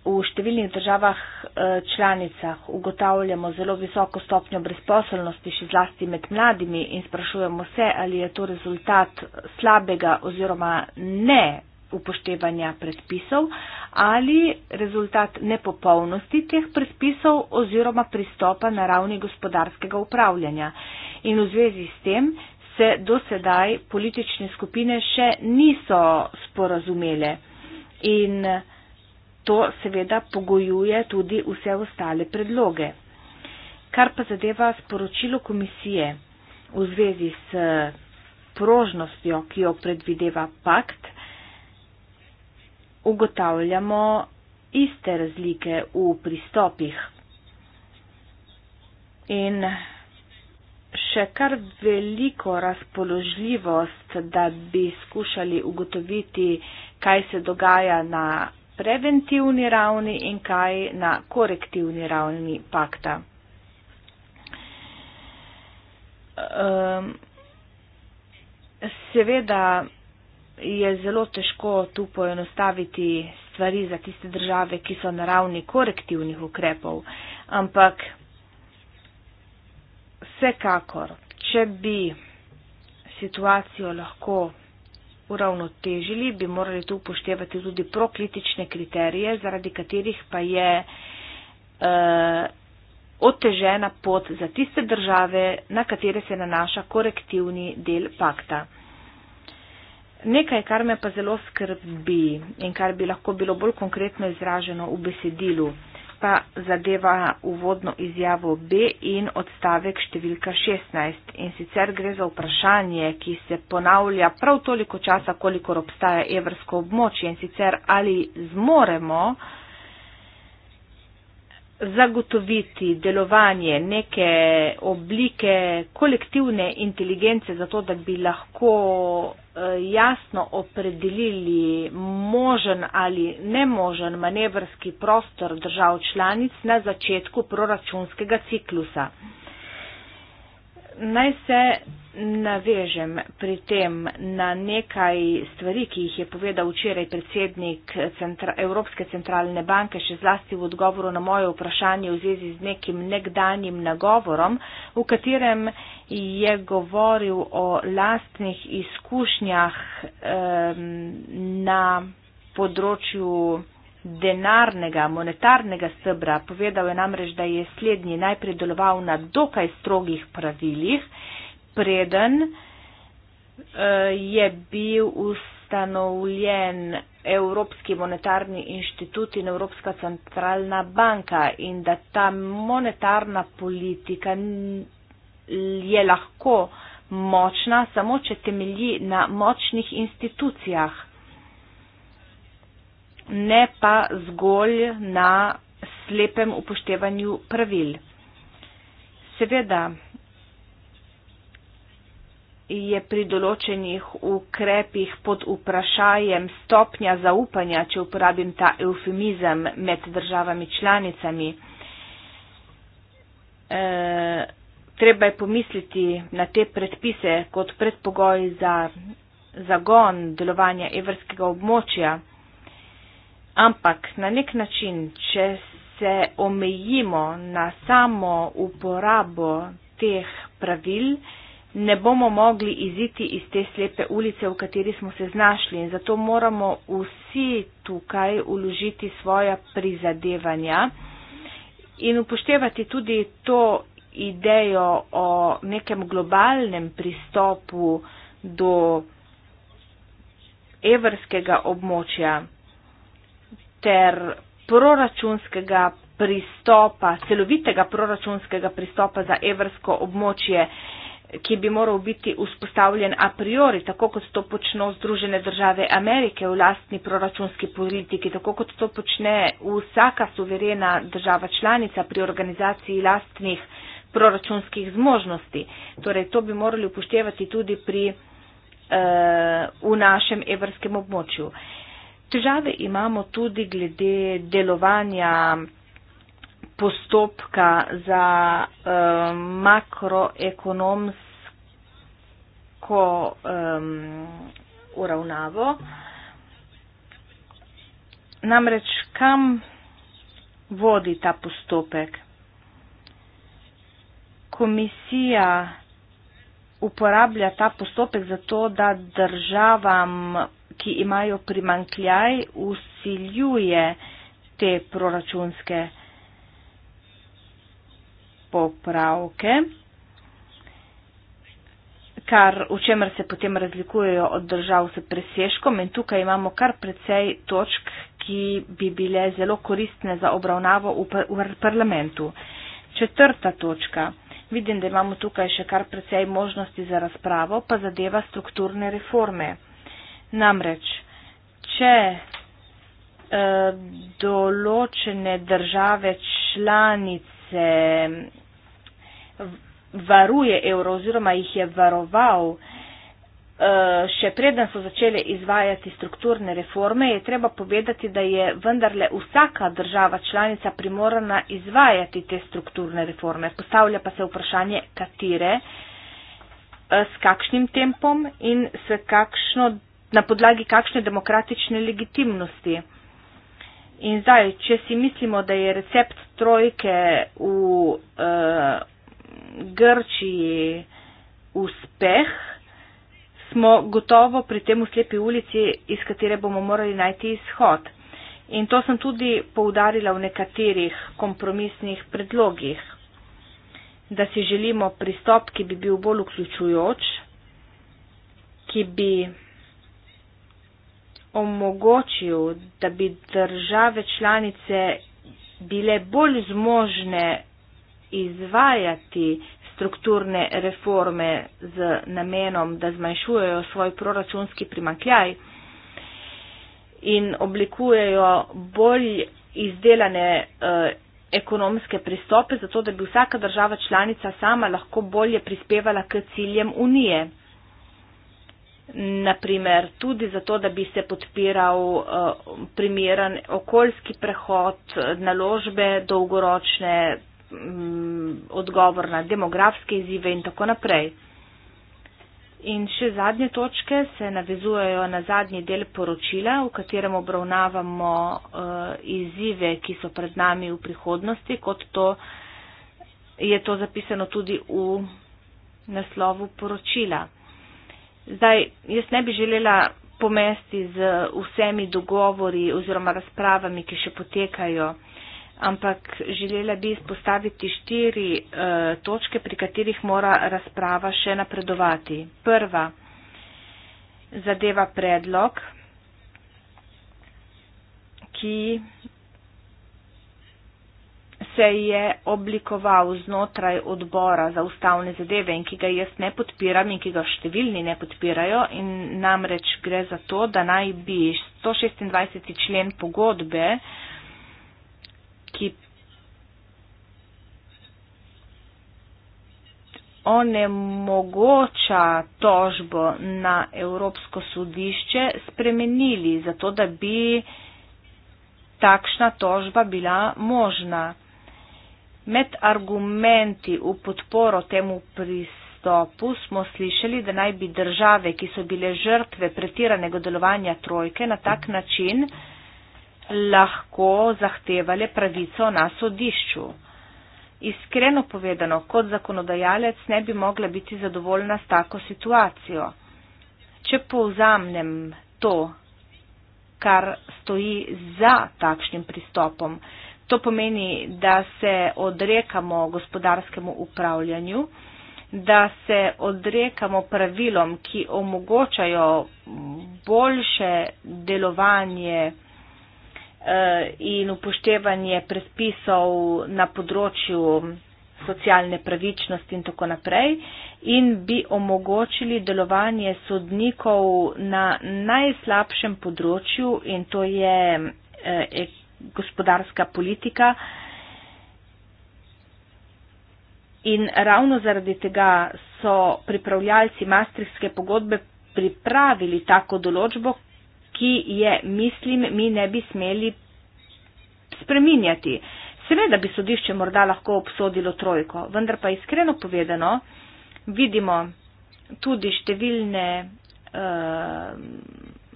v številnih državah eh, članicah ugotavljamo zelo visoko stopnjo brezposelnosti, še zlasti med mladimi in sprašujemo se, ali je to rezultat slabega oziroma ne upoštevanja predpisov ali rezultat nepopolnosti teh predpisov oziroma pristopa na ravni gospodarskega upravljanja. In v zvezi s tem se do sedaj politične skupine še niso sporazumele in to seveda pogojuje tudi vse ostale predloge. Kar pa zadeva sporočilo komisije v zvezi s eh, prožnostjo, ki jo predvideva pakt, ugotavljamo iste razlike v pristopih. In še kar veliko razpoložljivost, da bi skušali ugotoviti, kaj se dogaja na preventivni ravni in kaj na korektivni ravni pakta. Um, seveda je zelo težko tu poenostaviti stvari za tiste države, ki so na ravni korektivnih ukrepov, ampak vsekakor, če bi situacijo lahko uravnotežili, bi morali tu upoštevati tudi proklitične kriterije, zaradi katerih pa je eh, otežena pot za tiste države, na katere se nanaša korektivni del pakta. Nekaj, kar me pa zelo skrbi in kar bi lahko bilo bolj konkretno izraženo v besedilu pa zadeva uvodno izjavo B in odstavek številka 16. In sicer gre za vprašanje, ki se ponavlja prav toliko časa, kolikor obstaja evrsko območje. In sicer ali zmoremo zagotoviti delovanje neke oblike kolektivne inteligence, zato da bi lahko eh, jasno opredelili možen ali nemožen manevrski prostor držav članic na začetku proračunskega ciklusa naj se navežem pri tem na nekaj stvari, ki jih je povedal včeraj predsednik centra, Evropske centralne banke, še zlasti v odgovoru na moje vprašanje v zvezi z nekim nekdanjim nagovorom, v katerem je govoril o lastnih izkušnjah eh, na področju denarnega, monetarnega sebra, povedal je namreč, da je slednji najprej deloval na dokaj strogih pravilih, preden eh, je bil ustanovljen Evropski monetarni inštitut in Evropska centralna banka in da ta monetarna politika je lahko močna samo, če temelji na močnih institucijah ne pa zgolj na slepem upoštevanju pravil. Seveda je pri določenih ukrepih pod vprašanjem stopnja zaupanja, če uporabim ta eufemizem med državami članicami. E, treba je pomisliti na te predpise kot predpogoj za zagon delovanja evrskega območja. Ampak na nek način, če se omejimo na samo uporabo teh pravil, ne bomo mogli iziti iz te slepe ulice, v kateri smo se znašli in zato moramo vsi tukaj uložiti svoja prizadevanja in upoštevati tudi to idejo o nekem globalnem pristopu do evrskega območja ter proračunskega pristopa, celovitega proračunskega pristopa za evrsko območje, ki bi moral biti vzpostavljen a priori, tako kot to počno Združene države Amerike v lastni proračunski politiki, tako kot to počne vsaka suverena država članica pri organizaciji lastnih proračunskih zmožnosti. Torej, to bi morali upoštevati tudi pri, uh, v našem evrskem območju. Uh, Težave imamo tudi glede delovanja postopka za um, makroekonomsko um, uravnavo. Namreč kam vodi ta postopek? Komisija uporablja ta postopek zato, da državam ki imajo primankljaj, usiljuje te proračunske popravke, kar, v čemer se potem razlikujejo od držav s presežkom in tukaj imamo kar precej točk, ki bi bile zelo koristne za obravnavo v parlamentu. Četrta točka. Vidim, da imamo tukaj še kar precej možnosti za razpravo, pa zadeva strukturne reforme. Namreč, če eh, določene države članice varuje evro oziroma jih je varoval, eh, še preden so začele izvajati strukturne reforme, je treba povedati, da je vendarle vsaka država članica primorana izvajati te strukturne reforme. Postavlja pa se vprašanje, katere, eh, s kakšnim tempom in s kakšno na podlagi kakšne demokratične legitimnosti. In zdaj, če si mislimo, da je recept trojke v uh, Grčiji uspeh, smo gotovo pri tem v slepi ulici, iz katere bomo morali najti izhod. In to sem tudi poudarila v nekaterih kompromisnih predlogih, da si želimo pristop, ki bi bil bolj vključujoč, ki bi omogočil, da bi države članice bile bolj zmožne izvajati strukturne reforme z namenom, da zmanjšujejo svoj proračunski primankljaj in oblikujejo bolj izdelane eh, ekonomske pristope, zato da bi vsaka država članica sama lahko bolje prispevala k ciljem unije naprimer tudi zato, da bi se podpiral eh, primeren okoljski prehod, naložbe dolgoročne, mm, odgovor na demografske izzive in tako naprej. In še zadnje točke se navezujejo na zadnji del poročila, v katerem obravnavamo eh, izzive, ki so pred nami v prihodnosti, kot to je to zapisano tudi v naslovu poročila. Zdaj, jaz ne bi želela pomesti z vsemi dogovori oziroma razpravami, ki še potekajo, ampak želela bi izpostaviti štiri uh, točke, pri katerih mora razprava še napredovati. Prva zadeva predlog, ki se je oblikoval znotraj odbora za ustavne zadeve in ki ga jaz ne podpiram in ki ga številni ne podpirajo in namreč gre za to, da naj bi 126. člen pogodbe, ki onemogoča tožbo na Evropsko sodišče, spremenili zato, da bi takšna tožba bila možna. Med argumenti v podporo temu pristopu smo slišali, da naj bi države, ki so bile žrtve pretiranega delovanja trojke, na tak način lahko zahtevale pravico na sodišču. Iskreno povedano, kot zakonodajalec ne bi mogla biti zadovoljna s tako situacijo. Če povzamnem to, kar stoji za takšnim pristopom, To pomeni, da se odrekamo gospodarskemu upravljanju, da se odrekamo pravilom, ki omogočajo boljše delovanje eh, in upoštevanje predpisov na področju socialne pravičnosti in tako naprej in bi omogočili delovanje sodnikov na najslabšem področju in to je eh, gospodarska politika. In ravno zaradi tega so pripravljalci Maastrichtske pogodbe pripravili tako določbo, ki je, mislim, mi ne bi smeli spreminjati. Seveda bi sodišče morda lahko obsodilo trojko, vendar pa iskreno povedano, vidimo tudi številne uh,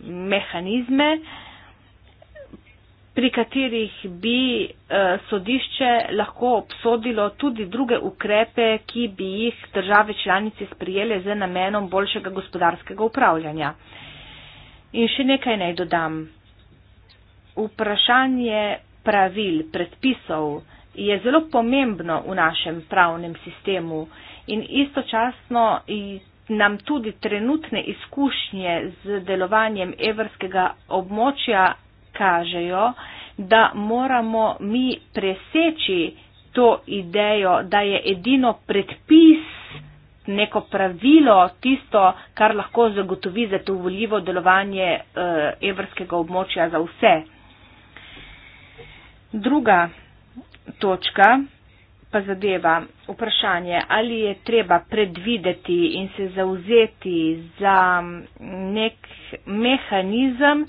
mehanizme, uh, pri katerih bi eh, sodišče lahko obsodilo tudi druge ukrepe, ki bi jih države članice sprijele z namenom boljšega gospodarskega upravljanja. In še nekaj naj dodam. Vprašanje pravil, predpisov je zelo pomembno v našem pravnem sistemu in istočasno nam tudi trenutne izkušnje z delovanjem evrskega območja kažejo, da moramo mi preseči to idejo, da je edino predpis neko pravilo tisto, kar lahko zagotovi zadovoljivo delovanje eh, evrskega območja za vse. Druga točka pa zadeva vprašanje, ali je treba predvideti in se zauzeti za nek mehanizem, eh,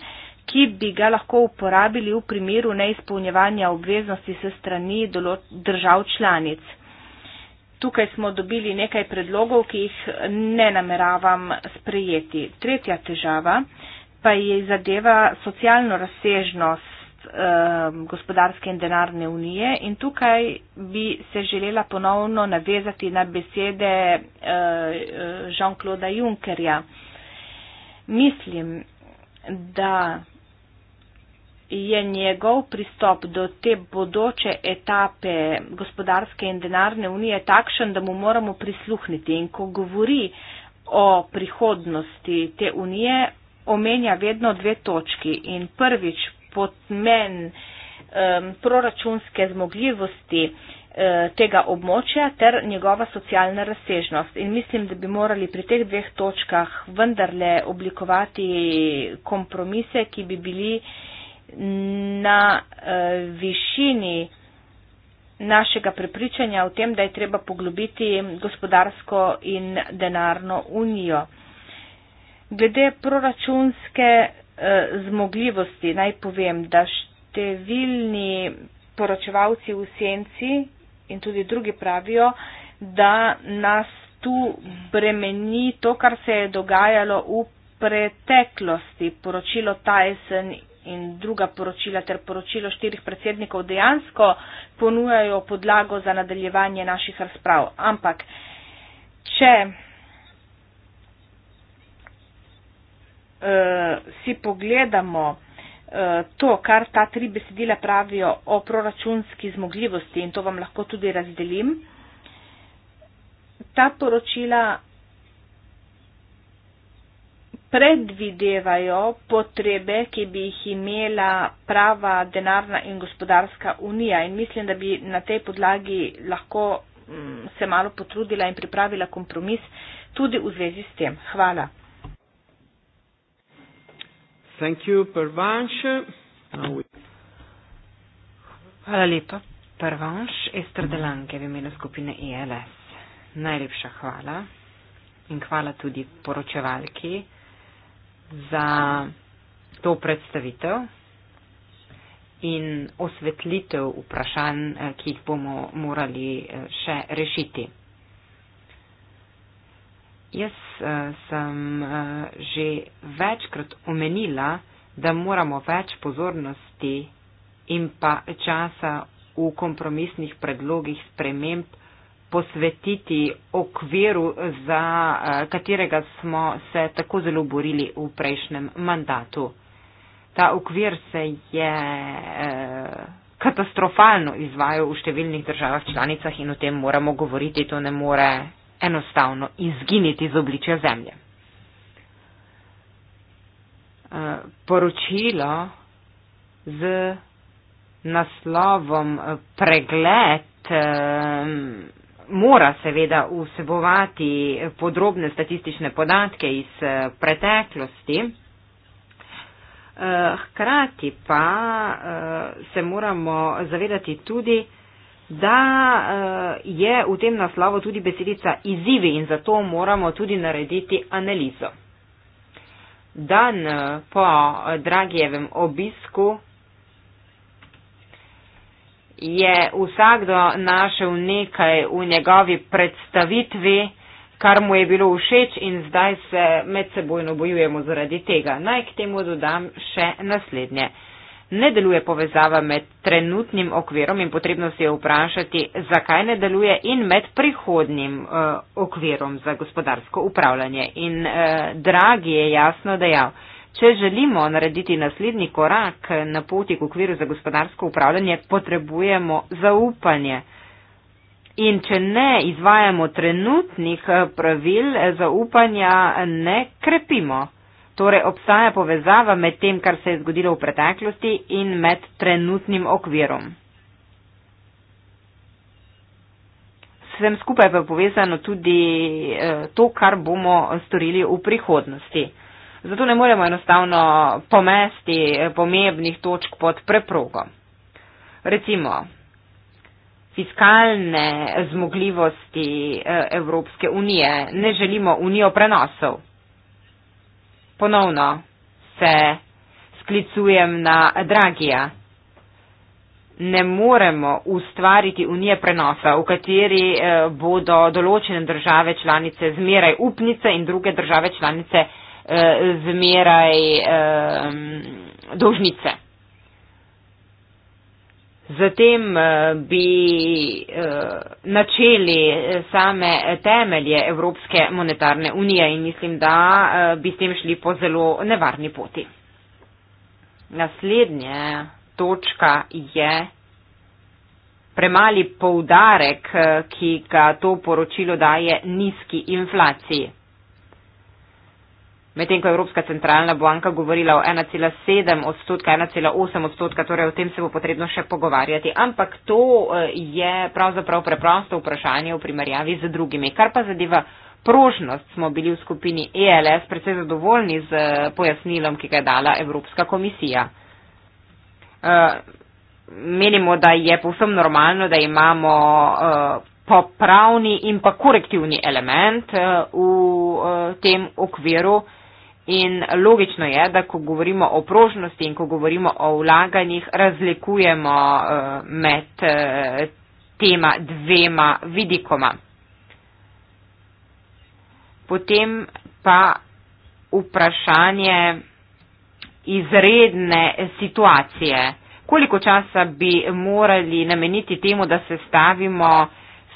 ki bi ga lahko uporabili v primeru neizpolnjevanja obveznosti se strani držav članic. Tukaj smo dobili nekaj predlogov, ki jih ne nameravam sprejeti. Tretja težava pa je zadeva socialno razsežnost eh, gospodarske in denarne unije in tukaj bi se želela ponovno navezati na besede eh, eh Jean-Claude Junckerja. Mislim, da je njegov pristop do te bodoče etape gospodarske in denarne unije takšen, da mu moramo prisluhniti. In ko govori o prihodnosti te unije, omenja vedno dve točki. In prvič, pod men um, proračunske zmogljivosti eh, tega območja ter njegova socialna razsežnost. In mislim, da bi morali pri teh dveh točkah vendarle oblikovati kompromise, ki bi bili eh, na uh, višini našega prepričanja o tem, da je treba poglobiti gospodarsko in denarno unijo. Glede proračunske uh, zmogljivosti naj povem, da številni poročevalci v senci in tudi drugi pravijo, da nas tu bremeni to, kar se je dogajalo v preteklosti, poročilo Tyson in druga poročila ter poročilo štirih predsednikov dejansko ponujajo podlago za nadaljevanje naših razprav. Ampak, če uh, si pogledamo eh, To, kar ta tri besedila pravijo o proračunski zmogljivosti, in to vam lahko tudi razdelim, ta poročila predvidevajo potrebe, ki bi jih imela prava denarna in gospodarska unija. In mislim, da bi na tej podlagi lahko mm, se malo potrudila in pripravila kompromis tudi v zvezi s tem. Hvala. Hvala lepa. Prvanš, Ester Delanke v imenu skupine ILS. E Najlepša hvala in hvala tudi poročevalki za to predstavitev in osvetlitev vprašanj, eh, ki jih bomo morali eh, še rešiti. Jaz eh, sem že večkrat omenila, da moramo več pozornosti in pa časa v kompromisnih predlogih sprememb posvetiti okviru, za eh, katerega smo se tako zelo borili v prejšnjem mandatu. Ta okvir se je eh, katastrofalno izvajal v številnih državah članicah in o tem moramo govoriti. To ne more enostavno izginiti z obličja zemlje. Eh, poročilo z naslovom pregled mora seveda vsebovati podrobne statistične podatke iz eh, preteklosti. Eh, hkrati pa eh, se moramo zavedati tudi, da je v tem naslovu tudi besedica izzivi in zato moramo tudi narediti analizo. Dan po Dragijevem obisku je vsakdo našel nekaj v njegovi predstavitvi, kar mu je bilo všeč in zdaj se medsebojno bojujemo zaradi tega. Naj k temu dodam še naslednje. Ne deluje povezava med trenutnim okvirom in potrebno se je vprašati, zakaj ne deluje in med prihodnim eh, okvirom za gospodarsko upravljanje. In eh, Dragi je jasno dejal, Če želimo narediti naslednji korak na poti k okviru za gospodarsko upravljanje, potrebujemo zaupanje. In če ne izvajamo trenutnih eh, pravil, eh, zaupanja ne krepimo. Torej obstaja povezava med tem, kar se je zgodilo v preteklosti in med trenutnim okvirom. Vsem skupaj pa je povezano tudi eh, to, kar bomo storili v prihodnosti. Zato ne moremo enostavno pomesti pomembnih točk pod preprogo. Recimo, fiskalne zmogljivosti eh, Evropske unije. Ne želimo unijo prenosov. Ponovno se sklicujem na Dragija. Ne moremo ustvariti unije prenosa, v kateri eh, bodo določene države članice zmeraj upnice in druge države članice. Eh, zmeraj ehm, dožnice. Zatem eh, bi eh, načeli same temelje Evropske monetarne unije in mislim, da bi s tem šli po zelo nevarni poti. Naslednja točka je premali poudarek, ki ga to poročilo daje nizki inflaciji medtem ko je Evropska centralna banka govorila o 1,7 odstotka, 1,8 odstotka, torej o tem se bo potrebno še pogovarjati. Ampak to e, je pravzaprav preprosto vprašanje v primerjavi z drugimi. Kar pa zadeva prožnost, smo bili v skupini ELS predvsej zadovoljni z e, pojasnilom, ki ga je dala Evropska komisija. Uh, menimo, da je povsem normalno, da imamo uh, popravni in pa korektivni element uh, v uh, tem okviru, uh, In logično je, da ko govorimo o prožnosti in ko govorimo o vlaganjih, razlikujemo eh, med eh, tema dvema vidikoma. Potem pa vprašanje izredne situacije. Koliko časa bi morali nameniti temu, da se stavimo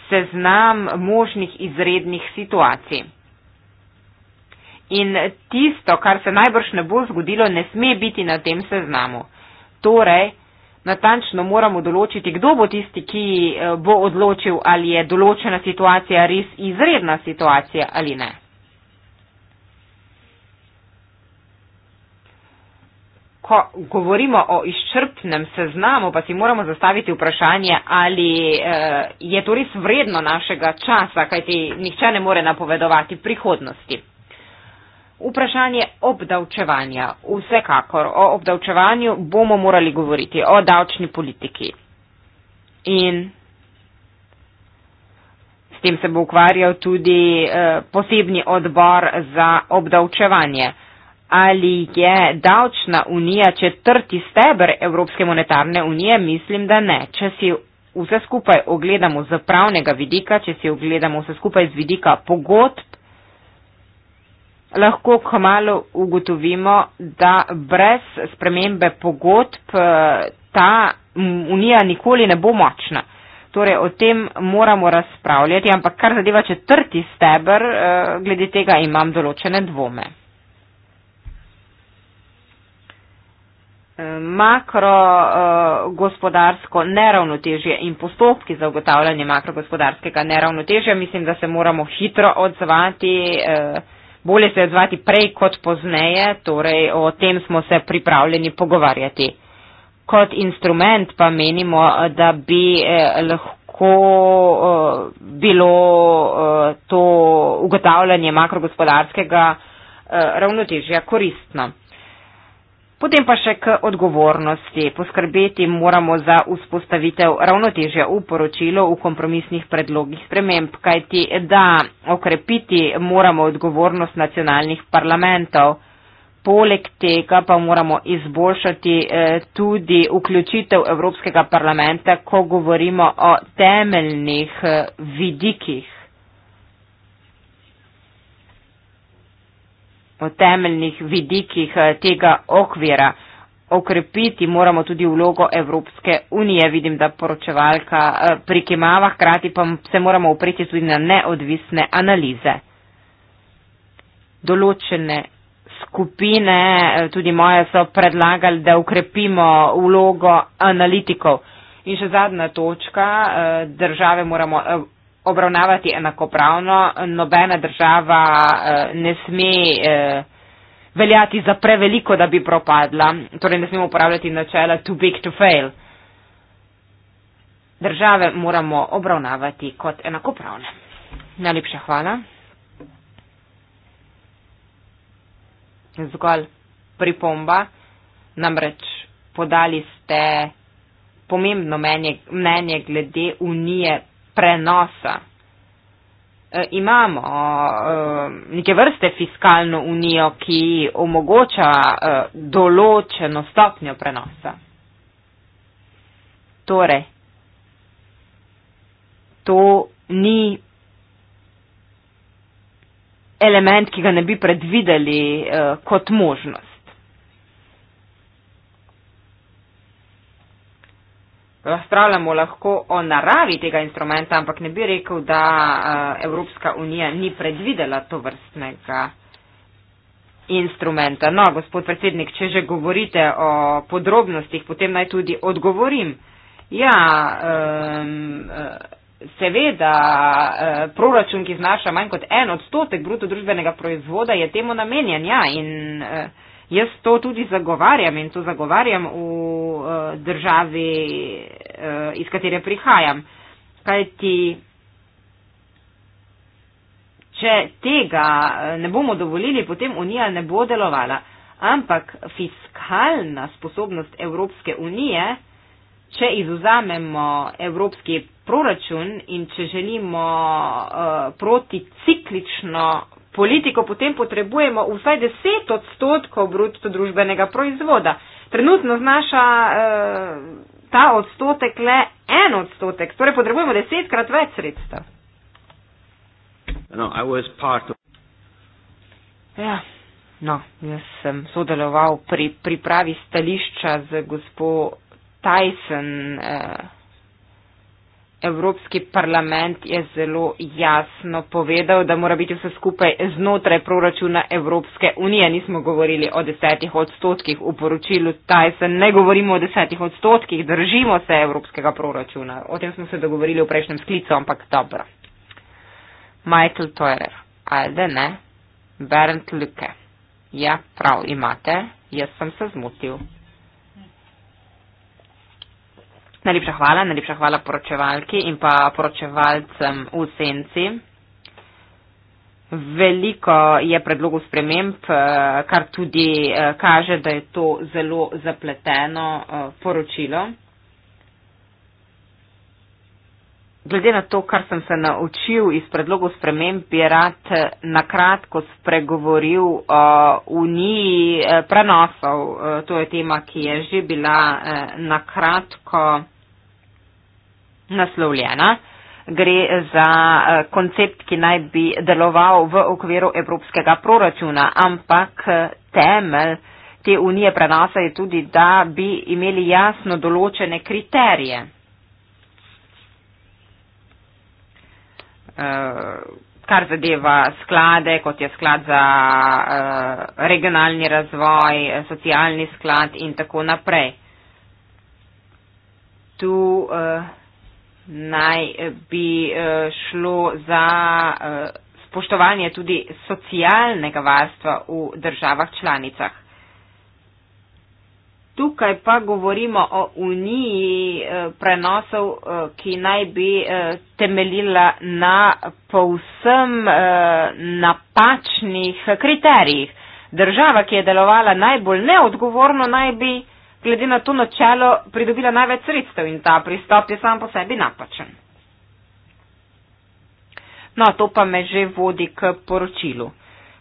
seznam možnih izrednih situacij? In tisto, kar se najbrž ne bo zgodilo, ne sme biti na tem seznamu. Torej, natančno moramo določiti, kdo bo tisti, ki eh, bo odločil, ali je določena situacija res izredna situacija ali ne. Ko govorimo o izčrpnem seznamu, pa si moramo zastaviti vprašanje, ali eh, je to res vredno našega časa, kajti nihče ne more napovedovati prihodnosti. Vprašanje obdavčevanja. Vsekakor o obdavčevanju bomo morali govoriti, o davčni politiki. In s tem se bo ukvarjal tudi eh, posebni odbor za obdavčevanje. Ali je davčna unija četrti steber Evropske monetarne unije? Mislim, da ne. Če si vse skupaj ogledamo z pravnega vidika, če si ogledamo vse skupaj z vidika pogodb, lahko kmalo ugotovimo, da brez spremembe pogodb eh, ta unija nikoli ne bo močna. Torej, o tem moramo razpravljati, ampak kar zadeva četrti stebr, eh, glede tega imam določene dvome. Eh, Makrogospodarsko neravnotežje in postopki za ugotavljanje makrogospodarskega neravnotežja, mislim, da se moramo hitro odzvati. Eh, bolje se odzvati prej kot pozneje, torej o tem smo se pripravljeni pogovarjati. Kot instrument pa menimo, da bi eh, lahko eh, bilo eh, to ugotavljanje makrogospodarskega ravnotežja koristno. Potem pa še k odgovornosti. Poskrbeti moramo za vzpostavitev ravnotežja v poročilu v kompromisnih predlogih sprememb, kajti da okrepiti moramo odgovornost nacionalnih parlamentov. Poleg tega pa moramo izboljšati eh, tudi vključitev Evropskega parlamenta, ko govorimo o temeljnih eh, vidikih. o temeljnih vidikih eh, tega okvira. Okrepiti moramo tudi vlogo Evropske unije, vidim, da poročevalka eh, prikimava, hkrati pa se moramo upreti tudi na neodvisne analize. Določene skupine, eh, tudi moje, so predlagali, da ukrepimo vlogo analitikov. In še zadnja točka, države moramo obravnavati enakopravno, nobena država eh, ne sme eh, veljati za preveliko, da bi propadla, torej ne smemo uporabljati načela too big to fail. Države moramo obravnavati kot enakopravne. Najlepša hvala. Zgolj pripomba, namreč podali ste pomembno mnenje, mnenje glede unije prenosa. E, imamo e, neke vrste fiskalno unijo, ki omogoča e, določeno stopnjo prenosa. Torej, to ni element, ki ga ne bi predvideli kot možnost. razpravljamo lahko o naravi tega instrumenta, ampak ne bi rekel, da eh, Evropska unija ni predvidela to vrstnega instrumenta. No, gospod predsednik, če že govorite o podrobnostih, potem naj tudi odgovorim. Ja, um, seveda, eh, proračun, ki znaša manj kot en odstotek brutodružbenega proizvoda, je temu namenjen. Ja, in, uh, jaz to tudi zagovarjam in to zagovarjam v uh, državi, uh, iz katere prihajam. Kaj ti, če tega eh, ne bomo dovolili, potem Unija ne bo delovala. Ampak fiskalna sposobnost Evropske unije, če izuzamemo evropski proračun in če želimo uh, proticiklično politiko, potem potrebujemo vsaj 10 odstotkov bruto družbenega proizvoda. Trenutno znaša eh, ta odstotek le en odstotek, torej potrebujemo desetkrat več sredstev. No, of... Ja, no, jaz sem sodeloval pri pripravi stališča z gospod Tyson. Eh, Evropski parlament je zelo jasno povedal, da mora biti vse skupaj znotraj proračuna Evropske unije. Nismo govorili o desetih odstotkih v poročilu Tyson, ne govorimo o desetih odstotkih, držimo se Evropskega proračuna. O tem smo se dogovorili v prejšnjem sklicu, ampak dobro. Michael Teurer, ajde ne, Bernd Lücke. Ja, prav imate, jaz sem se zmotil. Najlepša hvala, najlepša hvala poročevalki in pa poročevalcem v senci. Veliko je predlogov sprememb, eh, kar tudi eh, kaže, da je to zelo zapleteno eh, poročilo. Glede na to, kar sem se naučil iz predlogu sprememb, bi rad nakratko spregovoril o uniji eh, prenosov. Eh, to je tema, ki je že bila eh, nakratko naslovljena. Gre za koncept, ki naj bi deloval v okviru evropskega proračuna, ampak temelj te unije prenosa je tudi, da bi imeli jasno določene kriterije Eh, kar zadeva sklade, kot je sklad za eh, regionalni razvoj, socialni sklad in tako naprej. Tu eh, naj bi šlo za spoštovanje tudi socialnega varstva v državah članicah tukaj pa govorimo o uniji eh, prenosov, eh, ki naj bi eh, temeljila na povsem napačnih kriterijih. Država, ki je delovala najbolj neodgovorno, naj bi glede na to načelo pridobila največ sredstev in ta pristop je sam po sebi napačen. No, to pa me že vodi k poročilu.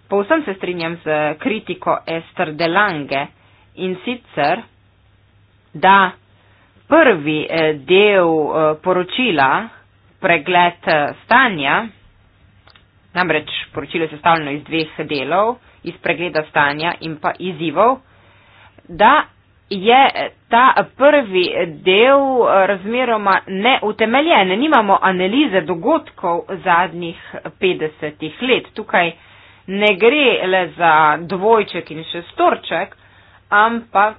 Povsem se strinjam z kritiko Ester Delange in sicer, da prvi eh, del eh, poročila, pregled eh, stanja, namreč poročilo je sestavljeno iz dveh delov, iz pregleda stanja in pa izzivov, da je ta prvi del razmeroma neutemeljen. Nimamo analize dogodkov zadnjih 50 let. Tukaj ne gre le za dvojček in šestorček, ampak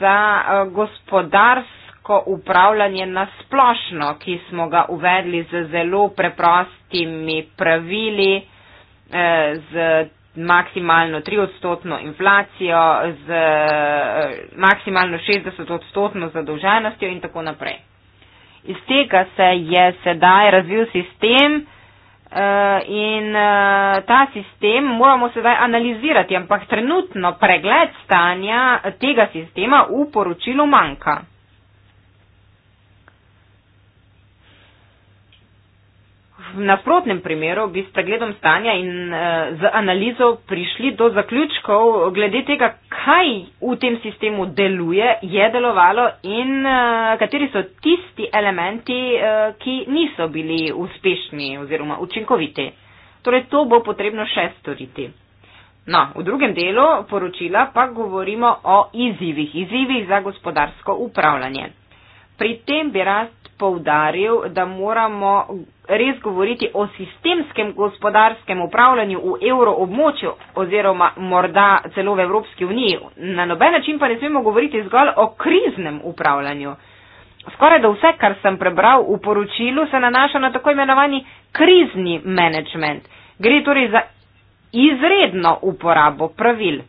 za eh, gospodarsko upravljanje nasplošno, ki smo ga uvedli z zelo preprostimi pravili, eh, z maksimalno 3 odstotno inflacijo, z eh, maksimalno 60 odstotno zadolženostjo in tako naprej. Iz tega se je sedaj razvil sistem, Eh, in eh, ta sistem moramo sedaj analizirati, ampak trenutno pregled stanja tega sistema v poročilu manjka. v nasprotnem primeru bi s pregledom stanja in uh, z analizo prišli do zaključkov glede tega, kaj v tem sistemu deluje, je delovalo in uh, kateri so tisti elementi, uh, ki niso bili uspešni oziroma učinkoviti. Torej, to bo potrebno še storiti. No, v drugem delu poročila pa govorimo o izzivih, izzivih za gospodarsko upravljanje. Pri tem bi rad poudaril, da moramo res govoriti o sistemskem gospodarskem upravljanju v evroobmočju oziroma morda celo v Evropski uniji. Na noben način pa ne smemo govoriti zgolj o kriznem upravljanju. Skoraj da vse, kar sem prebral v poročilu, se nanaša na tako imenovani krizni management. Gre torej za izredno uporabo pravil.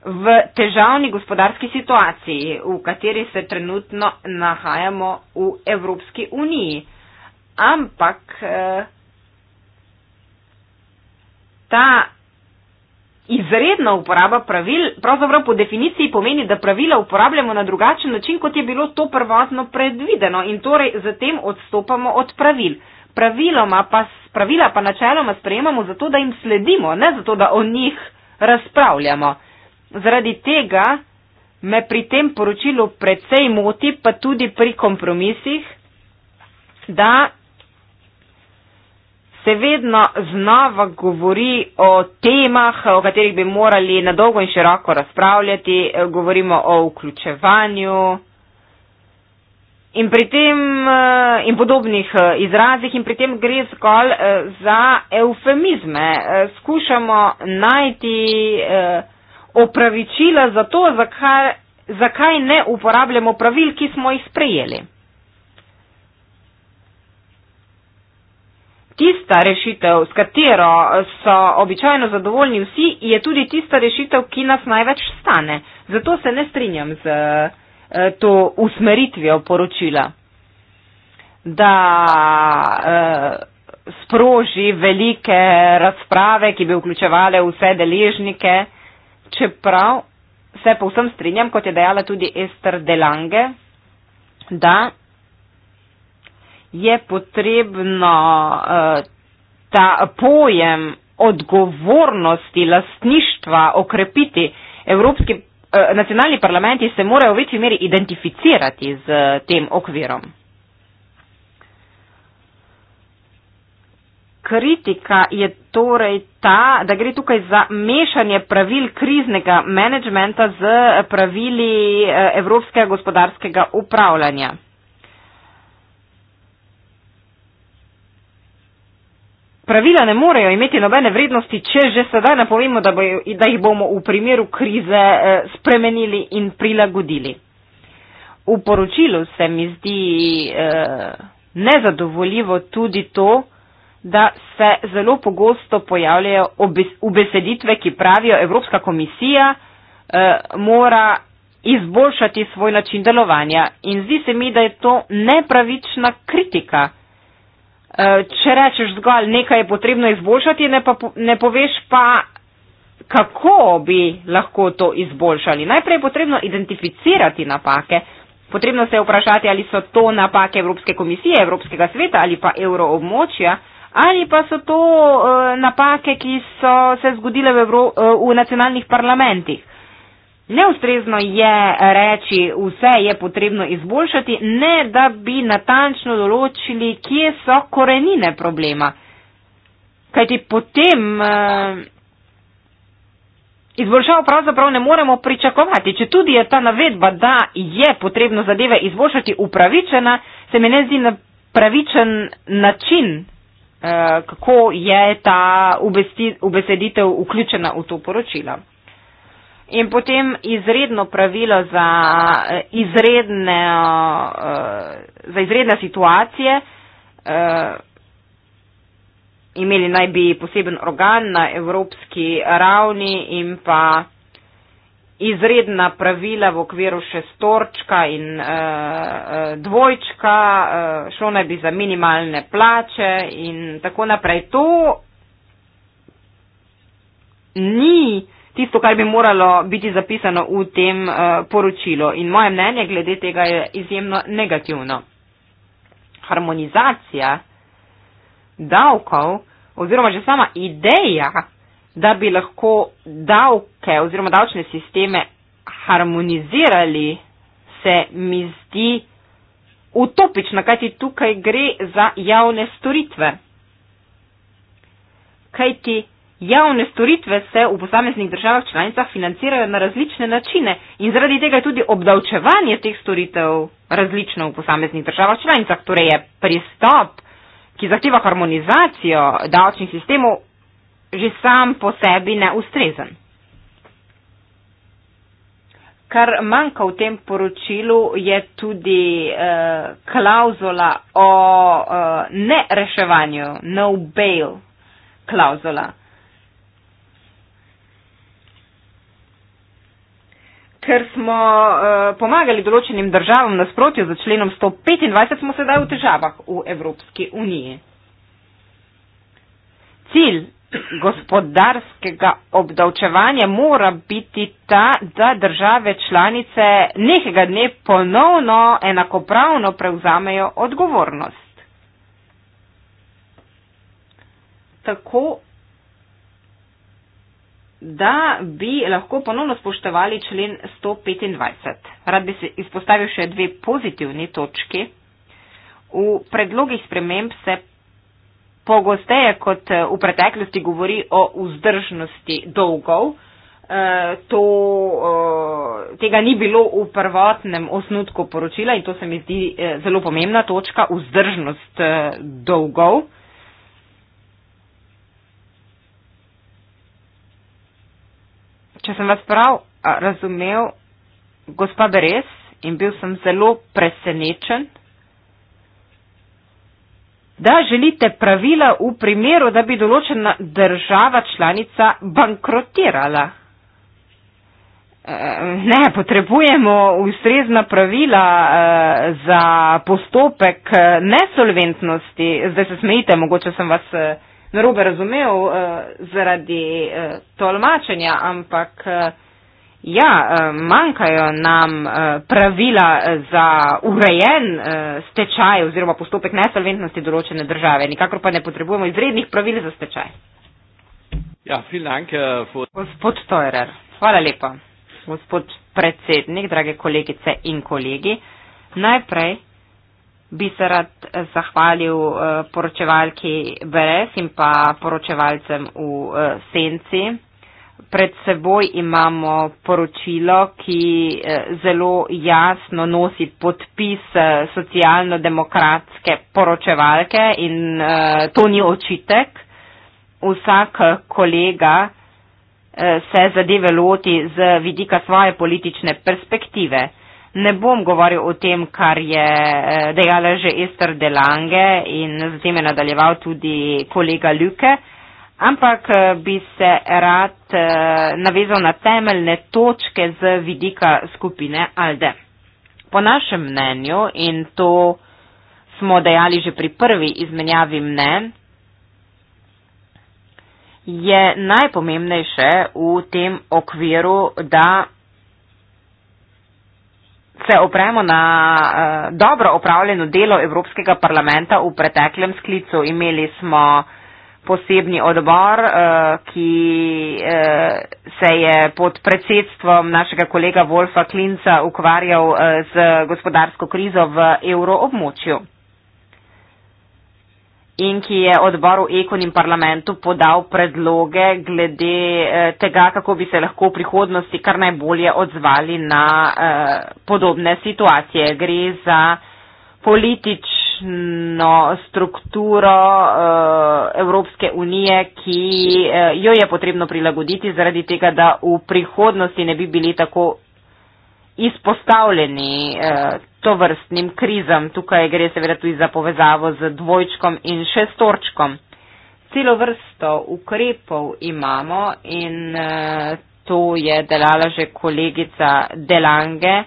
V težavni gospodarski situaciji, v kateri se trenutno nahajamo v Evropski uniji. Ampak eh, ta izredna uporaba pravil pravzaprav po definiciji pomeni, da pravila uporabljamo na drugačen način, kot je bilo to prvotno predvideno in torej zatem odstopamo od pravil. Praviloma pa, pravila pa načeloma sprejemamo zato, da jim sledimo, ne zato, da o njih razpravljamo. Zaradi tega me pri tem poročilu precej moti, pa tudi pri kompromisih, da se vedno znova govori o temah, o katerih bi morali na dolgo in široko razpravljati, eh, govorimo o vključevanju. In pri tem eh, in podobnih eh, izrazih in pri tem gre zgolj za eufemizme. Skušamo najti opravičila za to, zakaj, zakaj ne uporabljamo pravil, ki smo jih sprejeli. Tista rešitev, s katero so običajno zadovoljni vsi, je tudi tista rešitev, ki nas največ stane. Zato se ne strinjam z eh, to usmeritvijo poročila, da eh, sproži velike razprave, ki bi vključevale vse deležnike čeprav se povsem strinjam, kot je dejala tudi Ester Delange, da je potrebno eh, ta pojem odgovornosti lastništva okrepiti. Evropski eh, nacionalni parlamenti se morajo v večji meri identificirati z eh, tem okvirom. Kritika je torej ta, da gre tukaj za mešanje pravil kriznega menedžmenta z pravili eh, evropskega gospodarskega upravljanja. Pravila ne morejo imeti nobene vrednosti, če že sedaj napovemo, da, bo, da jih bomo v primeru krize eh, spremenili in prilagodili. V poročilu se mi zdi eh, nezadovoljivo tudi to, da se zelo pogosto pojavljajo ubeseditve, ki pravijo, Evropska komisija eh, mora izboljšati svoj način delovanja. In zdi se mi, da je to nepravična kritika. Eh, če rečeš zgolj nekaj je potrebno izboljšati, ne, pa, ne poveš pa, kako bi lahko to izboljšali. Najprej je potrebno identificirati napake. Potrebno se je vprašati, ali so to napake Evropske komisije, Evropskega sveta ali pa evroobmočja ali pa so to uh, napake, ki so se zgodile v, Evro, uh, v nacionalnih parlamentih. Neustrezno je reči, vse je potrebno izboljšati, ne da bi natančno določili, kje so korenine problema. Kajti potem eh, izboljšav pravzaprav ne moremo pričakovati. Če tudi je ta navedba, da je potrebno zadeve izboljšati upravičena, se mi ne zdi na pravičen način Eh, kako je ta ubeseditev vključena v to poročilo. In potem izredno pravilo za eh, izredne, eh, za izredne situacije. Imeli naj bi poseben organ na evropski ravni in pa izredna pravila v okviru šestorčka in uh, dvojčka, uh, šlo naj bi za minimalne plače in tako naprej. To ni tisto, kar bi moralo biti zapisano v tem uh, poročilu in moje mnenje glede tega je izjemno negativno. Harmonizacija davkov oziroma že sama ideja da bi lahko davke oziroma davčne sisteme harmonizirali, se mi zdi utopično, kajti tukaj gre za javne storitve. Kajti javne storitve se v posameznih državah članicah financirajo na različne načine in zaradi tega je tudi obdavčevanje teh storitev različno v posameznih državah članicah, torej je pristop, ki zahteva harmonizacijo davčnih sistemov, že sam po sebi neustrezen. Kar manjka v tem poročilu je tudi eh, klauzula o eh, nereševanju, no bail klauzula. Ker smo eh, pomagali določenim državam nasprotju za členom 125, smo sedaj v težavah v Evropski uniji. Cilj gospodarskega obdavčevanja mora biti ta, da države članice nekega dne ponovno enakopravno prevzamejo odgovornost. Tako, da bi lahko ponovno spoštovali člen 125. Rad bi se izpostavil še dve pozitivni točki. V predlogih sprememb se pogosteje kot eh, v preteklosti govori o vzdržnosti dolgov. Eh, to, eh, tega ni bilo v prvotnem osnutku poročila in to se mi zdi zelo pomembna točka, vzdržnost dolgov. Če sem vas prav razumel, gospa Beres, in bil sem zelo presenečen, da želite pravila v primeru, da bi določena država članica bankrotirala. Eh, ne, potrebujemo ustrezna pravila eh, za postopek eh, nesolventnosti. Zdaj se smejite, mogoče sem vas narobe razumel zaradi tolmačenja, ampak. Ja, eh, manjkajo nam eh, pravila eh, za urejen stečaj oziroma postopek nesolventnosti določene države. Nikakor pa ne potrebujemo izrednih pravil za stečaj. Ja, danke, for... Gospod Stoerer, hvala lepa. Gospod predsednik, drage kolegice in kolegi, najprej bi se rad zahvalil poročevalki Beres in pa poročevalcem v Senci pred seboj imamo poročilo, ki eh, zelo jasno nosi podpis eh, socialno-demokratske poročevalke in eh, to ni očitek. Vsak kolega se zadeve loti z vidika svoje politične perspektive. Ne bom govoril o tem, kar je dejala že Ester Delange in zatem je nadaljeval tudi kolega Ljuke ampak eh, bi se rad eh, navezal na temeljne točke z vidika skupine Alde. Po našem mnenju, in to smo dejali že pri prvi izmenjavi mnen, je najpomembnejše v tem okviru, da se opremo na eh, dobro opravljeno delo Evropskega parlamenta v preteklem sklicu. Imeli smo posebni odbor, eh, ki eh, se je pod predsedstvom našega kolega Wolfa Klinca ukvarjal eh, z gospodarsko krizo v evroobmočju in ki je odboru Ekon in parlamentu podal predloge glede tega, kako bi se lahko v prihodnosti kar najbolje odzvali na podobne situacije. Gre za politično politično strukturo uh, Evropske unije, ki uh, jo je potrebno prilagoditi zaradi tega, da v prihodnosti ne bi bili tako izpostavljeni uh, eh, to vrstnim krizam. Tukaj gre seveda tudi za povezavo z dvojčkom in šestorčkom. Celo vrsto ukrepov imamo in uh, to je delala že kolegica Delange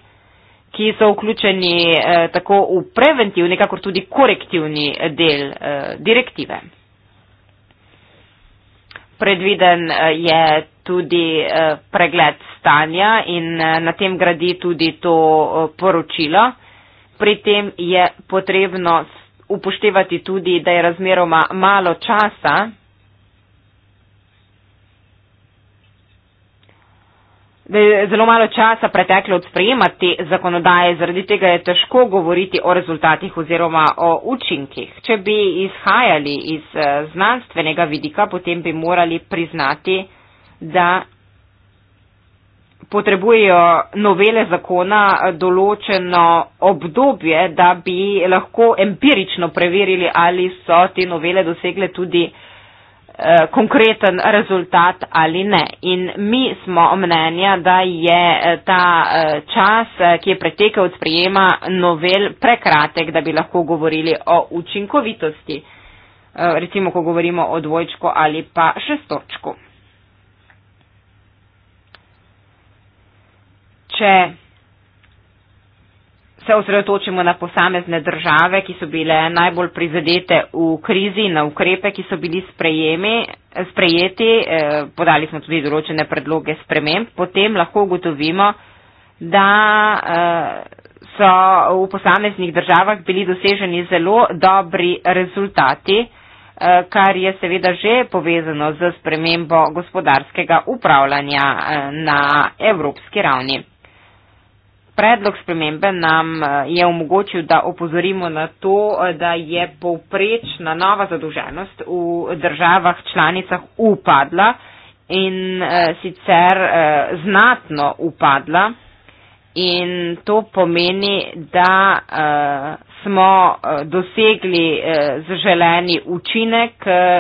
ki so vključeni eh, tako v preventivni, kakor tudi korektivni del eh, direktive. Predviden eh, je tudi eh, pregled stanja in eh, na tem gradi tudi to eh, poročilo. Pri tem je potrebno upoštevati tudi, da je razmeroma malo časa, da je zelo malo časa preteklo od sprejemati zakonodaje, zaradi tega je težko govoriti o rezultatih oziroma o učinkih. Če bi izhajali iz eh, znanstvenega vidika, potem bi morali priznati, da potrebujejo novele zakona eh, določeno obdobje, da bi lahko empirično preverili, ali so te novele dosegle tudi Eh, konkreten rezultat ali ne. In mi smo mnenja, da je eh, ta eh, čas, ki je pretekel od sprijema novel, prekratek, da bi lahko govorili o učinkovitosti, recimo, ko govorimo o dvojčku ali pa šestočku. Če se osredotočimo na posamezne države, ki so bile najbolj prizadete v krizi, na ukrepe, ki so bili sprejemi, sprejeti, eh, podali smo tudi določene predloge sprememb, potem lahko ugotovimo, da eh, so v posameznih državah bili doseženi zelo dobri rezultati, eh, kar je seveda že povezano z spremembo gospodarskega upravljanja na evropski ravni. Predlog spremembe nam eh, je omogočil, da opozorimo na to, eh, da je povprečna nova zadolženost v državah članicah upadla in eh, sicer znatno upadla. In to pomeni, da smo dosegli zaželeni učinek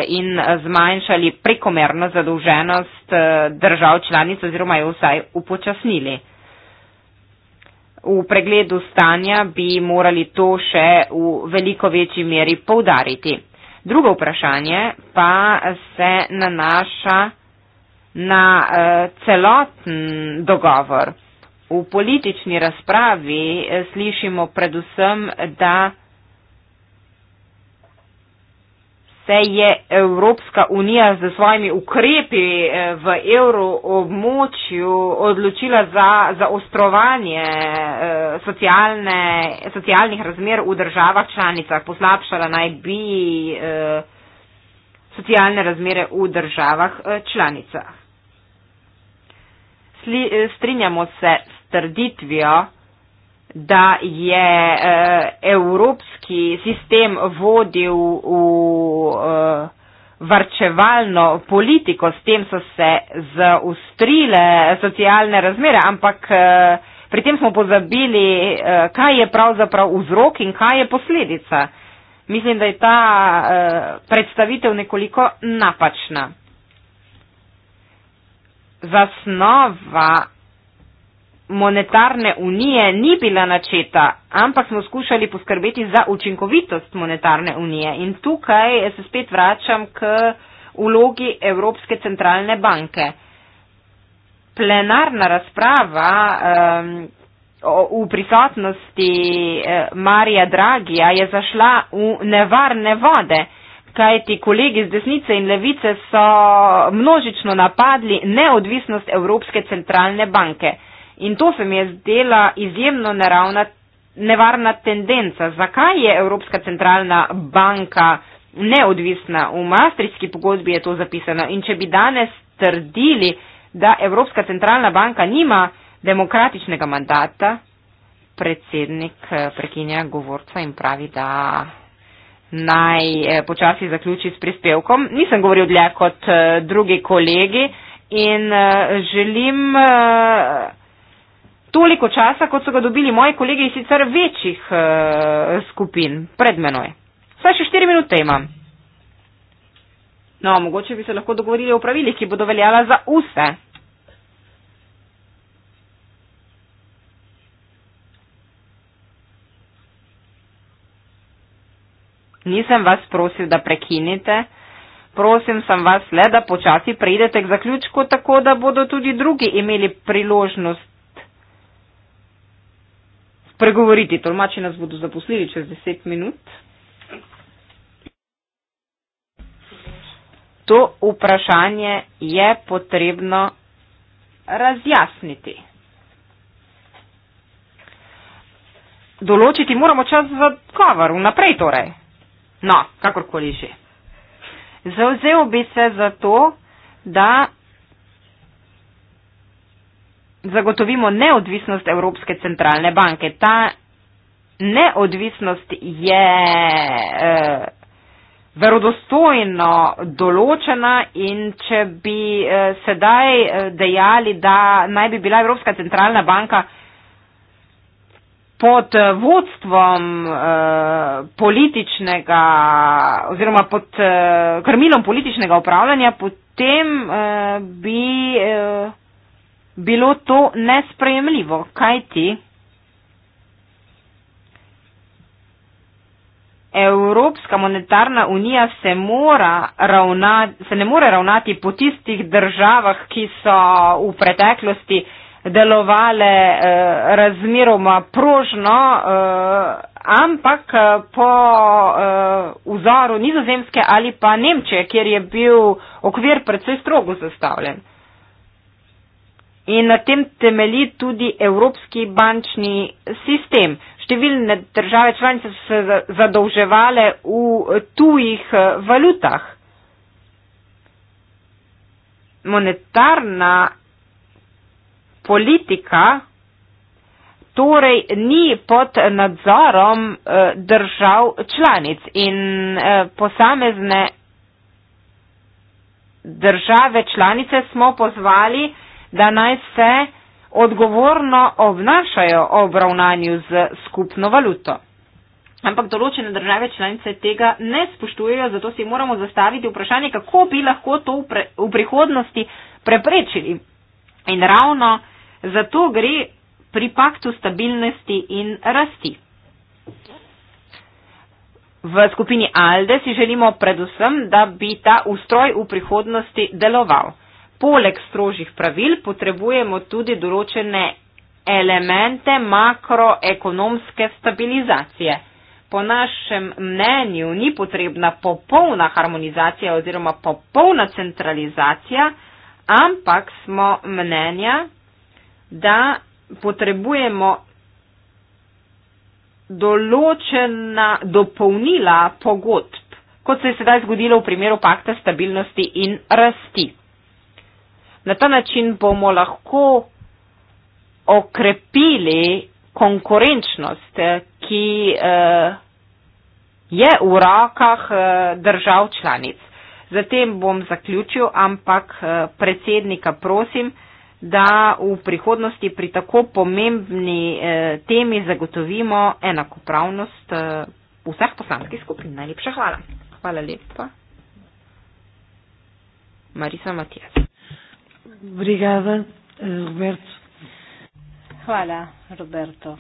in zmanjšali prekomerno zadolženost držav članic oziroma jo vsaj upočasnili. V pregledu stanja bi morali to še v veliko večji meri povdariti. Drugo vprašanje pa se nanaša na eh, celoten dogovor. V politični razpravi eh, slišimo predvsem, da se je Evropska unija z svojimi ukrepi eh, v evroobmočju odločila za, za ostrovanje eh, socialne, socialnih razmer v državah članicah, poslabšala naj bi eh, socialne razmere v državah članicah. Sli, strinjamo se s trditvijo, da je evropski sistem vodil v, v varčevalno politiko, s tem so se zaustrile socialne razmere, ampak eh, pri tem smo pozabili, eh, kaj je pravzaprav vzrok in kaj je posledica. Mislim, da je ta eh, predstavitev nekoliko napačna. Zasnova monetarne unije ni bila načeta, ampak smo skušali poskrbeti za učinkovitost monetarne unije. In tukaj se spet vračam k ulogi Evropske centralne banke. Plenarna razprava um, v prisotnosti e, Marija Dragija je zašla v nevarne vode, kajti kolegi z desnice in levice so množično napadli neodvisnost Evropske centralne banke. In to se mi je zdela izjemno neravna, nevarna tendenca. Zakaj je Evropska centralna banka neodvisna? V Maastrichtski pogodbi je to zapisano. In če bi danes trdili, da Evropska centralna banka nima demokratičnega mandata, predsednik eh, prekinja govorca in pravi, da naj eh, počasi zaključi s prispevkom. Nisem govoril dlje kot eh, drugi kolegi in želim toliko časa, kot so ga dobili moji kolegi iz sicer večjih uh, skupin pred menoj. Saj še štiri minute imam. No, mogoče bi se lahko dogovorili o pravilih, ki bodo veljala za vse. Nisem vas prosil, da prekinite. Prosim sem vas le, da počasi pridete k zaključku, tako da bodo tudi drugi imeli priložnost spregovoriti. Tolmači nas bodo zaposlili čez 10 minut. To vprašanje je potrebno razjasniti. Določiti moramo čas za govor, vnaprej torej. No, kakorkoli že. Zauzel bi se za to, da zagotovimo neodvisnost Evropske centralne banke. Ta neodvisnost je eh, verodostojno določena in če bi eh, sedaj eh, dejali, da naj bi bila Evropska centralna banka pod eh, vodstvom eh, političnega oziroma pod eh, krmilom političnega upravljanja, potem eh, bi. Eh, bilo to nesprejemljivo, kajti Evropska monetarna unija se, mora ravna, se ne more ravnati po tistih državah, ki so v preteklosti delovale eh, razmeroma prožno, eh, ampak eh, po eh, vzoru nizozemske ali pa Nemčije, kjer je bil okvir predvsej strogo zastavljen. In na tem temelji tudi evropski bančni sistem. Številne države članice so se zadolževale v tujih eh, valutah. Monetarna politika torej ni pod nadzorom eh, držav članic in eh, posamezne države članice smo pozvali, da naj se odgovorno obnašajo o obravnanju z skupno valuto. Ampak določene države članice tega ne spoštujejo, zato si moramo zastaviti vprašanje, kako bi lahko to v, pre, v prihodnosti preprečili. In ravno zato gre pri paktu stabilnosti in rasti. V skupini ALDE si želimo predvsem, da bi ta ustroj v prihodnosti deloval poleg strožjih pravil potrebujemo tudi določene elemente makroekonomske stabilizacije. Po našem mnenju ni potrebna popolna harmonizacija oziroma popolna centralizacija, ampak smo mnenja, da potrebujemo določena dopolnila pogodb, kot se je sedaj zgodilo v primeru pakta stabilnosti in rasti. Na ta način bomo lahko okrepili konkurenčnost, ki eh, je v rokah eh, držav članic. Zatem bom zaključil, ampak eh, predsednika prosim, da v prihodnosti pri tako pomembni temi zagotovimo enakopravnost vseh poslanskih skupin. Najlepša hvala. Hvala lepa. Marisa Matijas. Obrigada, eh, Roberto. Hvala, Roberto.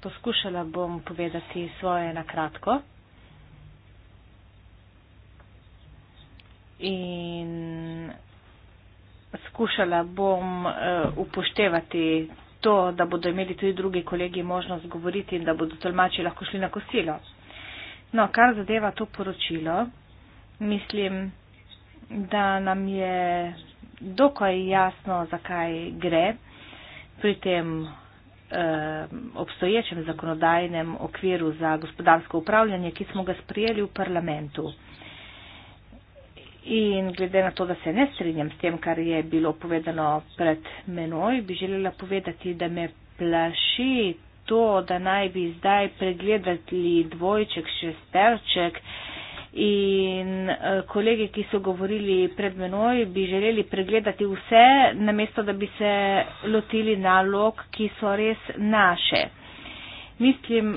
Poskušala bom povedati svoje na kratko. In skušala bom uh, upoštevati to, da bodo imeli tudi drugi kolegi možnost govoriti in da bodo tolmači lahko šli na kosilo. No, kar zadeva to poročilo, mislim, da nam je dokaj jasno, zakaj gre pri tem eh, obstoječem zakonodajnem okviru za gospodarsko upravljanje, ki smo ga sprijeli v parlamentu. In glede na to, da se ne strinjam s tem, kar je bilo povedano pred menoj, bi želela povedati, da me plaši to, da naj bi zdaj pregledali dvojček, šesterček, eh, in e, kolegi, ki so govorili pred menoj, bi želeli pregledati vse, namesto da bi se lotili nalog, ki so res naše. Mislim,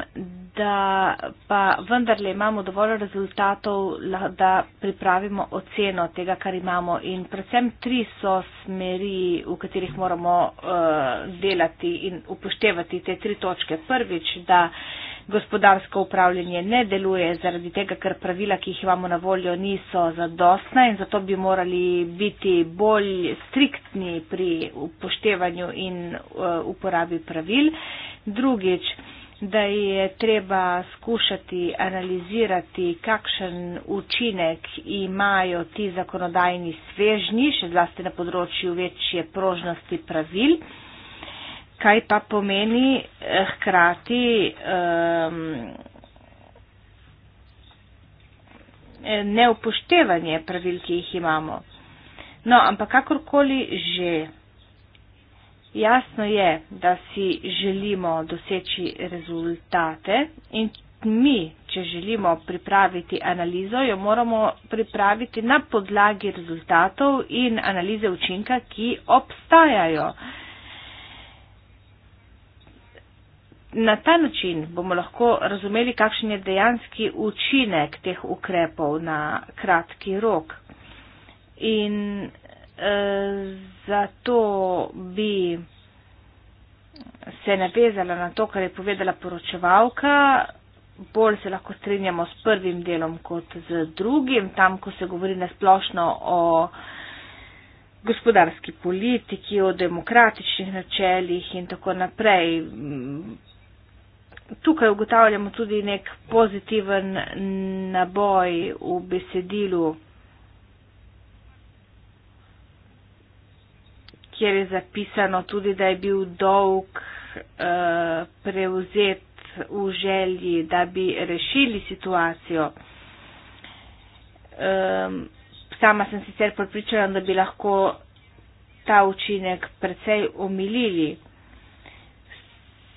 da pa vendarle imamo dovolj rezultatov, da pripravimo oceno tega, kar imamo. In predvsem tri so smeri, v katerih moramo uh, delati in upoštevati te tri točke. Prvič, da uh, gospodarsko upravljanje ne deluje zaradi tega, ker pravila, ki jih imamo na voljo, niso zadostna in zato bi morali biti bolj striktni pri upoštevanju in eh, uporabi pravil. Drugič, da je treba skušati analizirati, kakšen učinek imajo ti zakonodajni svežni, še zlasti na področju večje prožnosti pravil kaj pa pomeni eh, hkrati um, neupoštevanje pravil, ki jih imamo. No, ampak kakorkoli že, jasno je, da si želimo doseči rezultate in mi, če želimo pripraviti analizo, jo moramo pripraviti na podlagi rezultatov in analize učinka, ki obstajajo. Uh, na ta način bomo lahko razumeli, kakšen je dejanski učinek teh ukrepov na kratki rok. In e, zato bi se navezala na to, kar je povedala poročevalka. Bolj se lahko strinjamo s prvim delom kot z drugim, tam, ko se govori nasplošno o gospodarski politiki, o demokratičnih načeljih in tako naprej tukaj ugotavljamo tudi nek pozitiven naboj v besedilu, kjer je zapisano tudi, da je bil dolg uh, prevzet v želji, da bi rešili situacijo. Um, sama sem sicer pripričana, da bi lahko ta učinek precej omilili.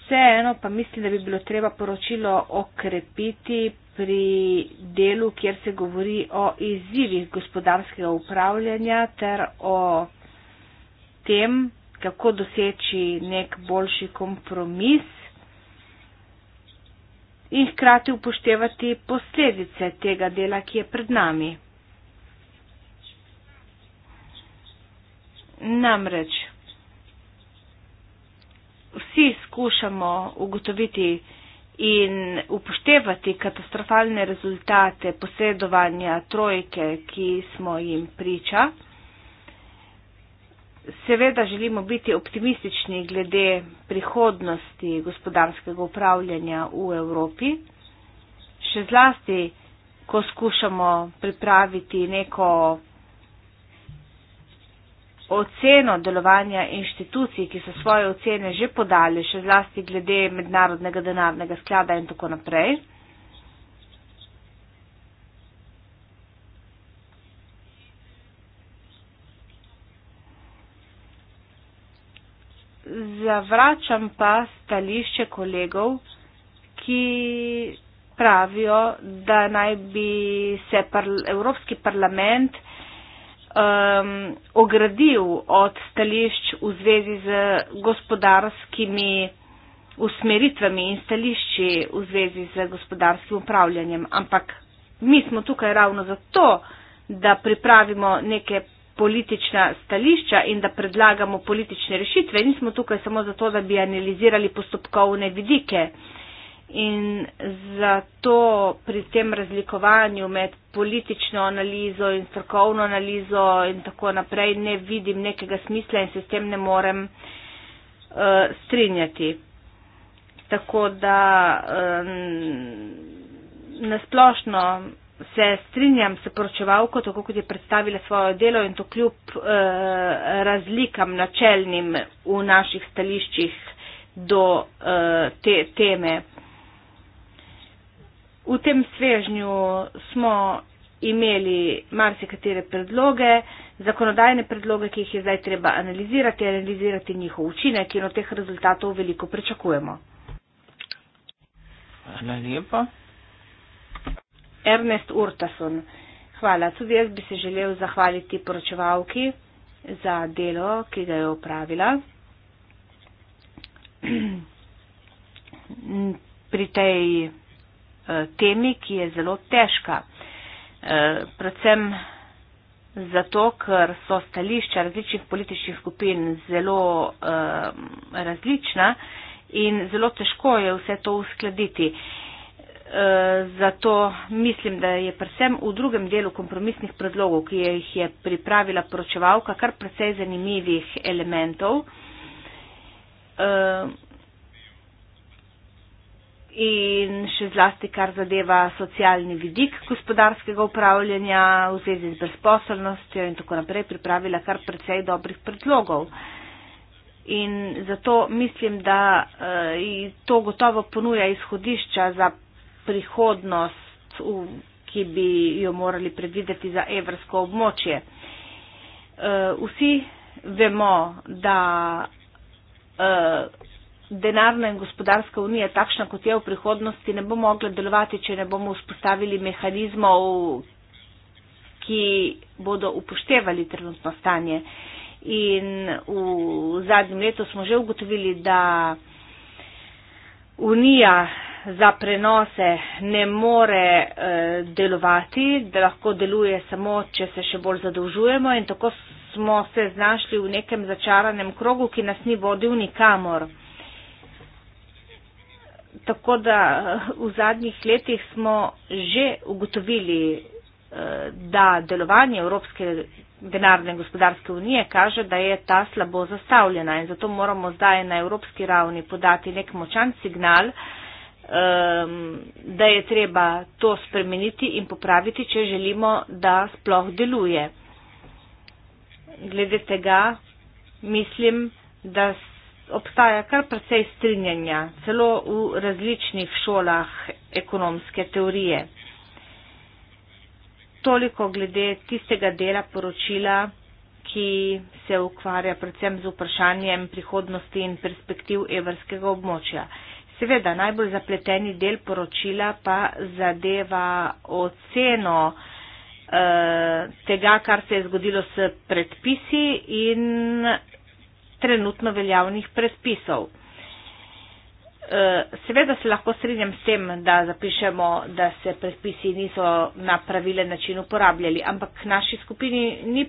Vseeno pa mislim, da bi bilo treba poročilo okrepiti pri delu, kjer se govori o izzivih gospodarskega upravljanja ter o tem, kako doseči nek boljši kompromis in hkrati upoštevati posledice tega dela, ki je pred nami. Namreč vsi skušamo ugotoviti in upoštevati katastrofalne rezultate posedovanja trojke, ki smo jim priča. Seveda želimo biti optimistični glede prihodnosti gospodarskega upravljanja v Evropi, še zlasti, ko skušamo pripraviti neko oceno delovanja inštitucij, ki so svoje ocene že podali, še zlasti glede mednarodnega denarnega sklada in tako naprej. Zavračam pa stališče kolegov, ki pravijo, da naj bi se par, Evropski parlament eh, um, ogradil od stališč v zvezi z gospodarskimi usmeritvami in stališči v zvezi z gospodarskim upravljanjem. Ampak mi smo tukaj ravno zato, da pripravimo neke politična stališča in da predlagamo politične rešitve. Nismo tukaj samo zato, da bi analizirali postopkovne vidike. In zato pri tem razlikovanju med politično analizo in strokovno analizo in tako naprej ne vidim nekega smisla in se s tem ne morem uh, strinjati. Tako da um, nasplošno se strinjam s poročevalko, tako kot je predstavila svojo delo in to kljub uh, razlikam načelnim v naših stališčih do uh, te teme. V tem svežnju smo imeli marsikatere predloge, zakonodajne predloge, ki jih je zdaj treba analizirati, analizirati njihov učinek in od teh rezultatov veliko pričakujemo. Hvala lepa. Ernest Urtason, hvala. Tudi jaz bi se želel zahvaliti poročevalki za delo, ki ga je opravila. *clears throat* Pri tej temi, ki je zelo težka. E, predvsem zato, ker so stališča različnih političnih skupin zelo e, različna in zelo težko je vse to uskladiti. E, zato mislim, da je predvsem v drugem delu kompromisnih predlogov, ki jih je pripravila poročevalka, kar predvsej zanimivih elementov in še zlasti, kar zadeva socialni vidik gospodarskega upravljanja v zvezi z brezposobnostjo in tako naprej, pripravila kar precej dobrih predlogov. In zato mislim, da e, to gotovo ponuja izhodišča za prihodnost, v, ki bi jo morali predvideti za evrsko območje. E, vsi vemo, da e, denarna in gospodarska unija takšna, kot je v prihodnosti, ne bo mogla delovati, če ne bomo vzpostavili mehanizmov, ki bodo upoštevali trenutno stanje. In v zadnjem letu smo že ugotovili, da unija za prenose ne more eh, delovati, da lahko deluje samo, če se še bolj zadolžujemo in tako smo se znašli v nekem začaranem krogu, ki nas ni vodil nikamor tako da eh, v zadnjih letih smo že ugotovili, eh, da delovanje Evropske denarne gospodarske unije kaže, da je ta slabo zastavljena in zato moramo zdaj na evropski ravni podati nek močan signal, ehm, da je treba to spremeniti in popraviti, če želimo, da sploh deluje. Glede tega mislim, da se obstaja kar precej strinjanja, celo v različnih šolah ekonomske teorije. Toliko glede tistega dela poročila, ki se ukvarja predvsem z vprašanjem prihodnosti in perspektiv evrskega območja. Seveda, najbolj zapleteni del poročila pa zadeva oceno eh, tega, kar se je zgodilo s predpisi in trenutno veljavnih predpisov. E, seveda se lahko strinjam s tem, da zapišemo, da se predpisi niso na pravilen način uporabljali, ampak naši skupini ni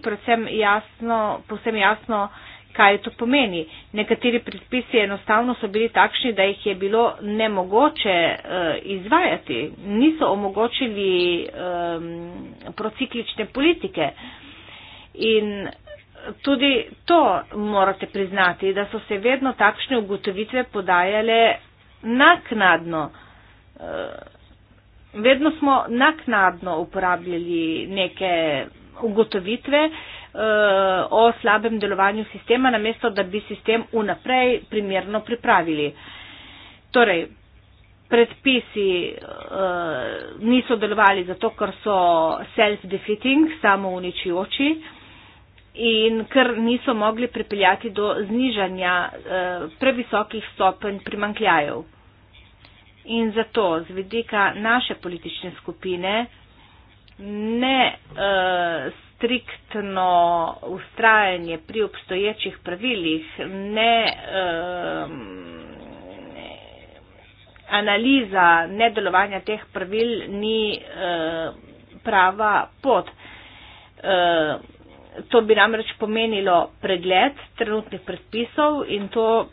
jasno, posem jasno, kaj to pomeni. Nekateri predpisi enostavno so bili takšni, da jih je bilo nemogoče e, izvajati, niso omogočili um, prociklične politike. In tudi to morate priznati, da so se vedno takšne ugotovitve podajale naknadno. Eh, vedno smo naknadno uporabljali neke ugotovitve eh, o slabem delovanju sistema, namesto da bi sistem unaprej primerno pripravili. Torej, predpisi eh, niso delovali zato, ker so self-defeating, samouničujoči in ker niso mogli pripeljati do znižanja eh, previsokih stopenj primankljajev. In zato z vidika naše politične skupine ne e, striktno ustrajanje pri obstoječih pravilih, ne e, analiza nedelovanja teh pravil ni e, prava pot. E, To bi namreč pomenilo pregled trenutnih predpisov in to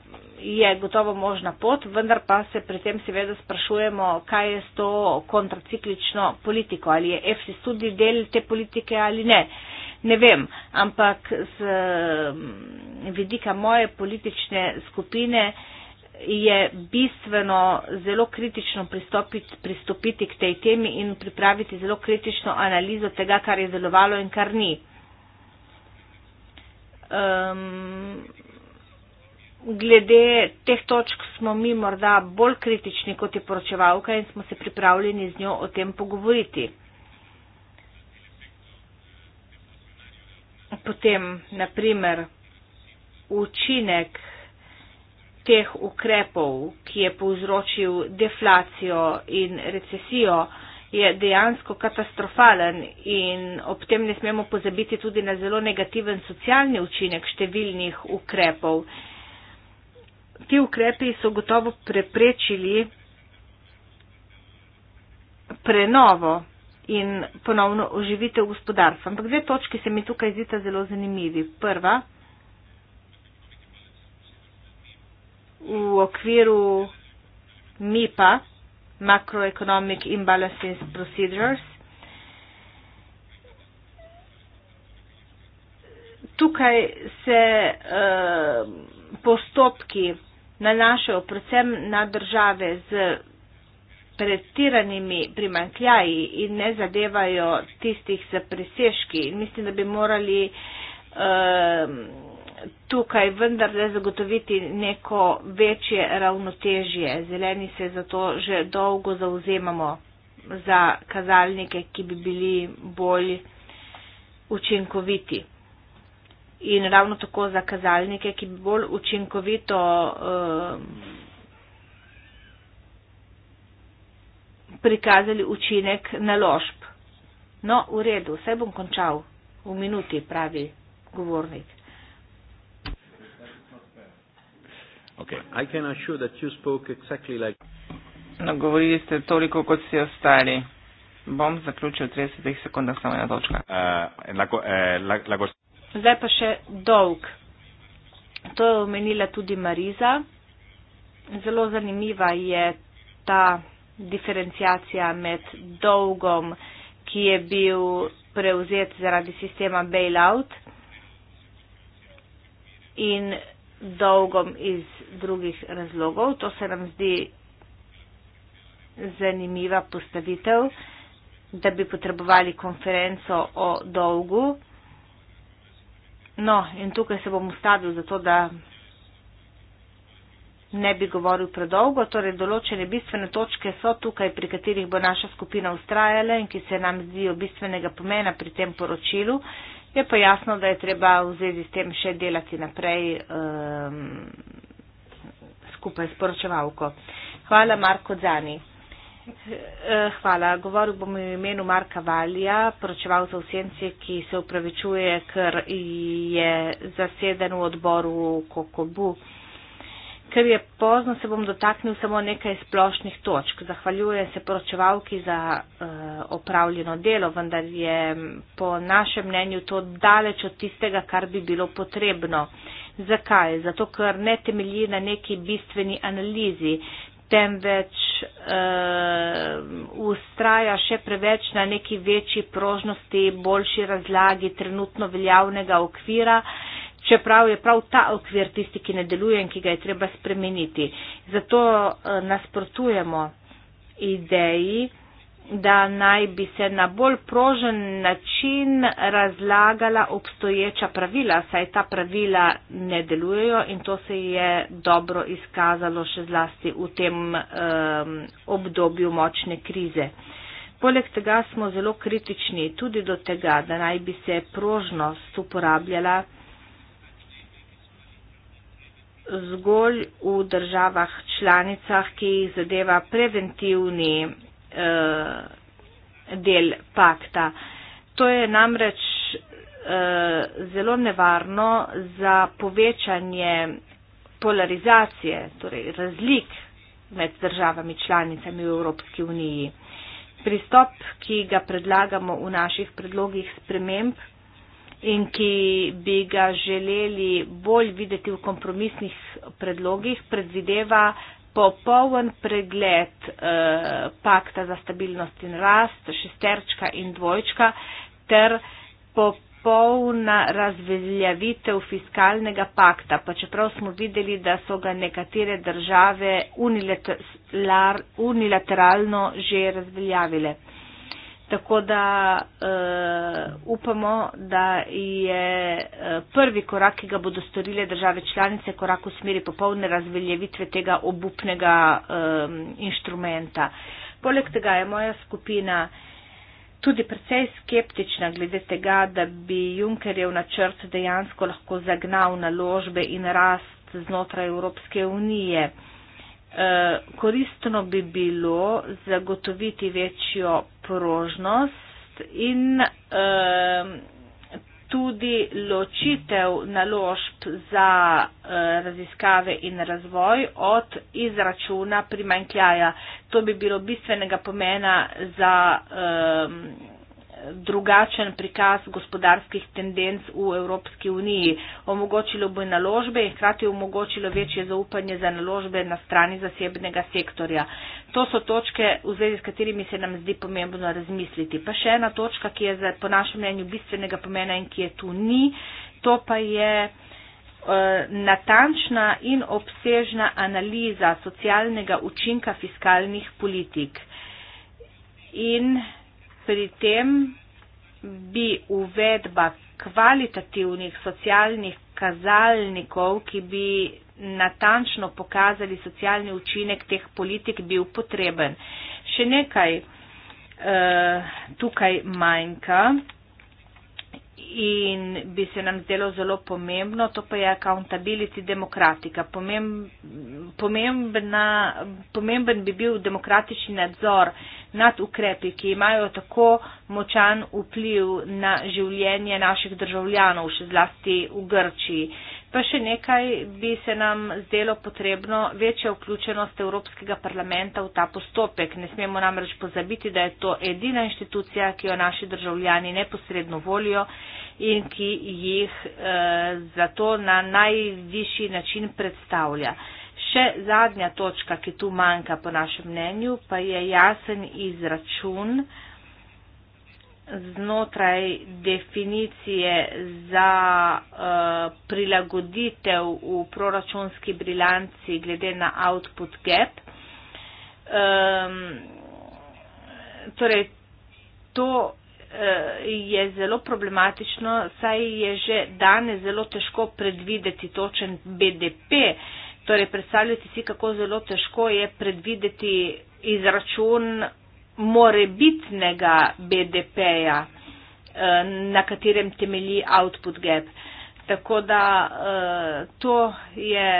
je gotovo možna pot, vendar pa se pri tem seveda sprašujemo, kaj je s to kontraciklično politiko, ali je EFSI tudi del te politike ali ne. Ne vem, ampak z vidika moje politične skupine je bistveno zelo kritično pristopiti, pristopiti k tej temi in pripraviti zelo kritično analizo tega, kar je delovalo in kar ni. Um, glede teh točk smo mi morda bolj kritični kot je poročevalka in smo se pripravljeni z njo o tem pogovoriti. Potem, naprimer, učinek teh ukrepov, ki je povzročil deflacijo in recesijo, je dejansko katastrofalen in ob tem ne smemo pozabiti tudi na zelo negativen socialni učinek številnih ukrepov. Ti ukrepi so gotovo preprečili prenovo in ponovno oživitev gospodarstva. Ampak dve točki se mi tukaj zdita zelo zanimivi. Prva, v okviru MIPA, macroeconomic imbalances procedures. Tukaj se eh, postopki nanašajo predvsem na države z pretiranimi primankljaji in ne zadevajo tistih z presežki. Mislim, da bi morali. Uh, tukaj vendarle zagotoviti neko večje ravnotežje. Zeleni se zato že dolgo zauzemamo za kazalnike, ki bi bili bolj učinkoviti. In ravno tako za kazalnike, ki bi bolj učinkovito um, prikazali učinek naložb. No, v redu, vse bom končal v minuti, pravi govornik. Okay. Exactly like... Nagovorili no, ste toliko, kot si ostali. Bom zaključil v 30 sekundah samo ena točka. Uh, lako, uh, la, lako... Eh, Zdaj pa še dolg. To je omenila tudi Mariza. Zelo zanimiva je ta diferencijacija med dolgom, ki je bil prevzet zaradi sistema bailout in dolgom iz drugih razlogov. To se nam zdi zanimiva postavitev, da bi potrebovali konferenco o dolgu. No, in tukaj se bom ustavil zato, da ne bi govoril predolgo. Torej, določene bistvene točke so tukaj, pri katerih bo naša skupina ustrajala in ki se nam zdijo bistvenega pomena pri tem poročilu. Je pa jasno, da je treba v zvezi s tem še delati naprej um, skupaj s poročevalko. Hvala, Marko Dzani. Eh, hvala. Govoril bom v imenu Marka Valja, poročevalca v Senci, ki se upravičuje, ker je zaseden v odboru Kokobu. Ker je pozno, se bom dotaknil samo nekaj splošnih točk. Zahvaljujem se poročevalki za uh, opravljeno delo, vendar je po našem mnenju to daleč od tistega, kar bi bilo potrebno. Zakaj? Zato, ker ne temelji na neki bistveni analizi, temveč uh, eh, ustraja še preveč na neki večji prožnosti, boljši razlagi trenutno veljavnega okvira. Uh, čeprav je prav ta okvir tisti, ki ne deluje in ki ga je treba spremeniti. Zato eh, nasprotujemo ideji, da naj bi se na bolj prožen način razlagala obstoječa pravila, saj ta pravila ne delujejo in to se je dobro izkazalo še zlasti v tem um, obdobju močne krize. Poleg tega smo zelo kritični tudi do tega, da naj bi se prožnost uporabljala zgolj v državah članicah, ki jih zadeva preventivni eh, del pakta. To je namreč eh, zelo nevarno za povečanje polarizacije, torej razlik med državami članicami v Evropski uniji. Pristop, ki ga predlagamo v naših predlogih sprememb, in ki bi ga želeli bolj videti v kompromisnih predlogih, predvideva popoln pregled eh, pakta za stabilnost in rast, šesterčka in dvojčka, ter popolna razveljavitev fiskalnega pakta, pa čeprav smo videli, da so ga nekatere države unilater unilateralno že razveljavile. Tako da uh, upamo, da je uh, prvi korak, ki ga bodo storile države članice, korak v smeri popolne razveljevitve tega obupnega um, inštrumenta. Poleg tega je moja skupina tudi precej skeptična glede tega, da bi Junckerjev načrt dejansko lahko zagnal naložbe in rast znotraj Evropske unije. Uh, Eh, koristno bi bilo zagotoviti večjo prožnost in eh, tudi ločitev naložb za eh, raziskave in razvoj od izračuna primankljaja. To bi bilo bistvenega pomena za drugačen prikaz gospodarskih tendenc v Evropski uniji. Omogočilo bo naložbe in hkrati omogočilo večje zaupanje za naložbe na strani zasebnega sektorja. To so točke, v zvezi s katerimi se nam zdi pomembno razmisliti. Pa še ena točka, ki je za, po našem mnenju bistvenega pomena in ki je tu ni, to pa je eh, natančna in obsežna analiza socialnega učinka fiskalnih politik. In Pri tem bi uvedba kvalitativnih socialnih kazalnikov, ki bi natančno pokazali socialni učinek teh politik, bil potreben. Še nekaj eh, tukaj manjka in bi se nam zdelo zelo pomembno, to pa je accountability demokratika. Pomembna, pomemben bi bil demokratični nadzor nad ukrepi, ki imajo tako močan vpliv na življenje naših državljanov, še zlasti v Grčiji. Pa še nekaj bi se nam zdelo potrebno, večja vključenost Evropskega parlamenta v ta postopek. Ne smemo namreč pozabiti, da je to edina inštitucija, ki jo naši državljani neposredno volijo in ki jih eh, zato na najvišji način predstavlja. Še zadnja točka, ki tu manjka po našem mnenju, pa je jasen izračun znotraj definicije za uh, prilagoditev v proračunski bilanci glede na output gap. Um, torej, to uh, je zelo problematično, saj je že danes zelo težko predvideti točen BDP. Uh, Torej, predstavljati si, kako zelo težko je predvideti izračun morebitnega BDP-ja, eh, na katerem temelji output gap. Tako da eh, to je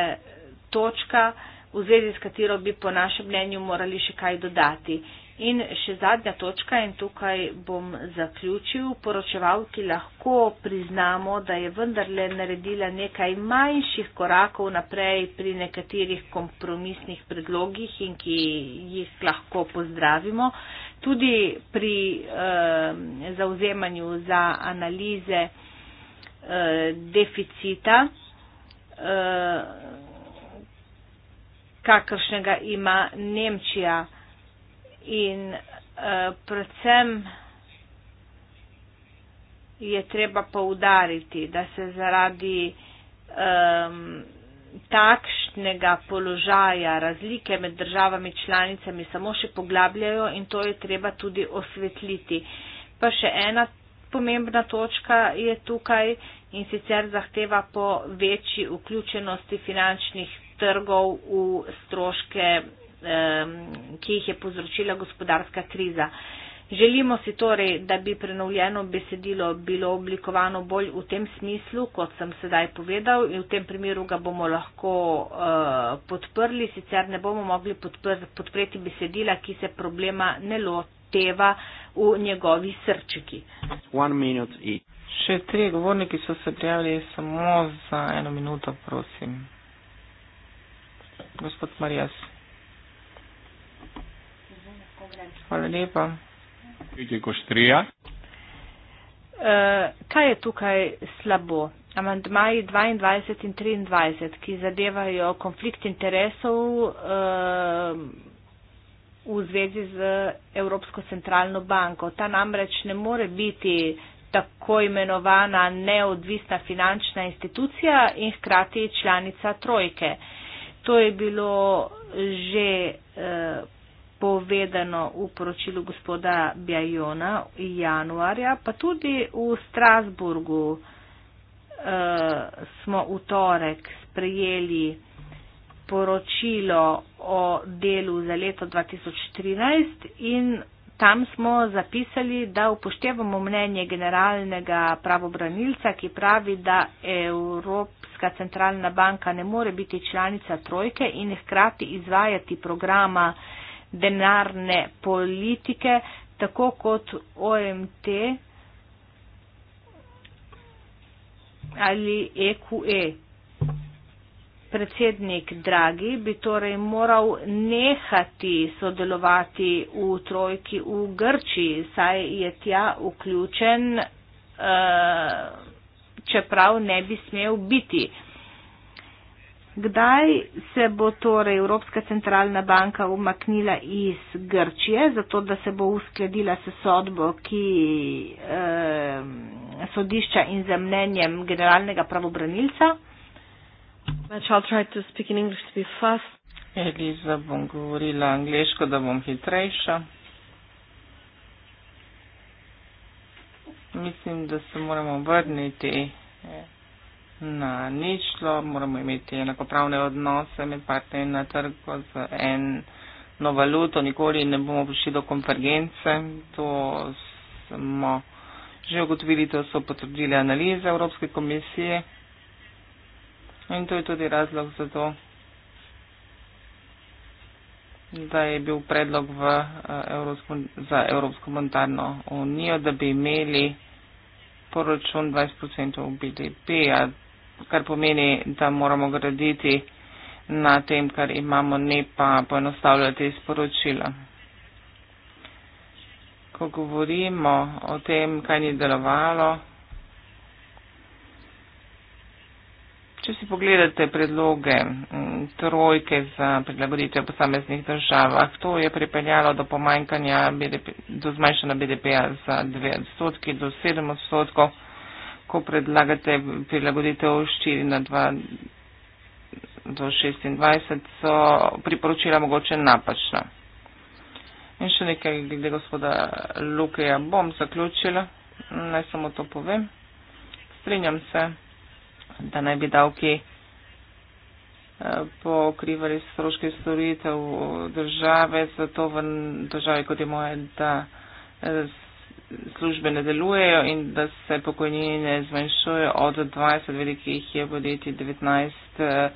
točka, v zvezi s katero bi po našem mnenju morali še kaj dodati. In še zadnja točka in tukaj bom zaključil. Poročevalki lahko priznamo, da je vendarle naredila nekaj manjših korakov naprej pri nekaterih kompromisnih predlogih in ki jih lahko pozdravimo. Tudi pri eh, zauzemanju za analize eh, deficita. Eh, kakršnega ima Nemčija in uh, predvsem je treba poudariti, da se zaradi um, takšnega položaja razlike med državami članicami samo še poglabljajo in to je treba tudi osvetliti. Pa še ena pomembna točka je tukaj in sicer zahteva po večji vključenosti finančnih trgov v stroške ki jih je povzročila gospodarska kriza. Želimo si torej, da bi prenovljeno besedilo bilo oblikovano bolj v tem smislu, kot sem sedaj povedal in v tem primeru ga bomo lahko uh, podprli, sicer ne bomo mogli podpr podpreti besedila, ki se problema ne loteva v njegovi srčiki. Še tri govorniki so se prijavili samo za eno minuto, prosim. Gospod Marijas. Hvala lepa. Vidite, koštrija. Uh, eh, kaj je tukaj slabo? Amandmaji 22 in 23, ki zadevajo konflikt interesov uh, v zvezi z Evropsko centralno banko. Ta namreč ne more biti tako imenovana neodvisna finančna institucija in hkrati članica trojke. To je bilo že. Uh, povedano v poročilu gospoda Bjajona januarja, pa tudi v Strasburgu eh, smo v torek sprejeli poročilo o delu za leto 2013 in tam smo zapisali, da upoštevamo mnenje generalnega pravobranilca, ki pravi, da Evropska centralna banka ne more biti članica trojke in hkrati izvajati programa denarne politike, tako kot OMT ali EQE. E. Predsednik Dragi bi torej moral nehati sodelovati v trojki v Grčiji, saj je tja vključen, eh, čeprav ne bi smel biti. Kdaj se bo torej Evropska centralna banka umaknila iz Grčije, zato da se bo uskladila s sodbo, ki eh, sodišča in za mnenjem generalnega pravobranilca? Eliza, bom govorila angliško, da bom hitrejša. Mislim, da se moramo obrniti. Yeah. Na ni šlo, moramo imeti enakopravne odnose med partnerji na trgu z eno valuto, nikoli ne bomo prišli do konvergence. To smo že ugotovili, to so potrdili analize Evropske komisije. In to je tudi razlog za to, da je bil predlog v, eh, Evropsko, za Evropsko monetarno unijo, da bi imeli poročun 20% BDP-ja kar pomeni, da moramo graditi na tem, kar imamo, ne pa poenostavljati sporočila. Ko govorimo o tem, kaj ni delovalo, če si pogledate predloge trojke za prilagoditev posameznih državah, to je pripeljalo do pomanjkanja, BDP, do zmanjšanja BDP-ja za 2 odstotki, do 7 odstotkov lahko predlagate prilagoditev 4 na 2 do 26, so priporočila mogoče napačna. In še nekaj glede gospoda Lukeja bom zaključila, naj samo to povem. Strinjam se, da naj bi davki eh, pokrivali stroške storitev države, zato v državi, kot je moja, da eh, službe ne delujejo in da se pokojnine ne zmanjšujejo od 20 velikih je podjetij, 19 eh,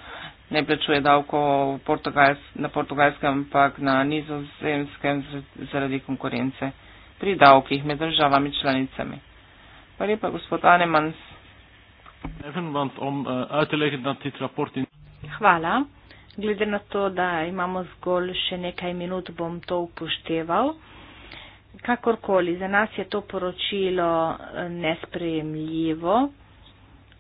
ne plačuje davko Portugals, na portugalskem, ampak na nizozemskem zaradi konkurence pri davkih med državami članicami. Pa lepa, gospod Anemans. Eh, Hvala. Glede na to, da imamo zgolj še nekaj minut, bom to upošteval kakorkoli, za nas je to poročilo eh, nesprejemljivo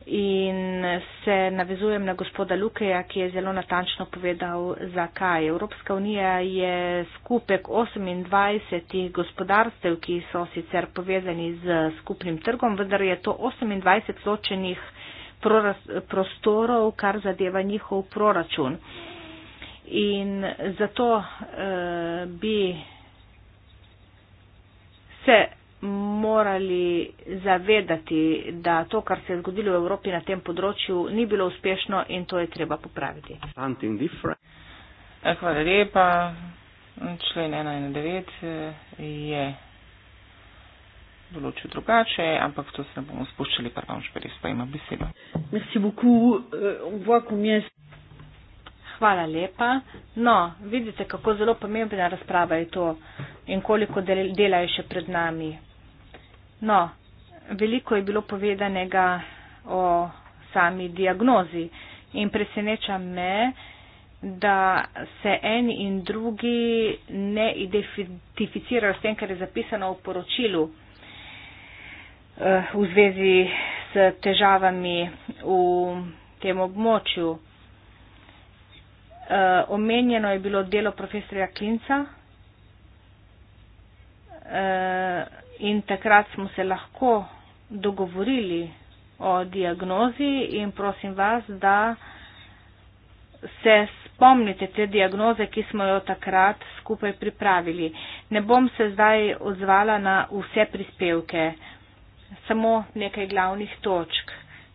in se navezujem na gospoda Lukeja, ki je zelo natančno povedal, zakaj. Evropska unija je skupek 28 gospodarstev, ki so sicer povezani z skupnim trgom, vendar je to 28 ločenih prostorov, kar zadeva njihov proračun. In zato uh, bi se morali zavedati, da to, kar se je zgodilo v Evropi na tem področju, ni bilo uspešno in to je treba popraviti. Eh, hvala lepa. Člen 1.9 eh, je določil drugače, ampak to se bomo spuščali, pa vam še res pa ima besedo. Merci beaucoup. Uh, on voit combien hvala lepa. No, vidite, kako zelo pomembna razprava je to in koliko dela je še pred nami. No, veliko je bilo povedanega o sami diagnozi in preseneča me, da se eni in drugi ne identificirajo s tem, kar je zapisano v poročilu eh, v zvezi s težavami v tem območju. Uh, omenjeno je bilo delo profesorja Klinca uh, in takrat smo se lahko dogovorili o diagnozi in prosim vas, da se spomnite te diagnoze, ki smo jo takrat skupaj pripravili. Ne bom se zdaj odzvala na vse prispevke, samo nekaj glavnih točk.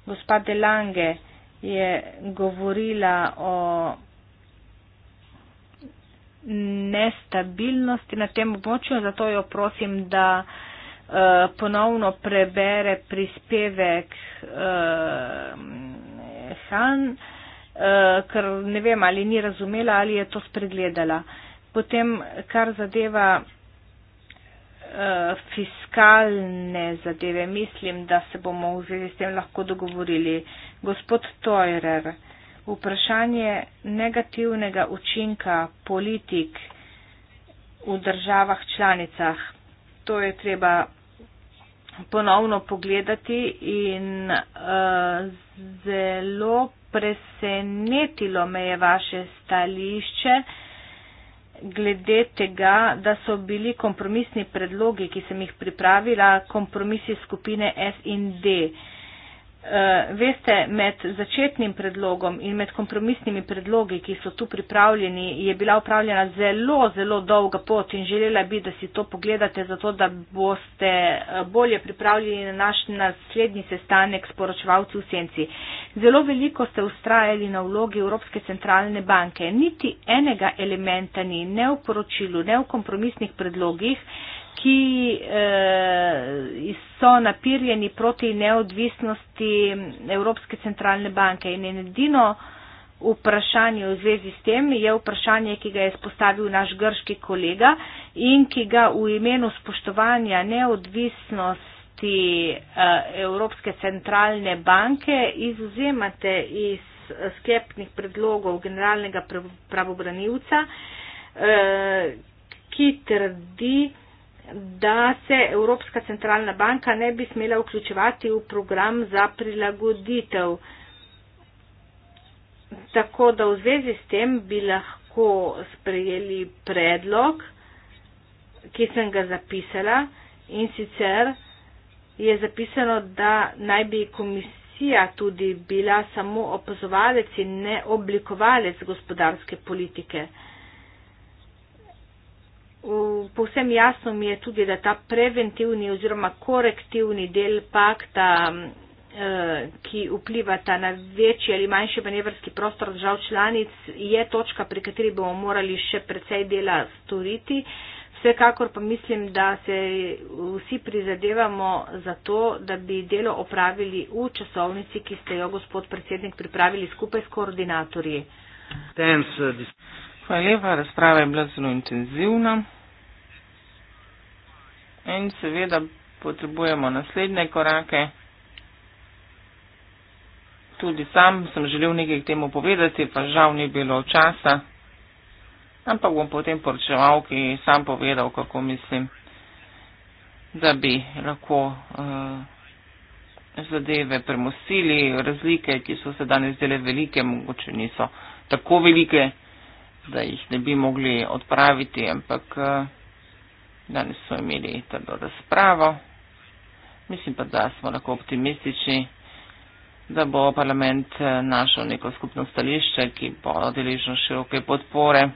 Gospa Delange je govorila o nestabilnosti na tem območju, zato jo prosim, da eh, ponovno prebere prispevek eh, Han, eh, ker ne vem, ali ni razumela ali je to spregledala. Potem, kar zadeva fiskalne zadeve, mislim, da se bomo v zvezi s tem lahko dogovorili. Gospod Teurer, vprašanje negativnega učinka politik v državah članicah. To je treba ponovno pogledati in eh, zelo presenetilo me je vaše stališče glede tega, da so bili kompromisni predlogi, ki sem jih pripravila, kompromisi skupine S in D. Uh, Uh, veste, med začetnim predlogom in med kompromisnimi predlogi, ki so tu pripravljeni, je bila upravljena zelo, zelo dolga pot in želela bi, da si to pogledate, zato da boste eh, bolje pripravljeni na naš naslednji sestanek s poročevalci v senci. Zelo veliko ste ustrajali na vlogi Evropske centralne banke. Niti enega elementa ni ne v poročilu, ne v kompromisnih predlogih, uh, ki eh, so napirjeni proti neodvisnosti Evropske centralne banke. In edino vprašanje v zvezi s tem je vprašanje, ki ga je spostavil naš grški kolega in ki ga v imenu spoštovanja neodvisnosti eh, Evropske centralne banke izuzemate iz sklepnih predlogov generalnega pravobranilca, eh, ki trdi, da se Evropska centralna banka ne bi smela vključevati v program za prilagoditev. Tako da v zvezi s tem bi lahko sprejeli predlog, ki sem ga zapisala in sicer je zapisano, da naj bi komisija tudi bila samo opazovalec in ne oblikovalec gospodarske politike. Povsem jasno mi je tudi, da ta preventivni oziroma korektivni del pakta, eh, ki vpliva ta na večji ali manjši manevrski prostor držav članic, je točka, pri kateri bomo morali še precej dela storiti. Vsekakor pa mislim, da se vsi prizadevamo za to, da bi delo opravili v časovnici, ki ste jo, gospod predsednik, pripravili skupaj s koordinatorji. Hvala lepa, razprava je bila zelo intenzivna. In seveda potrebujemo naslednje korake. Tudi sam sem želel nekaj k temu povedati, pa žal ni bilo časa. Ampak bom potem poročeval, ki sam povedal, kako mislim, da bi lahko uh, zadeve premosili, razlike, ki so se danes zdele velike, mogoče niso tako velike da jih ne bi mogli odpraviti, ampak eh, danes smo imeli trdo razpravo. Mislim pa, da smo lahko optimistični, da bo parlament eh, našel neko skupno stališče, ki bo deležno široke podpore.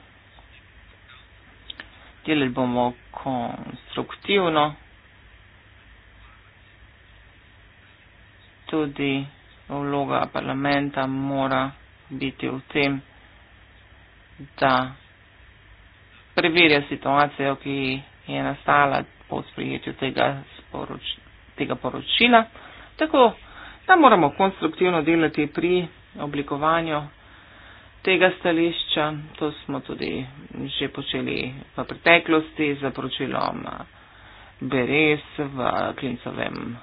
Delali bomo konstruktivno. Tudi vloga parlamenta mora biti v tem, da preverja situacijo, ki je nastala po sprejetju tega, sporoč, tega poročila. Tako da moramo konstruktivno delati pri oblikovanju tega stališča. To smo tudi že počeli v preteklosti z poročilom Beres v klincovem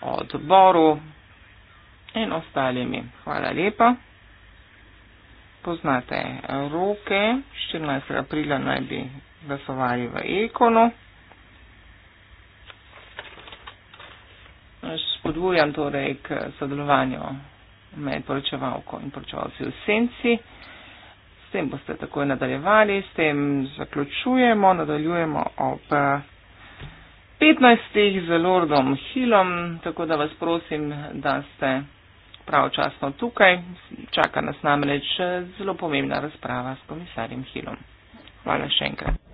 odboru in ostalimi. Hvala lepa poznate roke, 14. aprila naj bi glasovali v Ekonu. Spodbujam torej k sodelovanju med poročevalko in poročevalci v senci. S tem boste takoj nadaljevali, s tem zaključujemo, nadaljujemo ob 15. z Lordom Hillom, tako da vas prosim, da ste pravočasno tukaj. Čaka nas namreč eh, zelo pomembna razprava s komisarjem Hilom. Hvala še enkrat.